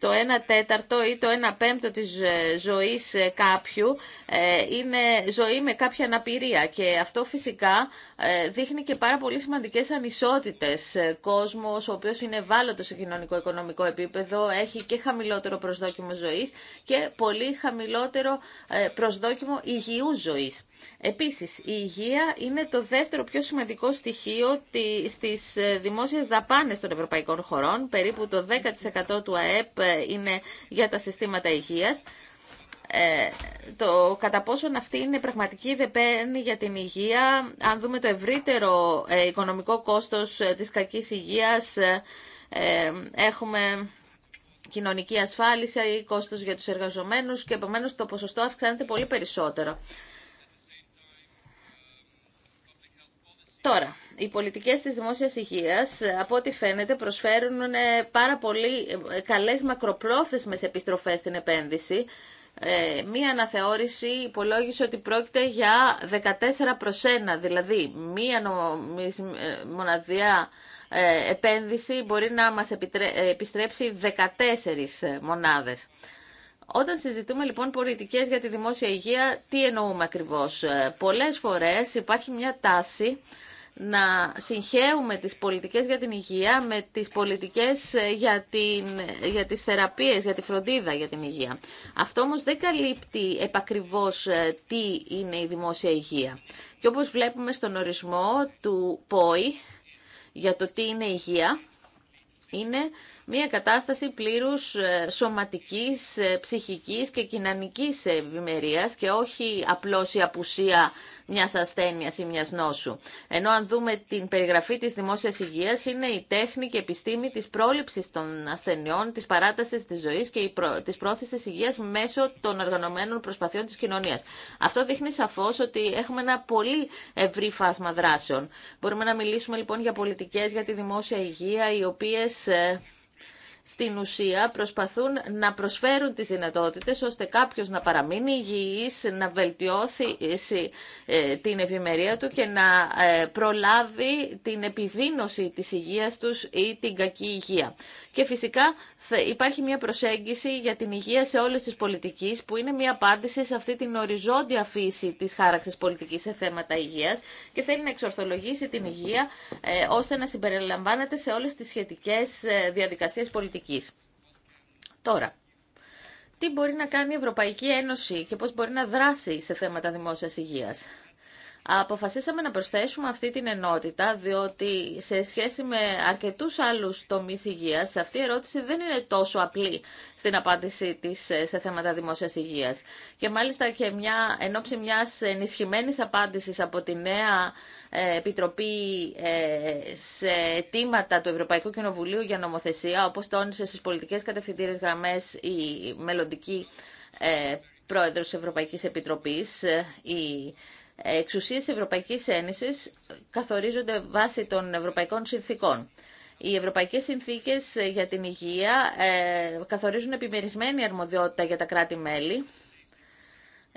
το 1 τέταρτο ή το 1 πέμπτο της ε, ζωής ε, κάποιου ε, είναι ζωή με κάποια αναπηρία και αυτό φυσικά δείχνει και πάρα πολύ σημαντικές ανισότητες. Κόσμος ο οποίος είναι ευάλωτος σε κοινωνικό-οικονομικό επίπεδο έχει και χαμηλότερο προσδόκιμο ζωής και πολύ χαμηλότερο προσδόκιμο υγιού ζωής. Επίσης, η υγεία είναι το δεύτερο πιο σημαντικό στοιχείο στις δημόσιες δαπάνες των ευρωπαϊκών χωρών. Περίπου το 10% του ΑΕΠ είναι για τα συστήματα υγείας. Ε, το κατά πόσον αυτή είναι πραγματική δεπέν για την υγεία, αν δούμε το ευρύτερο ε, οικονομικό κόστος ε, της κακής υγείας, έχουμε κοινωνική ασφάλιση ή κόστος για τους εργαζομένους και επομένως το ποσοστό αυξάνεται πολύ περισσότερο. Τώρα, οι πολιτικές της δημόσιας υγείας, ε, από ό,τι φαίνεται, προσφέρουν ε, πάρα πολύ ε, καλές μακροπρόθεσμες επιστροφές στην επένδυση. Ε, μία αναθεώρηση υπολόγισε ότι πρόκειται για 14 προς 1, δηλαδή μία μοναδιά επένδυση μπορεί να μας επιστρέψει 14 μονάδες. Όταν συζητούμε λοιπόν πολιτικές για τη δημόσια υγεία, τι εννοούμε ακριβώς. Πολλές φορές υπάρχει μια τάση να συγχέουμε τις πολιτικές για την υγεία με τις πολιτικές ε, για, την, για τις θεραπείες, για τη φροντίδα για την υγεία. Αυτό όμως δεν καλύπτει επακριβώς ε, τι είναι η δημόσια υγεία. Και όπως βλέπουμε στον ορισμό του ΠΟΗ για το τι είναι υγεία, είναι μια κατάσταση πλήρους ε, σωματικής, ε, ψυχικής και κοινωνικής ευημερία και όχι απλώς η απουσία μιας ασθένειας ή μιας νόσου. Ενώ αν δούμε την περιγραφή της δημόσιας υγείας είναι η τέχνη και επιστήμη της πρόληψης των ασθενειών, της παράτασης της ζωής και της πρόθεσης υγείας μέσω των οργανωμένων προσπαθειών της κοινωνίας. Αυτό δείχνει σαφώς ότι έχουμε ένα πολύ ευρύ φάσμα δράσεων. Μπορούμε να μιλήσουμε λοιπόν για πολιτικές για τη δημόσια υγεία οι οποίες ε, στην ουσία προσπαθούν να προσφέρουν τις δυνατότητες ώστε κάποιος να παραμείνει υγιής, να βελτιώσει ε, ε, την ευημερία του και να ε, προλάβει την επιδείνωση της υγείας τους ή την κακή υγεία. Και φυσικά υπάρχει μια προσέγγιση για την υγεία σε όλες τις πολιτικές που είναι μια απάντηση σε αυτή την οριζόντια φύση της χάραξης πολιτικής σε θέματα υγείας και θέλει να εξορθολογήσει την υγεία ε, ώστε να συμπεριλαμβάνεται σε όλες τις σχετικές ε, διαδικασίες πολιτικής. Τώρα, τι μπορεί να κάνει η Ευρωπαϊκή Ένωση και πώς μπορεί να δράσει σε θέματα δημόσιας υγείας αποφασίσαμε να προσθέσουμε αυτή την ενότητα, διότι σε σχέση με αρκετούς άλλους τομείς υγείας, αυτή η ερώτηση δεν είναι τόσο απλή στην απάντησή της ε, σε θέματα δημόσιας υγείας. Και μάλιστα και μια, εν ώψη μιας ενισχυμένης απάντησης από τη νέα ε, Επιτροπή ε, σε αιτήματα του Ευρωπαϊκού Κοινοβουλίου για νομοθεσία, όπως τόνισε στις πολιτικές κατευθυντήρες γραμμές η μελλοντική Πρόεδρος της Ευρωπαϊκής Επιτροπής, η εξουσίες Ευρωπαϊκής Ένωσης καθορίζονται βάσει των Ευρωπαϊκών Συνθήκων. Οι Ευρωπαϊκές Συνθήκες για την Υγεία ε, καθορίζουν επιμερισμένη αρμοδιότητα για τα κράτη-μέλη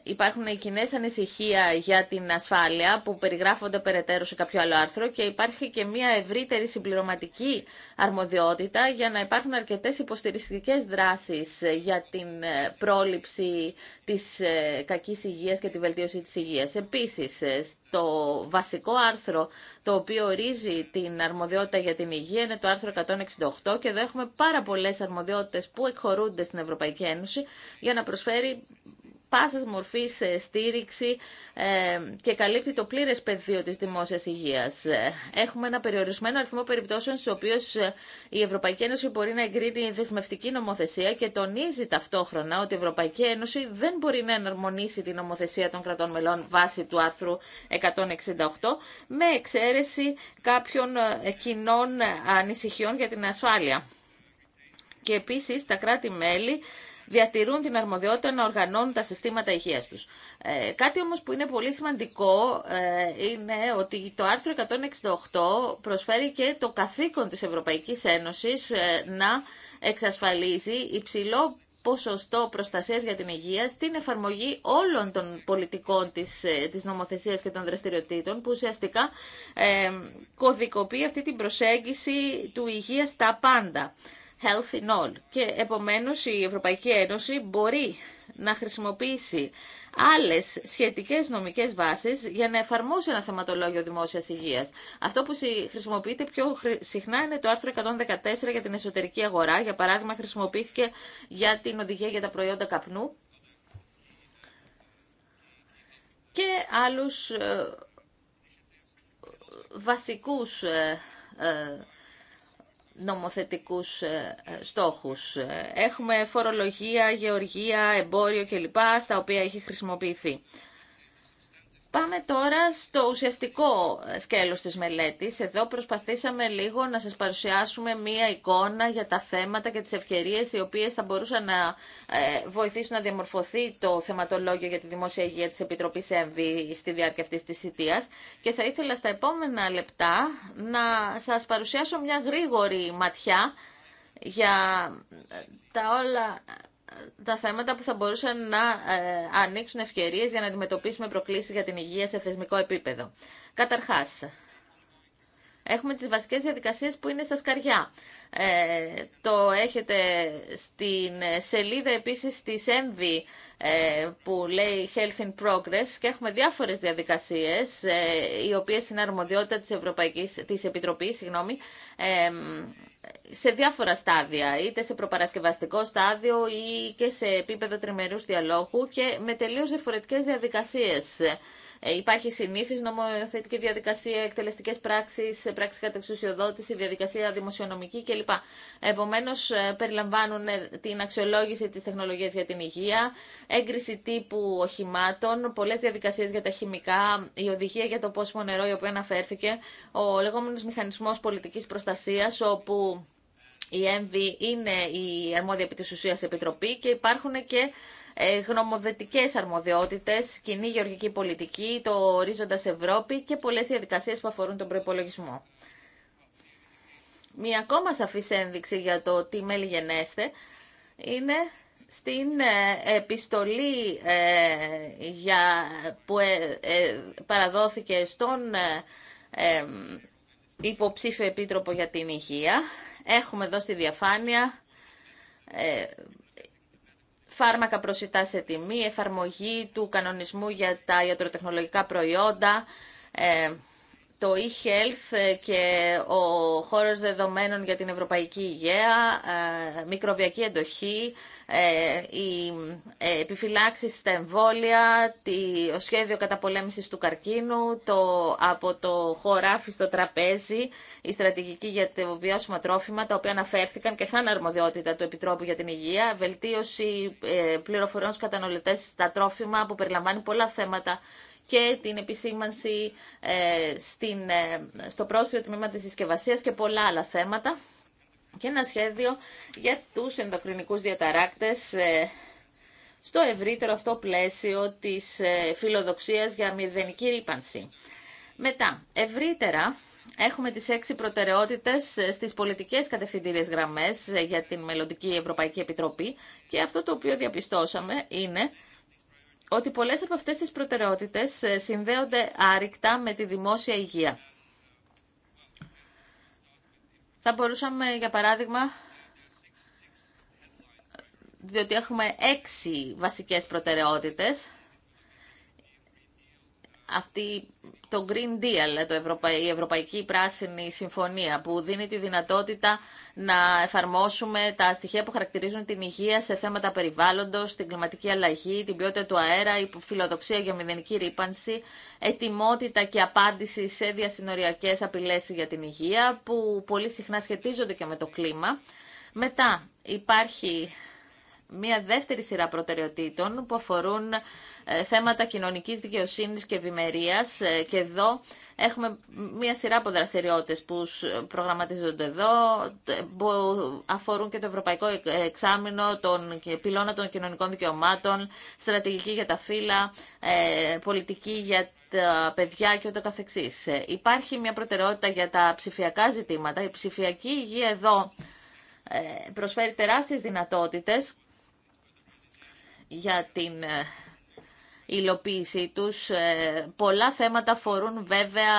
Υπάρχουν κοινέ ανησυχία για την ασφάλεια που περιγράφονται περαιτέρω σε κάποιο άλλο άρθρο και υπάρχει και μια ευρύτερη συμπληρωματική αρμοδιότητα για να υπάρχουν αρκετέ υποστηριστικέ δράσει για την ε, πρόληψη τη ε, κακή υγεία και τη βελτίωση τη υγεία. Επίση, ε, το βασικό άρθρο το οποίο ορίζει την αρμοδιότητα για την υγεία είναι το άρθρο 168 και εδώ έχουμε πάρα πολλέ αρμοδιότητε που εκχωρούνται στην Ευρωπαϊκή Ένωση για να προσφέρει πάσας μορφή ε, στήριξη ε, και καλύπτει το πλήρες πεδίο τη δημόσια υγείας. Ε, έχουμε ένα περιορισμένο αριθμό περιπτώσεων στις οποίες η Ευρωπαϊκή Ένωση μπορεί να εγκρίνει δεσμευτική νομοθεσία και τονίζει ταυτόχρονα ότι η Ευρωπαϊκή Ένωση δεν μπορεί να εναρμονίσει την νομοθεσία των κρατών μελών βάσει του άρθρου 168 με εξαίρεση κάποιων κοινών ανησυχιών για την ασφάλεια. Και επίσης τα κράτη-μέλη διατηρούν την αρμοδιότητα να οργανώνουν τα συστήματα υγείας τους. Ε, κάτι όμως που είναι πολύ σημαντικό ε, είναι ότι το άρθρο 168 προσφέρει και το καθήκον της Ευρωπαϊκής Ένωσης ε, να εξασφαλίζει υψηλό ποσοστό προστασία για την υγεία στην εφαρμογή όλων των πολιτικών της, της νομοθεσίας και των δραστηριοτήτων που ουσιαστικά ε, κωδικοποιεί αυτή την προσέγγιση του υγεία στα πάντα. Health in Και επομένως η Ευρωπαϊκή Ένωση μπορεί να χρησιμοποιήσει άλλες σχετικές νομικές βάσεις για να εφαρμόσει ένα θεματολόγιο δημόσιας υγείας. Αυτό που χρησιμοποιείται πιο συχνά είναι το άρθρο 114 για την εσωτερική αγορά. Για παράδειγμα χρησιμοποιήθηκε για την οδηγία για τα προϊόντα καπνού και άλλους ε, βασικούς ε, ε, νομοθετικούς ε, ε, στόχους. Έχουμε φορολογία, γεωργία, εμπόριο κλπ. στα οποία έχει χρησιμοποιηθεί. Πάμε τώρα στο ουσιαστικό σκέλος της μελέτης. Εδώ προσπαθήσαμε λίγο να σας παρουσιάσουμε μία εικόνα για τα θέματα και τις ευκαιρίες οι οποίες θα μπορούσαν να ε, βοηθήσουν να διαμορφωθεί το θεματολόγιο για τη δημόσια υγεία της Επιτροπής ΕΜΒΗ στη διάρκεια αυτής της ηττίας. Και θα ήθελα στα επόμενα λεπτά να σας παρουσιάσω μια γρήγορη ματιά για τα όλα τα θέματα που θα μπορούσαν να ε, ανοίξουν ευκαιρίες για να αντιμετωπίσουμε προκλήσεις για την υγεία σε θεσμικό επίπεδο. Καταρχάς, έχουμε τις βασικές διαδικασίες που είναι στα σκαριά. Ε, το έχετε στην σελίδα επίσης της MV ε, που λέει Health in Progress και έχουμε διάφορες διαδικασίες ε, οι οποίες είναι αρμοδιότητα της, Ευρωπαϊκής, της Επιτροπής συγγνώμη, σε διάφορα στάδια, είτε σε προπαρασκευαστικό στάδιο ή και σε επίπεδο τριμερούς διαλόγου και με τελείως διαφορετικές διαδικασίες ε, υπάρχει συνήθι νομοθετική διαδικασία, εκτελεστικές πράξεις, ε, πράξη κατεξουσιοδότηση, διαδικασία δημοσιονομική κλπ. Επομένως, ε, περιλαμβάνουν την αξιολόγηση τη τεχνολογία για την υγεία, έγκριση τύπου οχημάτων, πολλές διαδικασίες για τα χημικά, η οδηγία για το πόσιμο νερό, η οποία αναφέρθηκε, ο λεγόμενο μηχανισμό πολιτική προστασία, όπου η ΕΜΒΗ είναι η αρμόδια επί της επιτροπή και υπάρχουν και ε, γνωμοδετικές αρμοδιότητες, κοινή γεωργική πολιτική, το ορίζοντας Ευρώπη και πολλές διαδικασίες που αφορούν τον προϋπολογισμό. Μία ακόμα σαφή ένδειξη για το τι μέλη γενέστε είναι στην ε, επιστολή ε, για, που παραδόθηκε στον υποψήφιο επίτροπο για την υγεία. Έχουμε εδώ στη διαφάνεια φάρμακα προσιτά σε τιμή, εφαρμογή του κανονισμού για τα ιατροτεχνολογικά προϊόντα, ε, το e-health και ο χώρος δεδομένων για την ευρωπαϊκή υγεία, ε, μικροβιακή εντοχή, ε, οι ε, επιφυλάξεις στα εμβόλια, το σχέδιο καταπολέμησης του καρκίνου, το, από το χωράφι στο τραπέζι, η στρατηγική για το βιώσιμα τρόφιμα, τα οποία αναφέρθηκαν και θα είναι αρμοδιότητα του Επιτρόπου για την Υγεία, βελτίωση πληροφοριών στους καταναλωτές στα τρόφιμα που περιλαμβάνει πολλά θέματα και την επισήμανση ε, στην, ε, στο πρόσφυγο τμήμα της συσκευασία και πολλά άλλα θέματα και ένα σχέδιο για τους ενδοκρινικούς διαταράκτες ε, στο ευρύτερο αυτό πλαίσιο της φιλοδοξίας για μηδενική ρήπανση. Μετά, ευρύτερα, Έχουμε τις έξι προτεραιότητες στις πολιτικές κατευθυντήριες γραμμές για την Μελλοντική Ευρωπαϊκή Επιτροπή και αυτό το οποίο διαπιστώσαμε είναι ότι πολλές από αυτές τις προτεραιότητες ε, συνδέονται άρρηκτα με τη δημόσια υγεία. Θα μπορούσαμε, για παράδειγμα, διότι έχουμε έξι βασικές προτεραιότητες, αυτή, το Green Deal, ε, το η Ευρωπαϊκή Πράσινη Συμφωνία, που δίνει τη δυνατότητα να εφαρμόσουμε τα στοιχεία που χαρακτηρίζουν την υγεία σε θέματα περιβάλλοντος, την κλιματική αλλαγή, την ποιότητα του αέρα, η φιλοδοξία για μηδενική ρήπανση, ετοιμότητα και απάντηση σε διασυνοριακές απειλές για την υγεία, που πολύ συχνά σχετίζονται και με το κλίμα. Μετά υπάρχει μία δεύτερη σειρά προτεραιοτήτων που αφορούν ε, θέματα κοινωνικής δικαιοσύνης και ευημερία. Ε, και εδώ έχουμε μία σειρά από δραστηριότητες που προγραμματίζονται εδώ, που αφορούν και το Ευρωπαϊκό Εξάμεινο, τον πυλώνα των κοινωνικών δικαιωμάτων, στρατηγική για τα φύλλα, ε, πολιτική για τα παιδιά και ούτω καθεξής. Υπάρχει μια προτεραιότητα για τα ψηφιακά ζητήματα. Η ψηφιακή υγεία εδώ προσφέρει τεράστιες δυνατότητες για την ε, υλοποίησή τους. Ε, πολλά θέματα φορούν βέβαια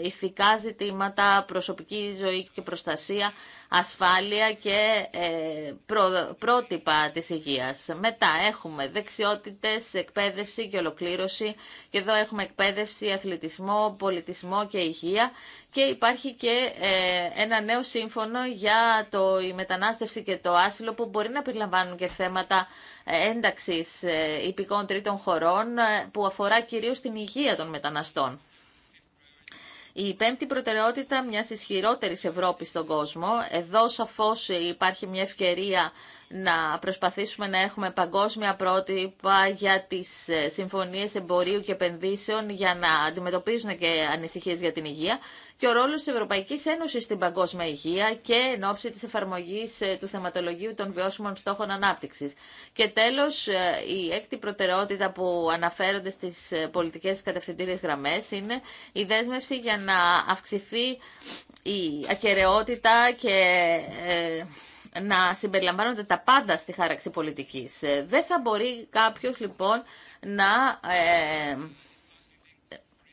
ε, ηθικά ζητήματα, προσωπική ζωή και προστασία, ασφάλεια και ε, πρότυπα της υγείας. Μετά έχουμε δεξιότητες, εκπαίδευση και ολοκλήρωση και εδώ έχουμε εκπαίδευση, αθλητισμό, πολιτισμό και υγεία και υπάρχει και ε, ένα νέο σύμφωνο για το, η μετανάστευση και το άσυλο που μπορεί να περιλαμβάνουν και θέματα ε, ένταξης υπηκών τρίτων χωρών που αφορά κυρίως την υγεία των μεταναστών. Η πέμπτη προτεραιότητα μιας ισχυρότερη Ευρώπης στον κόσμο. Εδώ σαφώ υπάρχει μια ευκαιρία να προσπαθήσουμε να έχουμε παγκόσμια πρότυπα για τις ε, συμφωνίες εμπορίου και επενδύσεων για να αντιμετωπίζουν και ανησυχίες για την υγεία και ο ρόλος της Ευρωπαϊκής Ένωσης στην παγκόσμια υγεία και εν ώψη της εφαρμογής ε, του θεματολογίου των βιώσιμων στόχων ανάπτυξης. Και τέλος, ε, η έκτη προτεραιότητα που αναφέρονται στις ε, πολιτικές κατευθυντήριες γραμμές είναι η δέσμευση για να αυξηθεί η ακαιρεότητα και να συμπεριλαμβάνονται τα πάντα στη χάραξη πολιτικής. Δεν θα μπορεί κάποιος λοιπόν να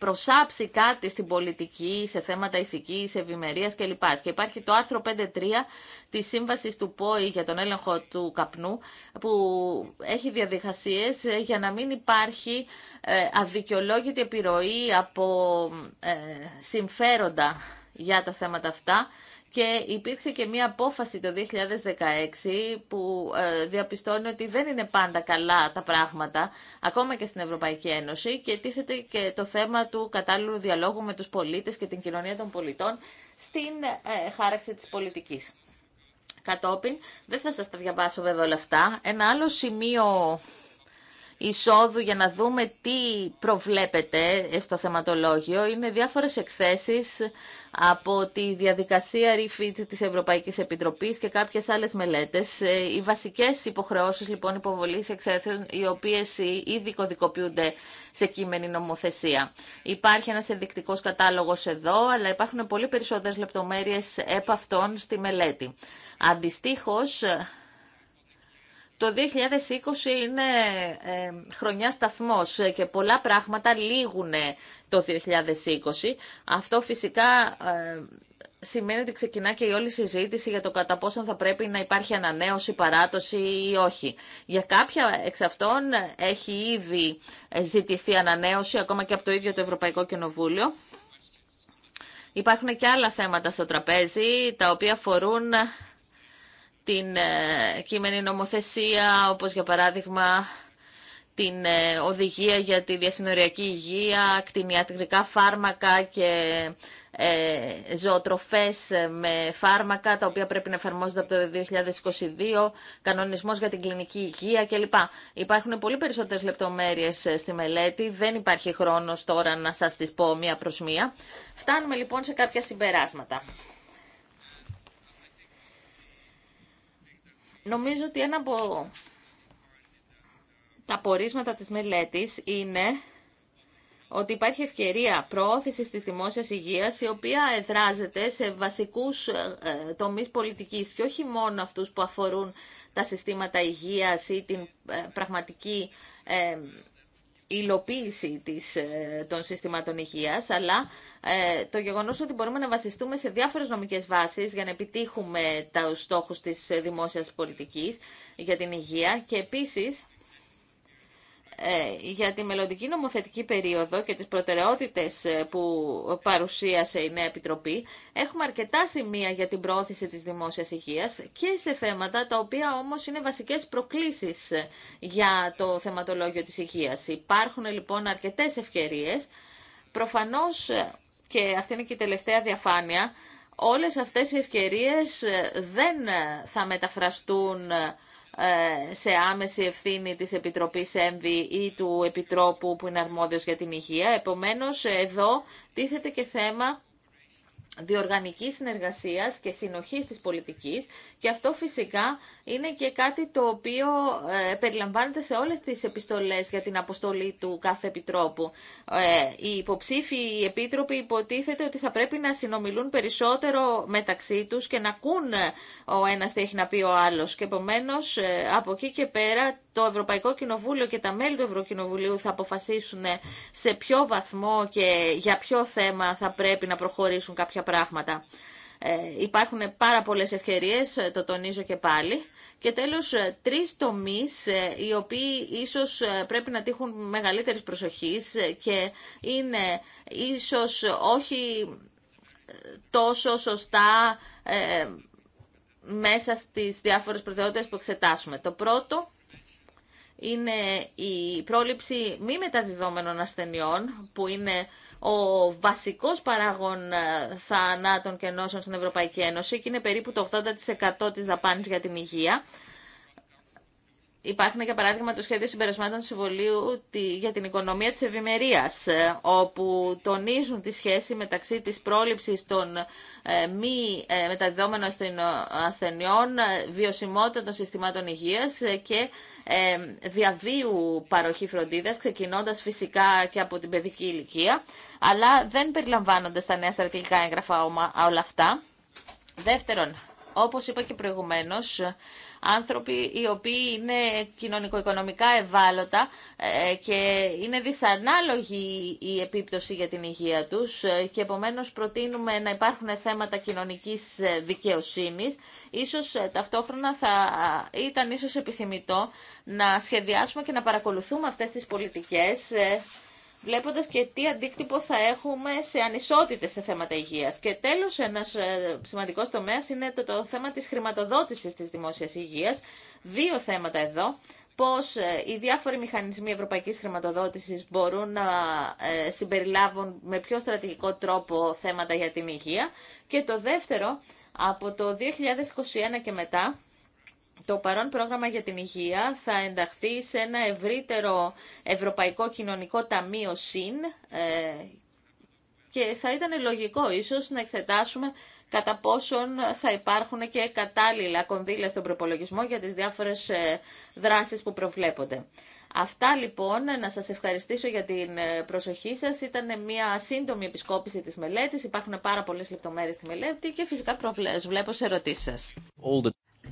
προσάψει κάτι στην πολιτική, σε θέματα ηθικής, ευημερία κλπ. Και υπάρχει το άρθρο 5.3 της Σύμβασης του ΠΟΗ για τον έλεγχο του καπνού, που έχει διαδικασίες ε, για να μην υπάρχει ε, αδικαιολόγητη επιρροή από ε, συμφέροντα για τα θέματα αυτά και υπήρξε και μία απόφαση το 2016 που ε, διαπιστώνει ότι δεν είναι πάντα καλά τα πράγματα, ακόμα και στην Ευρωπαϊκή Ένωση και τίθεται και το θέμα του κατάλληλου διαλόγου με τους πολίτες και την κοινωνία των πολιτών στην ε, χάραξη της πολιτικής. Κατόπιν, δεν θα σας τα διαβάσω βέβαια όλα αυτά, ένα άλλο σημείο εισόδου για να δούμε τι προβλέπεται στο θεματολόγιο είναι διάφορες εκθέσεις από τη διαδικασία refit της Ευρωπαϊκής Επιτροπής και κάποιες άλλες μελέτες. Ε, οι βασικές υποχρεώσεις λοιπόν υποβολής εξέθρων οι οποίες ήδη κωδικοποιούνται σε κείμενη νομοθεσία. Υπάρχει ένας ενδεικτικός κατάλογος εδώ, αλλά υπάρχουν πολύ περισσότερες λεπτομέρειες επ' αυτών στη μελέτη. Αντιστοίχως, το 2020 είναι ε, χρονιά σταθμός και πολλά πράγματα λήγουν το 2020. Αυτό φυσικά ε, σημαίνει ότι ξεκινά και η όλη συζήτηση για το κατά πόσο θα πρέπει να υπάρχει ανανέωση, παράτωση ή όχι. Για κάποια εξ αυτών έχει ήδη ε, ζητηθεί ανανέωση, ακόμα και από το ίδιο το Ευρωπαϊκό Κοινοβούλιο. Υπάρχουν και άλλα θέματα στο τραπέζι, τα οποία αφορούν την ε, κείμενη νομοθεσία, όπως για παράδειγμα την ε, οδηγία για τη διασυνοριακή υγεία, κτηνιατρικά φάρμακα και ε, ζωοτροφές ε, με φάρμακα, τα οποία πρέπει να εφαρμόζονται από το 2022, κανονισμός για την κλινική υγεία κλπ. Υπάρχουν πολύ περισσότερες λεπτομέρειες στη μελέτη, δεν υπάρχει χρόνος τώρα να σας τις πω μία προς μία. Φτάνουμε λοιπόν σε κάποια συμπεράσματα. Νομίζω ότι ένα από τα πορίσματα της μελέτης είναι ότι υπάρχει ευκαιρία προώθησης της δημόσιας υγείας η οποία εδράζεται σε βασικούς ε, τομείς πολιτικής και όχι μόνο αυτούς που αφορούν τα συστήματα υγείας ή την ε, πραγματική ε, υλοποίηση της, ε, των συστημάτων υγείας, αλλά ε, το γεγονός ότι μπορούμε να βασιστούμε σε διάφορες νομικές βάσεις για να επιτύχουμε τα στόχους της ε, δημόσιας πολιτικής για την υγεία και επίσης ε, για τη μελλοντική νομοθετική περίοδο και τις προτεραιότητες ε, που παρουσίασε η Νέα Επιτροπή, έχουμε αρκετά σημεία για την προώθηση της δημόσιας υγείας και σε θέματα τα οποία όμως είναι βασικές προκλήσεις ε, για το θεματολόγιο της υγείας. Υπάρχουν λοιπόν αρκετές ευκαιρίες. Προφανώς, και αυτή είναι και η τελευταία διαφάνεια, όλες αυτές οι ευκαιρίες δεν θα μεταφραστούν ε, σε άμεση ευθύνη της Επιτροπής ΕΜΒΗ ή του Επιτρόπου που είναι αρμόδιος για την υγεία. Επομένως, εδώ τίθεται και θέμα Διοργανική συνεργασία και συνοχή τη πολιτική και αυτό φυσικά είναι και κάτι το οποίο ε, περιλαμβάνεται σε όλε τι επιστολέ για την αποστολή του κάθε επιτρόπου. Ε, οι υποψήφοι, οι επίτροποι υποτίθεται ότι θα πρέπει να συνομιλούν περισσότερο μεταξύ του και να ακούν ε, ο ένα τι έχει να πει ο άλλο. και επομένως ε, από εκεί και πέρα το Ευρωπαϊκό Κοινοβούλιο και τα μέλη του Ευρωκοινοβουλίου θα αποφασίσουν σε ποιο βαθμό και για ποιο θέμα θα πρέπει να προχωρήσουν κάποια πράγματα. Ε, υπάρχουν πάρα πολλές ευκαιρίες, ε, το τονίζω και πάλι. Και τέλος, ε, τρεις τομείς ε, οι οποίοι ίσως πρέπει να τύχουν μεγαλύτερης προσοχής και είναι ίσως όχι τόσο σωστά ε, μέσα στις διάφορες προτεραιότητες που εξετάσουμε. Το πρώτο είναι η πρόληψη μη μεταδιδόμενων ασθενειών, που είναι ο βασικός παράγων ε, θανάτων και νόσων στην Ευρωπαϊκή Ένωση και είναι περίπου το 80% της δαπάνης για την υγεία. Υπάρχουν για παράδειγμα το σχέδιο συμπερασμάτων του Συμβολίου για την οικονομία της ευημερία, ε, όπου τονίζουν τη σχέση μεταξύ της πρόληψης των ε, μη ε, μεταδιδόμενων ασθενειών, βιωσιμότητα των συστημάτων υγείας και διαβίου παροχή φροντίδας, ξεκινώντας φυσικά και από την παιδική ηλικία, αλλά δεν περιλαμβάνονται στα νέα στρατηγικά έγγραφα όλα αυτά. Δεύτερον, όπως είπα και προηγουμένως, άνθρωποι οι οποίοι είναι κοινωνικο-οικονομικά ευάλωτα ε, και είναι δυσανάλογη η επίπτωση για την υγεία τους ε, και επομένως προτείνουμε να υπάρχουν θέματα κοινωνικής ε, δικαιοσύνης. Ίσως ταυτόχρονα θα ήταν ίσως επιθυμητό να σχεδιάσουμε και να παρακολουθούμε αυτές τις πολιτικές βλέποντας και τι αντίκτυπο θα έχουμε σε ανισότητες σε θέματα υγείας. Και τέλος, ένας ε, σημαντικός τομέας είναι το, το θέμα της χρηματοδότησης της δημόσιας υγείας. Δύο θέματα εδώ πώς ε, οι διάφοροι μηχανισμοί ευρωπαϊκής χρηματοδότησης μπορούν να ε, συμπεριλάβουν με πιο στρατηγικό τρόπο θέματα για την υγεία. Και το δεύτερο, από το 2021 και μετά, το παρόν πρόγραμμα για την υγεία θα ενταχθεί σε ένα ευρύτερο Ευρωπαϊκό Κοινωνικό Ταμείο ΣΥΝ ε, και θα ήταν λογικό ίσως να εξετάσουμε κατά πόσον θα υπάρχουν και κατάλληλα κονδύλια στον προπολογισμό για τις διάφορες ε, δράσεις που προβλέπονται. Αυτά λοιπόν, να σας ευχαριστήσω για την ε, προσοχή σας. Ήταν μια σύντομη επισκόπηση της μελέτης, υπάρχουν πάρα πολλές λεπτομέρειες στη μελέτη και φυσικά προβλέπω σε ερωτήσεις σας.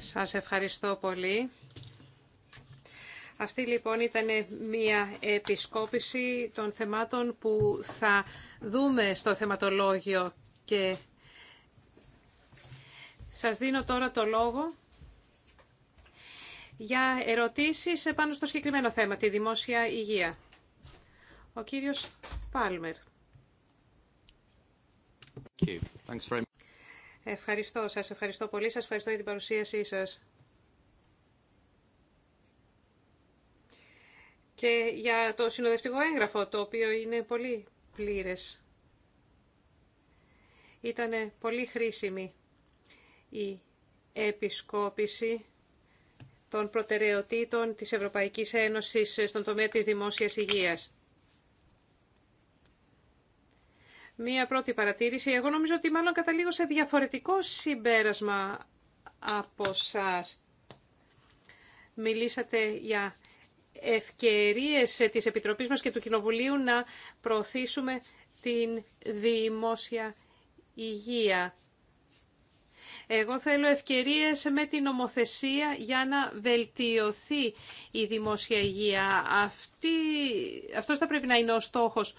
Σας ευχαριστώ πολύ. Αυτή λοιπόν ήταν μια επισκόπηση των θεμάτων που θα δούμε στο θεματολόγιο και σας δίνω τώρα το λόγο για ερωτήσεις επάνω στο συγκεκριμένο θέμα, τη δημόσια υγεία. Ο κύριος Πάλμερ. Ευχαριστώ σας, ευχαριστώ πολύ σας, ευχαριστώ για την παρουσίασή σας. Και για το συνοδευτικό έγγραφο, το οποίο είναι πολύ πλήρες. Ήταν πολύ χρήσιμη η επισκόπηση των προτεραιοτήτων της Ευρωπαϊκής Ένωσης στον τομέα της δημόσιας υγείας. μία πρώτη παρατήρηση. Εγώ νομίζω ότι μάλλον καταλήγω σε διαφορετικό συμπέρασμα από σας. Μιλήσατε για ευκαιρίες της Επιτροπής μας και του Κοινοβουλίου να προωθήσουμε την δημόσια υγεία. Εγώ θέλω ευκαιρίες με την νομοθεσία για να βελτιωθεί η δημόσια υγεία. Αυτή, αυτός θα πρέπει να είναι ο στόχος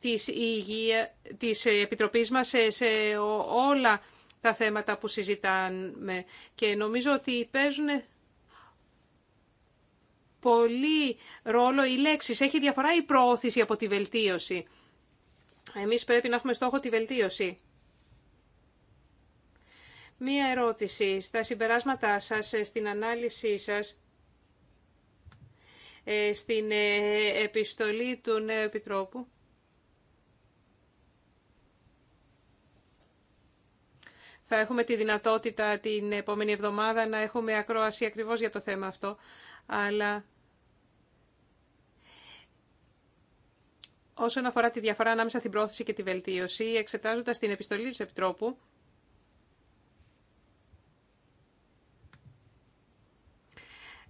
της, υγεία, της Επιτροπής μας σε, όλα τα θέματα που συζητάμε. Και νομίζω ότι παίζουν πολύ ρόλο οι λέξεις. Έχει διαφορά η προώθηση από τη βελτίωση. Εμείς πρέπει να έχουμε στόχο τη βελτίωση. Μία ερώτηση. Στα συμπεράσματά σας, ε, στην ανάλυση σας, ε, στην ε, επιστολή του νέου επιτρόπου, Θα έχουμε τη δυνατότητα την επόμενη εβδομάδα να έχουμε ακρόαση ακριβώς για το θέμα αυτό. Αλλά όσον αφορά τη διαφορά ανάμεσα στην πρόθεση και τη βελτίωση, εξετάζοντας την επιστολή του Επιτρόπου,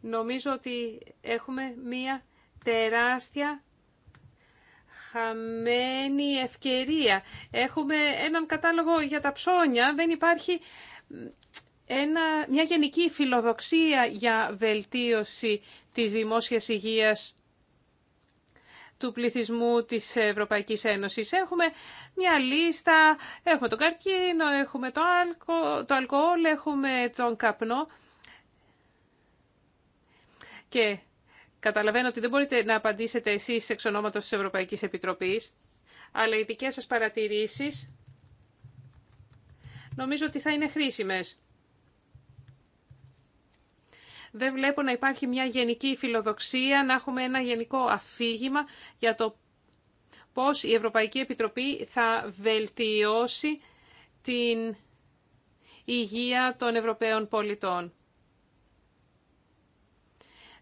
νομίζω ότι έχουμε μία τεράστια χαμένη ευκαιρία. Έχουμε έναν κατάλογο για τα ψώνια, δεν υπάρχει ένα, μια γενική φιλοδοξία για βελτίωση της δημόσιας υγείας του πληθυσμού της Ευρωπαϊκής Ένωσης. Έχουμε μια λίστα, έχουμε τον καρκίνο, έχουμε το, το αλκοόλ, έχουμε τον καπνό. Και Καταλαβαίνω ότι δεν μπορείτε να απαντήσετε εσείς εξ ονόματος της Ευρωπαϊκής Επιτροπής, αλλά οι δικές σας παρατηρήσεις νομίζω ότι θα είναι χρήσιμες. Δεν βλέπω να υπάρχει μια γενική φιλοδοξία, να έχουμε ένα γενικό αφήγημα για το πώς η Ευρωπαϊκή Επιτροπή θα βελτιώσει την υγεία των Ευρωπαίων πολιτών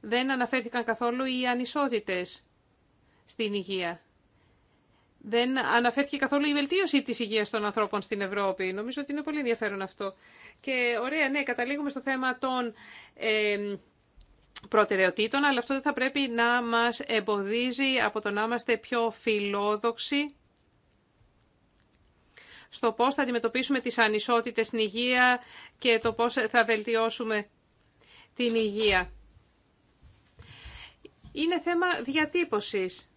δεν αναφέρθηκαν καθόλου οι ανισότητες στην υγεία. Δεν αναφέρθηκε καθόλου η βελτίωση της υγείας των ανθρώπων στην Ευρώπη. Νομίζω ότι είναι πολύ ενδιαφέρον αυτό. Και ωραία, ναι, καταλήγουμε στο θέμα των ε, προτεραιοτήτων, αλλά αυτό δεν θα πρέπει να μας εμποδίζει από το να είμαστε πιο φιλόδοξοι στο πώς θα αντιμετωπίσουμε τις ανισότητες στην υγεία και το πώς θα βελτιώσουμε την υγεία. Είναι θέμα διατύπωσης.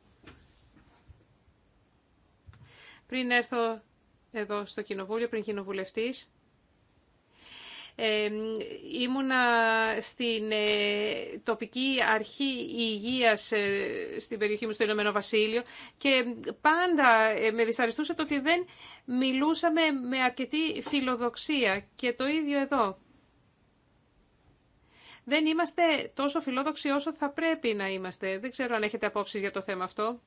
Πριν έρθω εδώ στο κοινοβούλιο, πριν κοινοβουλευτής, ε, ήμουνα στην ε, τοπική αρχή υγείας ε, στην περιοχή μου στο Ηνωμένο Βασίλειο και πάντα ε, με δυσαρεστούσε το ότι δεν μιλούσαμε με αρκετή φιλοδοξία και το ίδιο εδώ δεν είμαστε τόσο φιλόδοξοι όσο θα πρέπει να είμαστε. Δεν ξέρω αν έχετε απόψεις για το θέμα αυτό.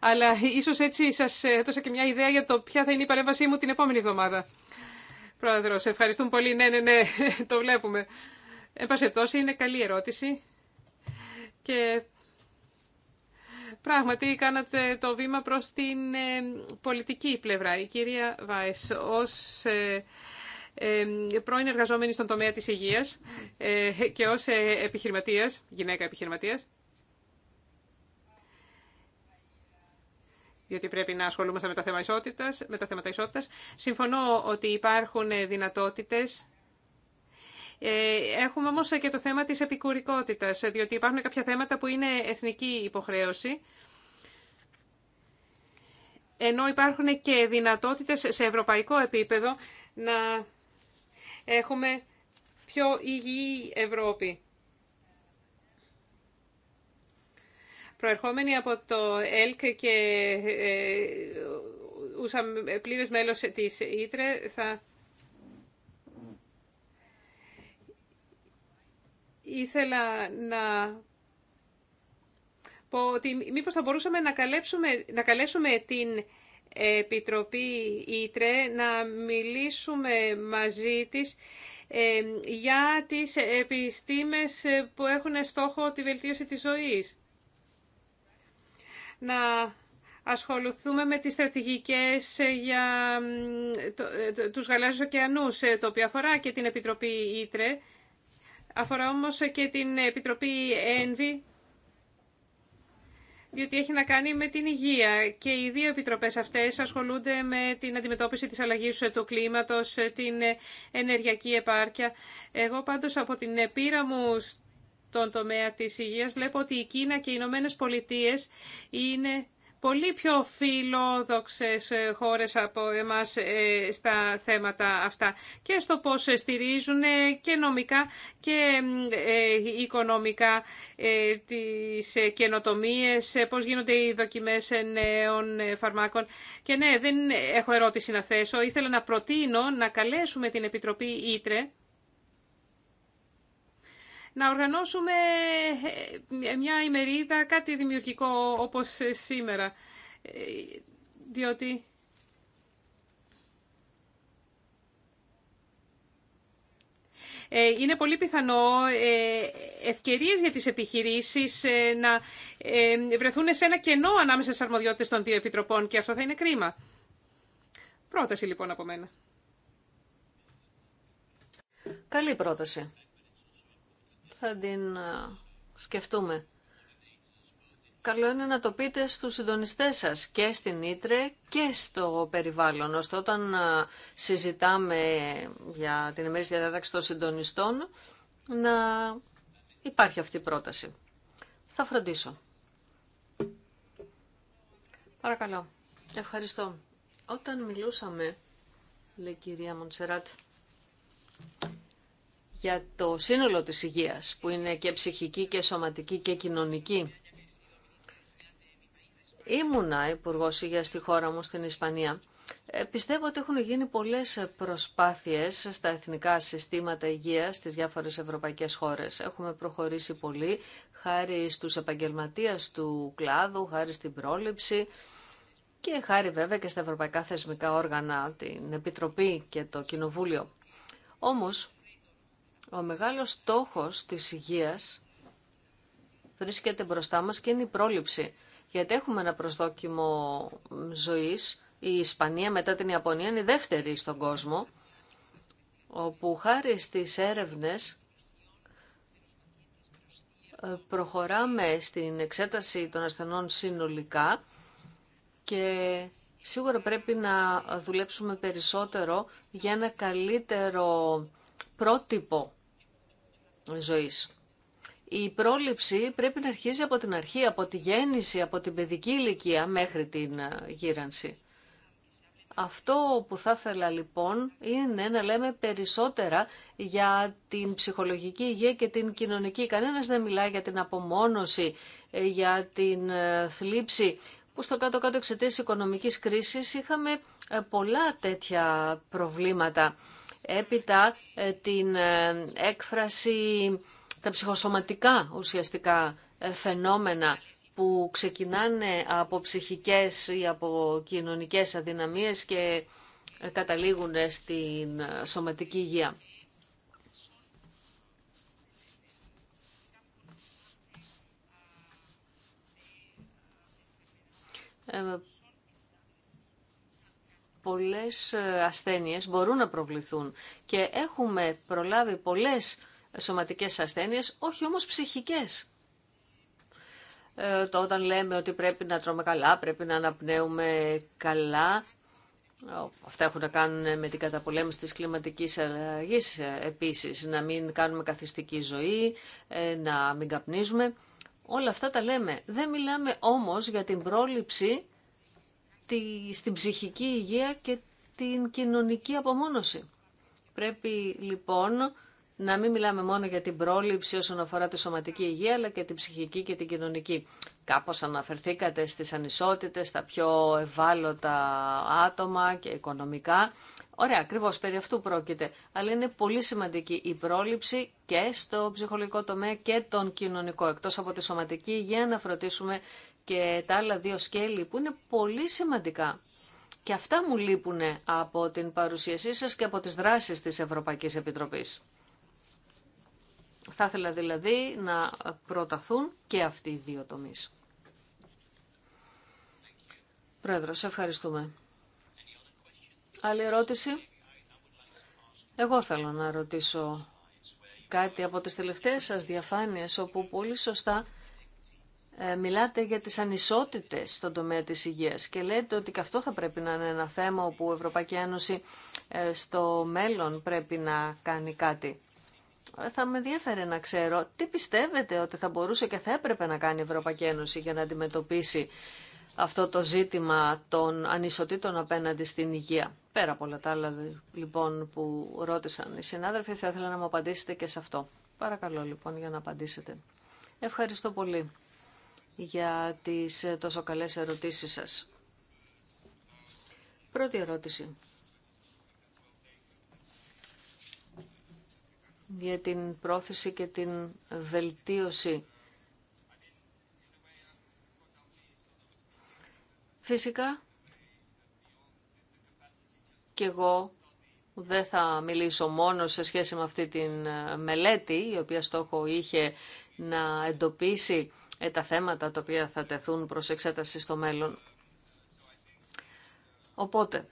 Αλλά ίσως έτσι σας έδωσα και μια ιδέα για το ποια θα είναι η παρέμβασή μου την επόμενη εβδομάδα. σε ευχαριστούμε πολύ. Ναι, ναι, ναι, το βλέπουμε. Εν πάση είναι καλή ερώτηση. Και Πράγματι, κάνατε το βήμα προς την ε, πολιτική πλευρά. Η κυρία Βάης, ως ε, ε, πρώην εργαζόμενη στον τομέα της υγείας ε, και ως ε, επιχειρηματίας, γυναίκα επιχειρηματίας. διότι πρέπει να ασχολούμαστε με τα, θέματα ισότητας, Συμφωνώ ότι υπάρχουν δυνατότητες. Έχουμε όμως και το θέμα της επικουρικότητας, διότι υπάρχουν κάποια θέματα που είναι εθνική υποχρέωση, ενώ υπάρχουν και δυνατότητες σε ευρωπαϊκό επίπεδο να έχουμε πιο υγιή Ευρώπη. Προερχόμενοι από το ΕΛΚ και ε, ούσα πλήρες μέλος της Ήτρε θα ήθελα να πω ότι μήπως θα μπορούσαμε να, καλέψουμε, να καλέσουμε την Επιτροπή Ήτρε να μιλήσουμε μαζί της ε, για τις επιστήμες που έχουν στόχο τη βελτίωση της ζωής. Να ασχοληθούμε με τις στρατηγικές για τους γαλάζιους ωκεανούς, ε, το οποίο αφορά και την Επιτροπή Ήτρε, αφορά όμως και την Επιτροπή Ένβη διότι έχει να κάνει με την υγεία και οι δύο επιτροπές αυτές ασχολούνται με την αντιμετώπιση της αλλαγής του κλίματος, την ενεργειακή επάρκεια. Εγώ πάντως από την πείρα μου στον τομέα της υγείας βλέπω ότι η Κίνα και οι Ηνωμένε Πολιτείε είναι πολύ πιο φιλόδοξες ε, χώρες από εμάς ε, στα θέματα αυτά και στο πώς στηρίζουν ε, και νομικά και οικονομικά τις καινοτομίες, πώς γίνονται οι δοκιμές νέων φαρμάκων. Και ναι, δεν έχω ερώτηση να θέσω. Ήθελα να προτείνω να καλέσουμε την Επιτροπή Ήτρε να οργανώσουμε ε, μια ημερίδα, κάτι δημιουργικό όπως ε, σήμερα. Ε, διότι είναι πολύ πιθανό ευκαιρίες για τις επιχειρήσεις να βρεθούν σε ένα κενό ανάμεσα στις αρμοδιότητες των δύο επιτροπών και αυτό θα είναι κρίμα. Πρόταση λοιπόν από μένα. Καλή πρόταση θα την σκεφτούμε. Καλό είναι να το πείτε στους συντονιστές σας και στην Ήτρε και στο περιβάλλον, ώστε όταν συζητάμε για την ημέρηση διαδάξη των συντονιστών να υπάρχει αυτή η πρόταση. Θα φροντίσω. Παρακαλώ. Ευχαριστώ. Όταν μιλούσαμε, λέει η κυρία Μοντσεράτ, για το σύνολο της υγείας, που είναι και ψυχική και σωματική και κοινωνική. Ήμουνα υπουργό υγεία στη χώρα μου, στην Ισπανία. Ε, πιστεύω ότι έχουν γίνει πολλές προσπάθειες στα εθνικά συστήματα υγείας στις διάφορες ευρωπαϊκές χώρες. Έχουμε προχωρήσει πολύ χάρη στους επαγγελματίες του κλάδου, χάρη στην πρόληψη και χάρη βέβαια και στα ευρωπαϊκά θεσμικά όργανα, την Επιτροπή και το Κοινοβούλιο. Όμως, ο μεγάλος στόχος της υγείας βρίσκεται μπροστά μας και είναι η πρόληψη. Γιατί έχουμε ένα προσδόκιμο ζωής. Η Ισπανία μετά την Ιαπωνία είναι η δεύτερη στον κόσμο, όπου χάρη στις έρευνες ε, προχωράμε στην εξέταση των ασθενών συνολικά και σίγουρα πρέπει να δουλέψουμε περισσότερο για ένα καλύτερο πρότυπο η πρόληψη πρέπει να αρχίζει από την αρχή, από τη γέννηση, από την παιδική ηλικία μέχρι την ε, γύρανση. Αυτό που θα ήθελα λοιπόν είναι να λέμε περισσότερα για την ψυχολογική υγεία και την κοινωνική. Κανένας δεν μιλάει για την απομόνωση, ε, για την ε, θλίψη, που στο κάτω-κάτω εξαιτία οικονομικής κρίσης είχαμε πολλά τέτοια προβλήματα έπειτα ε, την ε, έκφραση, τα ψυχοσωματικά ουσιαστικά ε, φαινόμενα που ξεκινάνε από ψυχικές ή από κοινωνικές αδυναμίες και καταλήγουν στην σωματική υγεία πολλές ε, ασθένειες μπορούν να προβληθούν και έχουμε προλάβει πολλές σωματικές ασθένειες, όχι όμως ψυχικές. Ε, το όταν λέμε ότι πρέπει να τρώμε καλά, πρέπει να αναπνέουμε καλά, αυτά έχουν να κάνουν με την καταπολέμηση της κλιματικής αλλαγής ε, επίσης, να μην κάνουμε καθιστική ζωή, ε, να μην καπνίζουμε. Όλα αυτά τα λέμε. Δεν μιλάμε όμως για την πρόληψη τη, στην ψυχική υγεία και την κοινωνική απομόνωση. Πρέπει λοιπόν να μην μιλάμε μόνο για την πρόληψη όσον αφορά τη σωματική υγεία, αλλά και την ψυχική και την κοινωνική. Κάπως αναφερθήκατε στις ανισότητες, στα πιο ευάλωτα άτομα και οικονομικά. Ωραία, ακριβώ περί αυτού πρόκειται. Αλλά είναι πολύ σημαντική η πρόληψη και στο ψυχολογικό τομέα και τον κοινωνικό, εκτός από τη σωματική υγεία, να φροντίσουμε και τα άλλα δύο σκέλη που είναι πολύ σημαντικά. Και αυτά μου λείπουν από την παρουσίασή σας και από τις δράσεις της Ευρωπαϊκής Επιτροπής. Θα ήθελα δηλαδή να προταθούν και αυτοί οι δύο τομείς. Πρόεδρο, σε ευχαριστούμε. Άλλη ερώτηση. Εγώ θέλω να ρωτήσω κάτι από τις τελευταίες σας διαφάνειες, όπου πολύ σωστά ε, μιλάτε για τις ανισότητες στον τομέα της υγείας και λέτε ότι και αυτό θα πρέπει να είναι ένα θέμα όπου η Ευρωπαϊκή Ένωση ε, στο μέλλον πρέπει να κάνει κάτι θα με ενδιαφέρε να ξέρω τι πιστεύετε ότι θα μπορούσε και θα έπρεπε να κάνει η Ευρωπαϊκή Ένωση για να αντιμετωπίσει αυτό το ζήτημα των ανισοτήτων απέναντι στην υγεία. Πέρα από όλα τα άλλα λοιπόν που ρώτησαν οι συνάδελφοι, θα ήθελα να μου απαντήσετε και σε αυτό. Παρακαλώ λοιπόν για να απαντήσετε. Ευχαριστώ πολύ για τις τόσο καλές ερωτήσεις σας. Πρώτη ερώτηση. για την πρόθεση και την βελτίωση. Φυσικά και εγώ δεν θα μιλήσω μόνο σε σχέση με αυτή την ε, μελέτη, η οποία στόχο είχε να εντοπίσει ε, τα θέματα τα οποία θα τεθούν προς εξέταση στο μέλλον. Οπότε,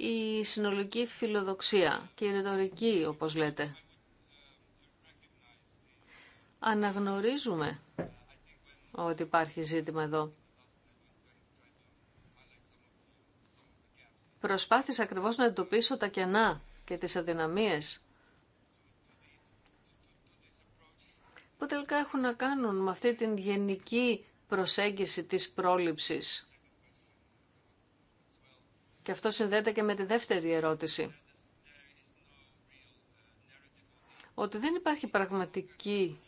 η συνολική φιλοδοξία και η ρητορική, όπως λέτε. Αναγνωρίζουμε ότι υπάρχει ζήτημα εδώ. Προσπάθησα ακριβώς να εντοπίσω τα κενά και τις αδυναμίες που τελικά έχουν να κάνουν με αυτή την γενική προσέγγιση της πρόληψης και αυτό συνδέεται και με τη δεύτερη ερώτηση. Ότι δεν υπάρχει πραγματική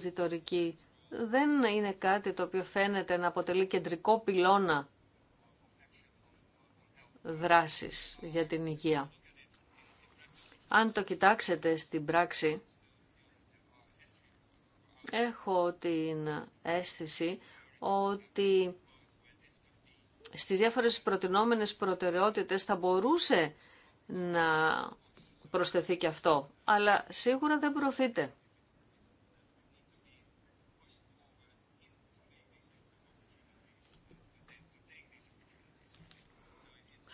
ρητορική δεν είναι κάτι το οποίο φαίνεται να αποτελεί κεντρικό πυλώνα δράσης για την υγεία. Αν το κοιτάξετε στην πράξη, έχω την αίσθηση ότι στις διάφορες προτινόμενες προτεραιότητες θα μπορούσε να προσθεθεί και αυτό, αλλά σίγουρα δεν προωθείται.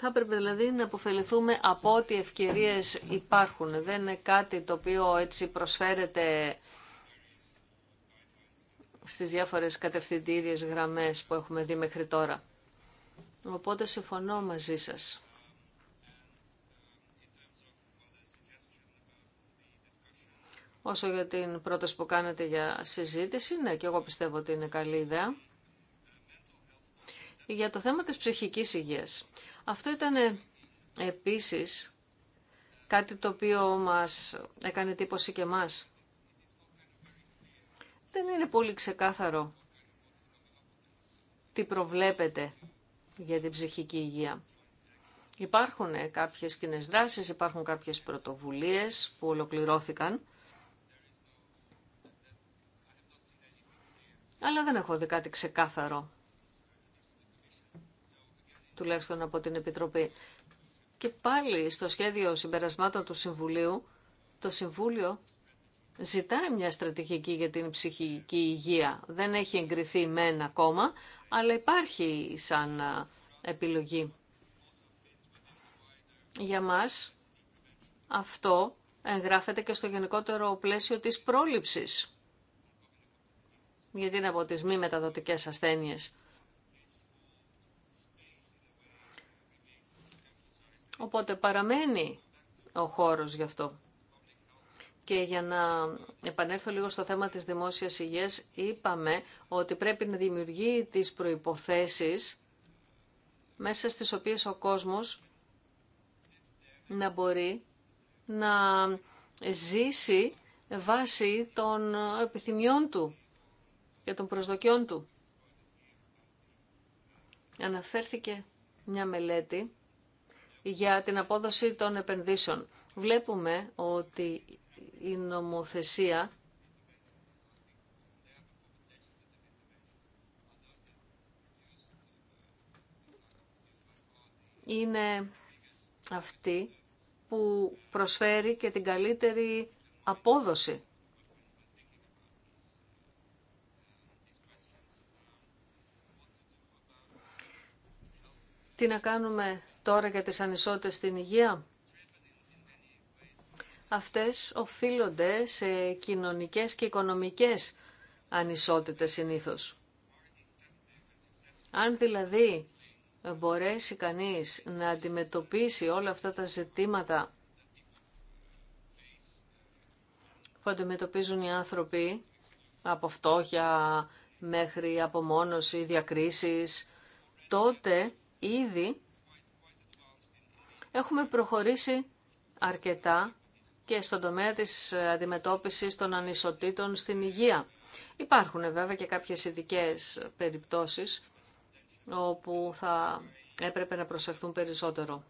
Θα έπρεπε δηλαδή να αποφεληθούμε από ό,τι ευκαιρίες υπάρχουν. Δεν είναι κάτι το οποίο έτσι προσφέρεται στις διάφορες κατευθυντήριες γραμμές που έχουμε δει μέχρι τώρα. Οπότε συμφωνώ μαζί σας. Όσο για την πρόταση που κάνετε για συζήτηση, ναι, και εγώ πιστεύω ότι είναι καλή ιδέα. Για το θέμα της ψυχικής υγείας. Αυτό ήταν ε, επίσης κάτι το οποίο μας έκανε τύπωση και μας. Δεν είναι πολύ ξεκάθαρο τι προβλέπετε για την ψυχική υγεία. Υπάρχουν κάποιες κοινέ δράσεις, υπάρχουν κάποιες πρωτοβουλίες που ολοκληρώθηκαν. Αλλά δεν έχω δει κάτι ξεκάθαρο, τουλάχιστον από την Επιτροπή. Και πάλι στο σχέδιο συμπερασμάτων του Συμβουλίου, το Συμβούλιο ζητάει μια στρατηγική για την ψυχική υγεία. Δεν έχει εγκριθεί μεν ακόμα, αλλά υπάρχει σαν επιλογή. Για μας αυτό εγγράφεται και στο γενικότερο πλαίσιο της πρόληψης. Γιατί είναι από τις μη μεταδοτικές ασθένειες. Οπότε παραμένει ο χώρος γι' αυτό. Και για να επανέλθω λίγο στο θέμα της δημόσιας υγείας, είπαμε ότι πρέπει να δημιουργεί τις προϋποθέσεις μέσα στις οποίες ο κόσμος να μπορεί να ζήσει βάσει των επιθυμιών του και των προσδοκιών του. Αναφέρθηκε μια μελέτη για την απόδοση των επενδύσεων. Βλέπουμε ότι η νομοθεσία είναι αυτή που προσφέρει και την καλύτερη απόδοση. Τι να κάνουμε τώρα για τις ανισότητες στην υγεία αυτές οφείλονται σε κοινωνικές και οικονομικές ανισότητες συνήθως. Αν δηλαδή μπορέσει κανείς να αντιμετωπίσει όλα αυτά τα ζητήματα που αντιμετωπίζουν οι άνθρωποι από φτώχεια μέχρι απομόνωση, διακρίσεις, τότε ήδη έχουμε προχωρήσει αρκετά και στον τομέα της αντιμετώπισης των ανισοτήτων στην υγεία. Υπάρχουν βέβαια και κάποιες ειδικέ περιπτώσεις όπου θα έπρεπε να προσεχθούν περισσότερο.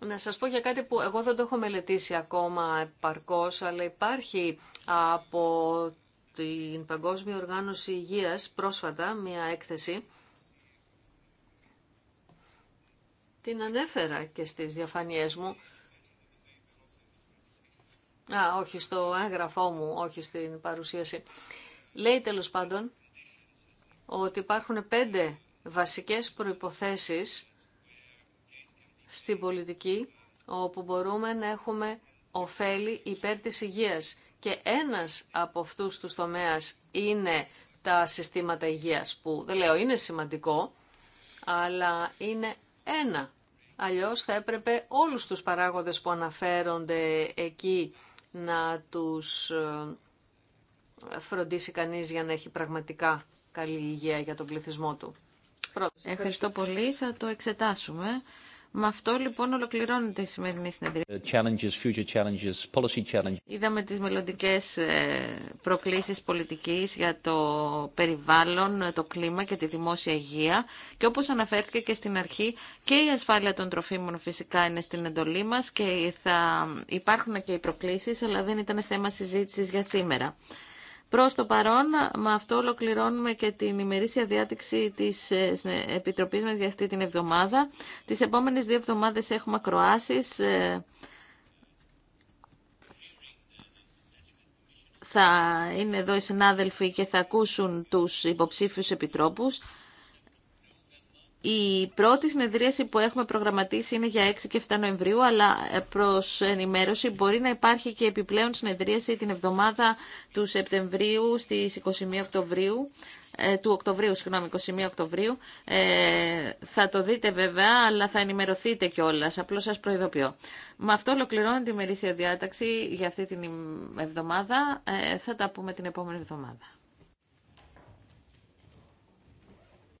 Να σας πω για κάτι που εγώ δεν το έχω μελετήσει ακόμα επαρκώς, αλλά υπάρχει από την Παγκόσμια Οργάνωση Υγείας πρόσφατα μια έκθεση την ανέφερα και στις διαφανίες μου. Α, όχι στο έγγραφό μου, όχι στην παρουσίαση. Λέει τέλος πάντων ότι υπάρχουν πέντε βασικές προϋποθέσεις στην πολιτική όπου μπορούμε να έχουμε ωφέλη υπέρ της υγείας. Και ένας από αυτούς τους τομέας είναι τα συστήματα υγείας που δεν λέω είναι σημαντικό, αλλά είναι ένα. Αλλιώς θα έπρεπε όλους τους παράγοντες που αναφέρονται εκεί να τους ε, φροντίσει κανείς για να έχει πραγματικά καλή υγεία για τον πληθυσμό του. Ευχαριστώ πολύ. Θα το εξετάσουμε. Με αυτό λοιπόν ολοκληρώνεται η σημερινή συνεδρία. Ε, Είδαμε τις μελλοντικέ ε, προκλήσεις πολιτικής για το περιβάλλον, ε, το κλίμα και τη δημόσια υγεία και όπως αναφέρθηκε και στην αρχή και η ασφάλεια των τροφίμων φυσικά είναι στην εντολή μας και θα υπάρχουν και οι προκλήσεις αλλά δεν ήταν θέμα συζήτησης για σήμερα. Προς το παρόν, με αυτό ολοκληρώνουμε και την ημερήσια διάταξη της ε, Επιτροπής με για αυτή την εβδομάδα. Τις επόμενες δύο εβδομάδες έχουμε ακροάσει. Ε, θα είναι εδώ οι συνάδελφοι και θα ακούσουν τους υποψήφιους επιτρόπους. Η πρώτη συνεδρίαση που έχουμε προγραμματίσει είναι για 6 και 7 Νοεμβρίου, αλλά ε, προς ενημέρωση μπορεί να υπάρχει και επιπλέον συνεδρίαση την εβδομάδα του Σεπτεμβρίου στις 21 Οκτωβρίου ε, του Οκτωβρίου, συγγνώμη, 21 Οκτωβρίου. Ε, θα το δείτε βέβαια, αλλά θα ενημερωθείτε κιόλα. Απλώ σα προειδοποιώ. Με αυτό ολοκληρώνω τη μερίσια διάταξη για αυτή την εβδομάδα. Ε, θα τα πούμε την επόμενη εβδομάδα.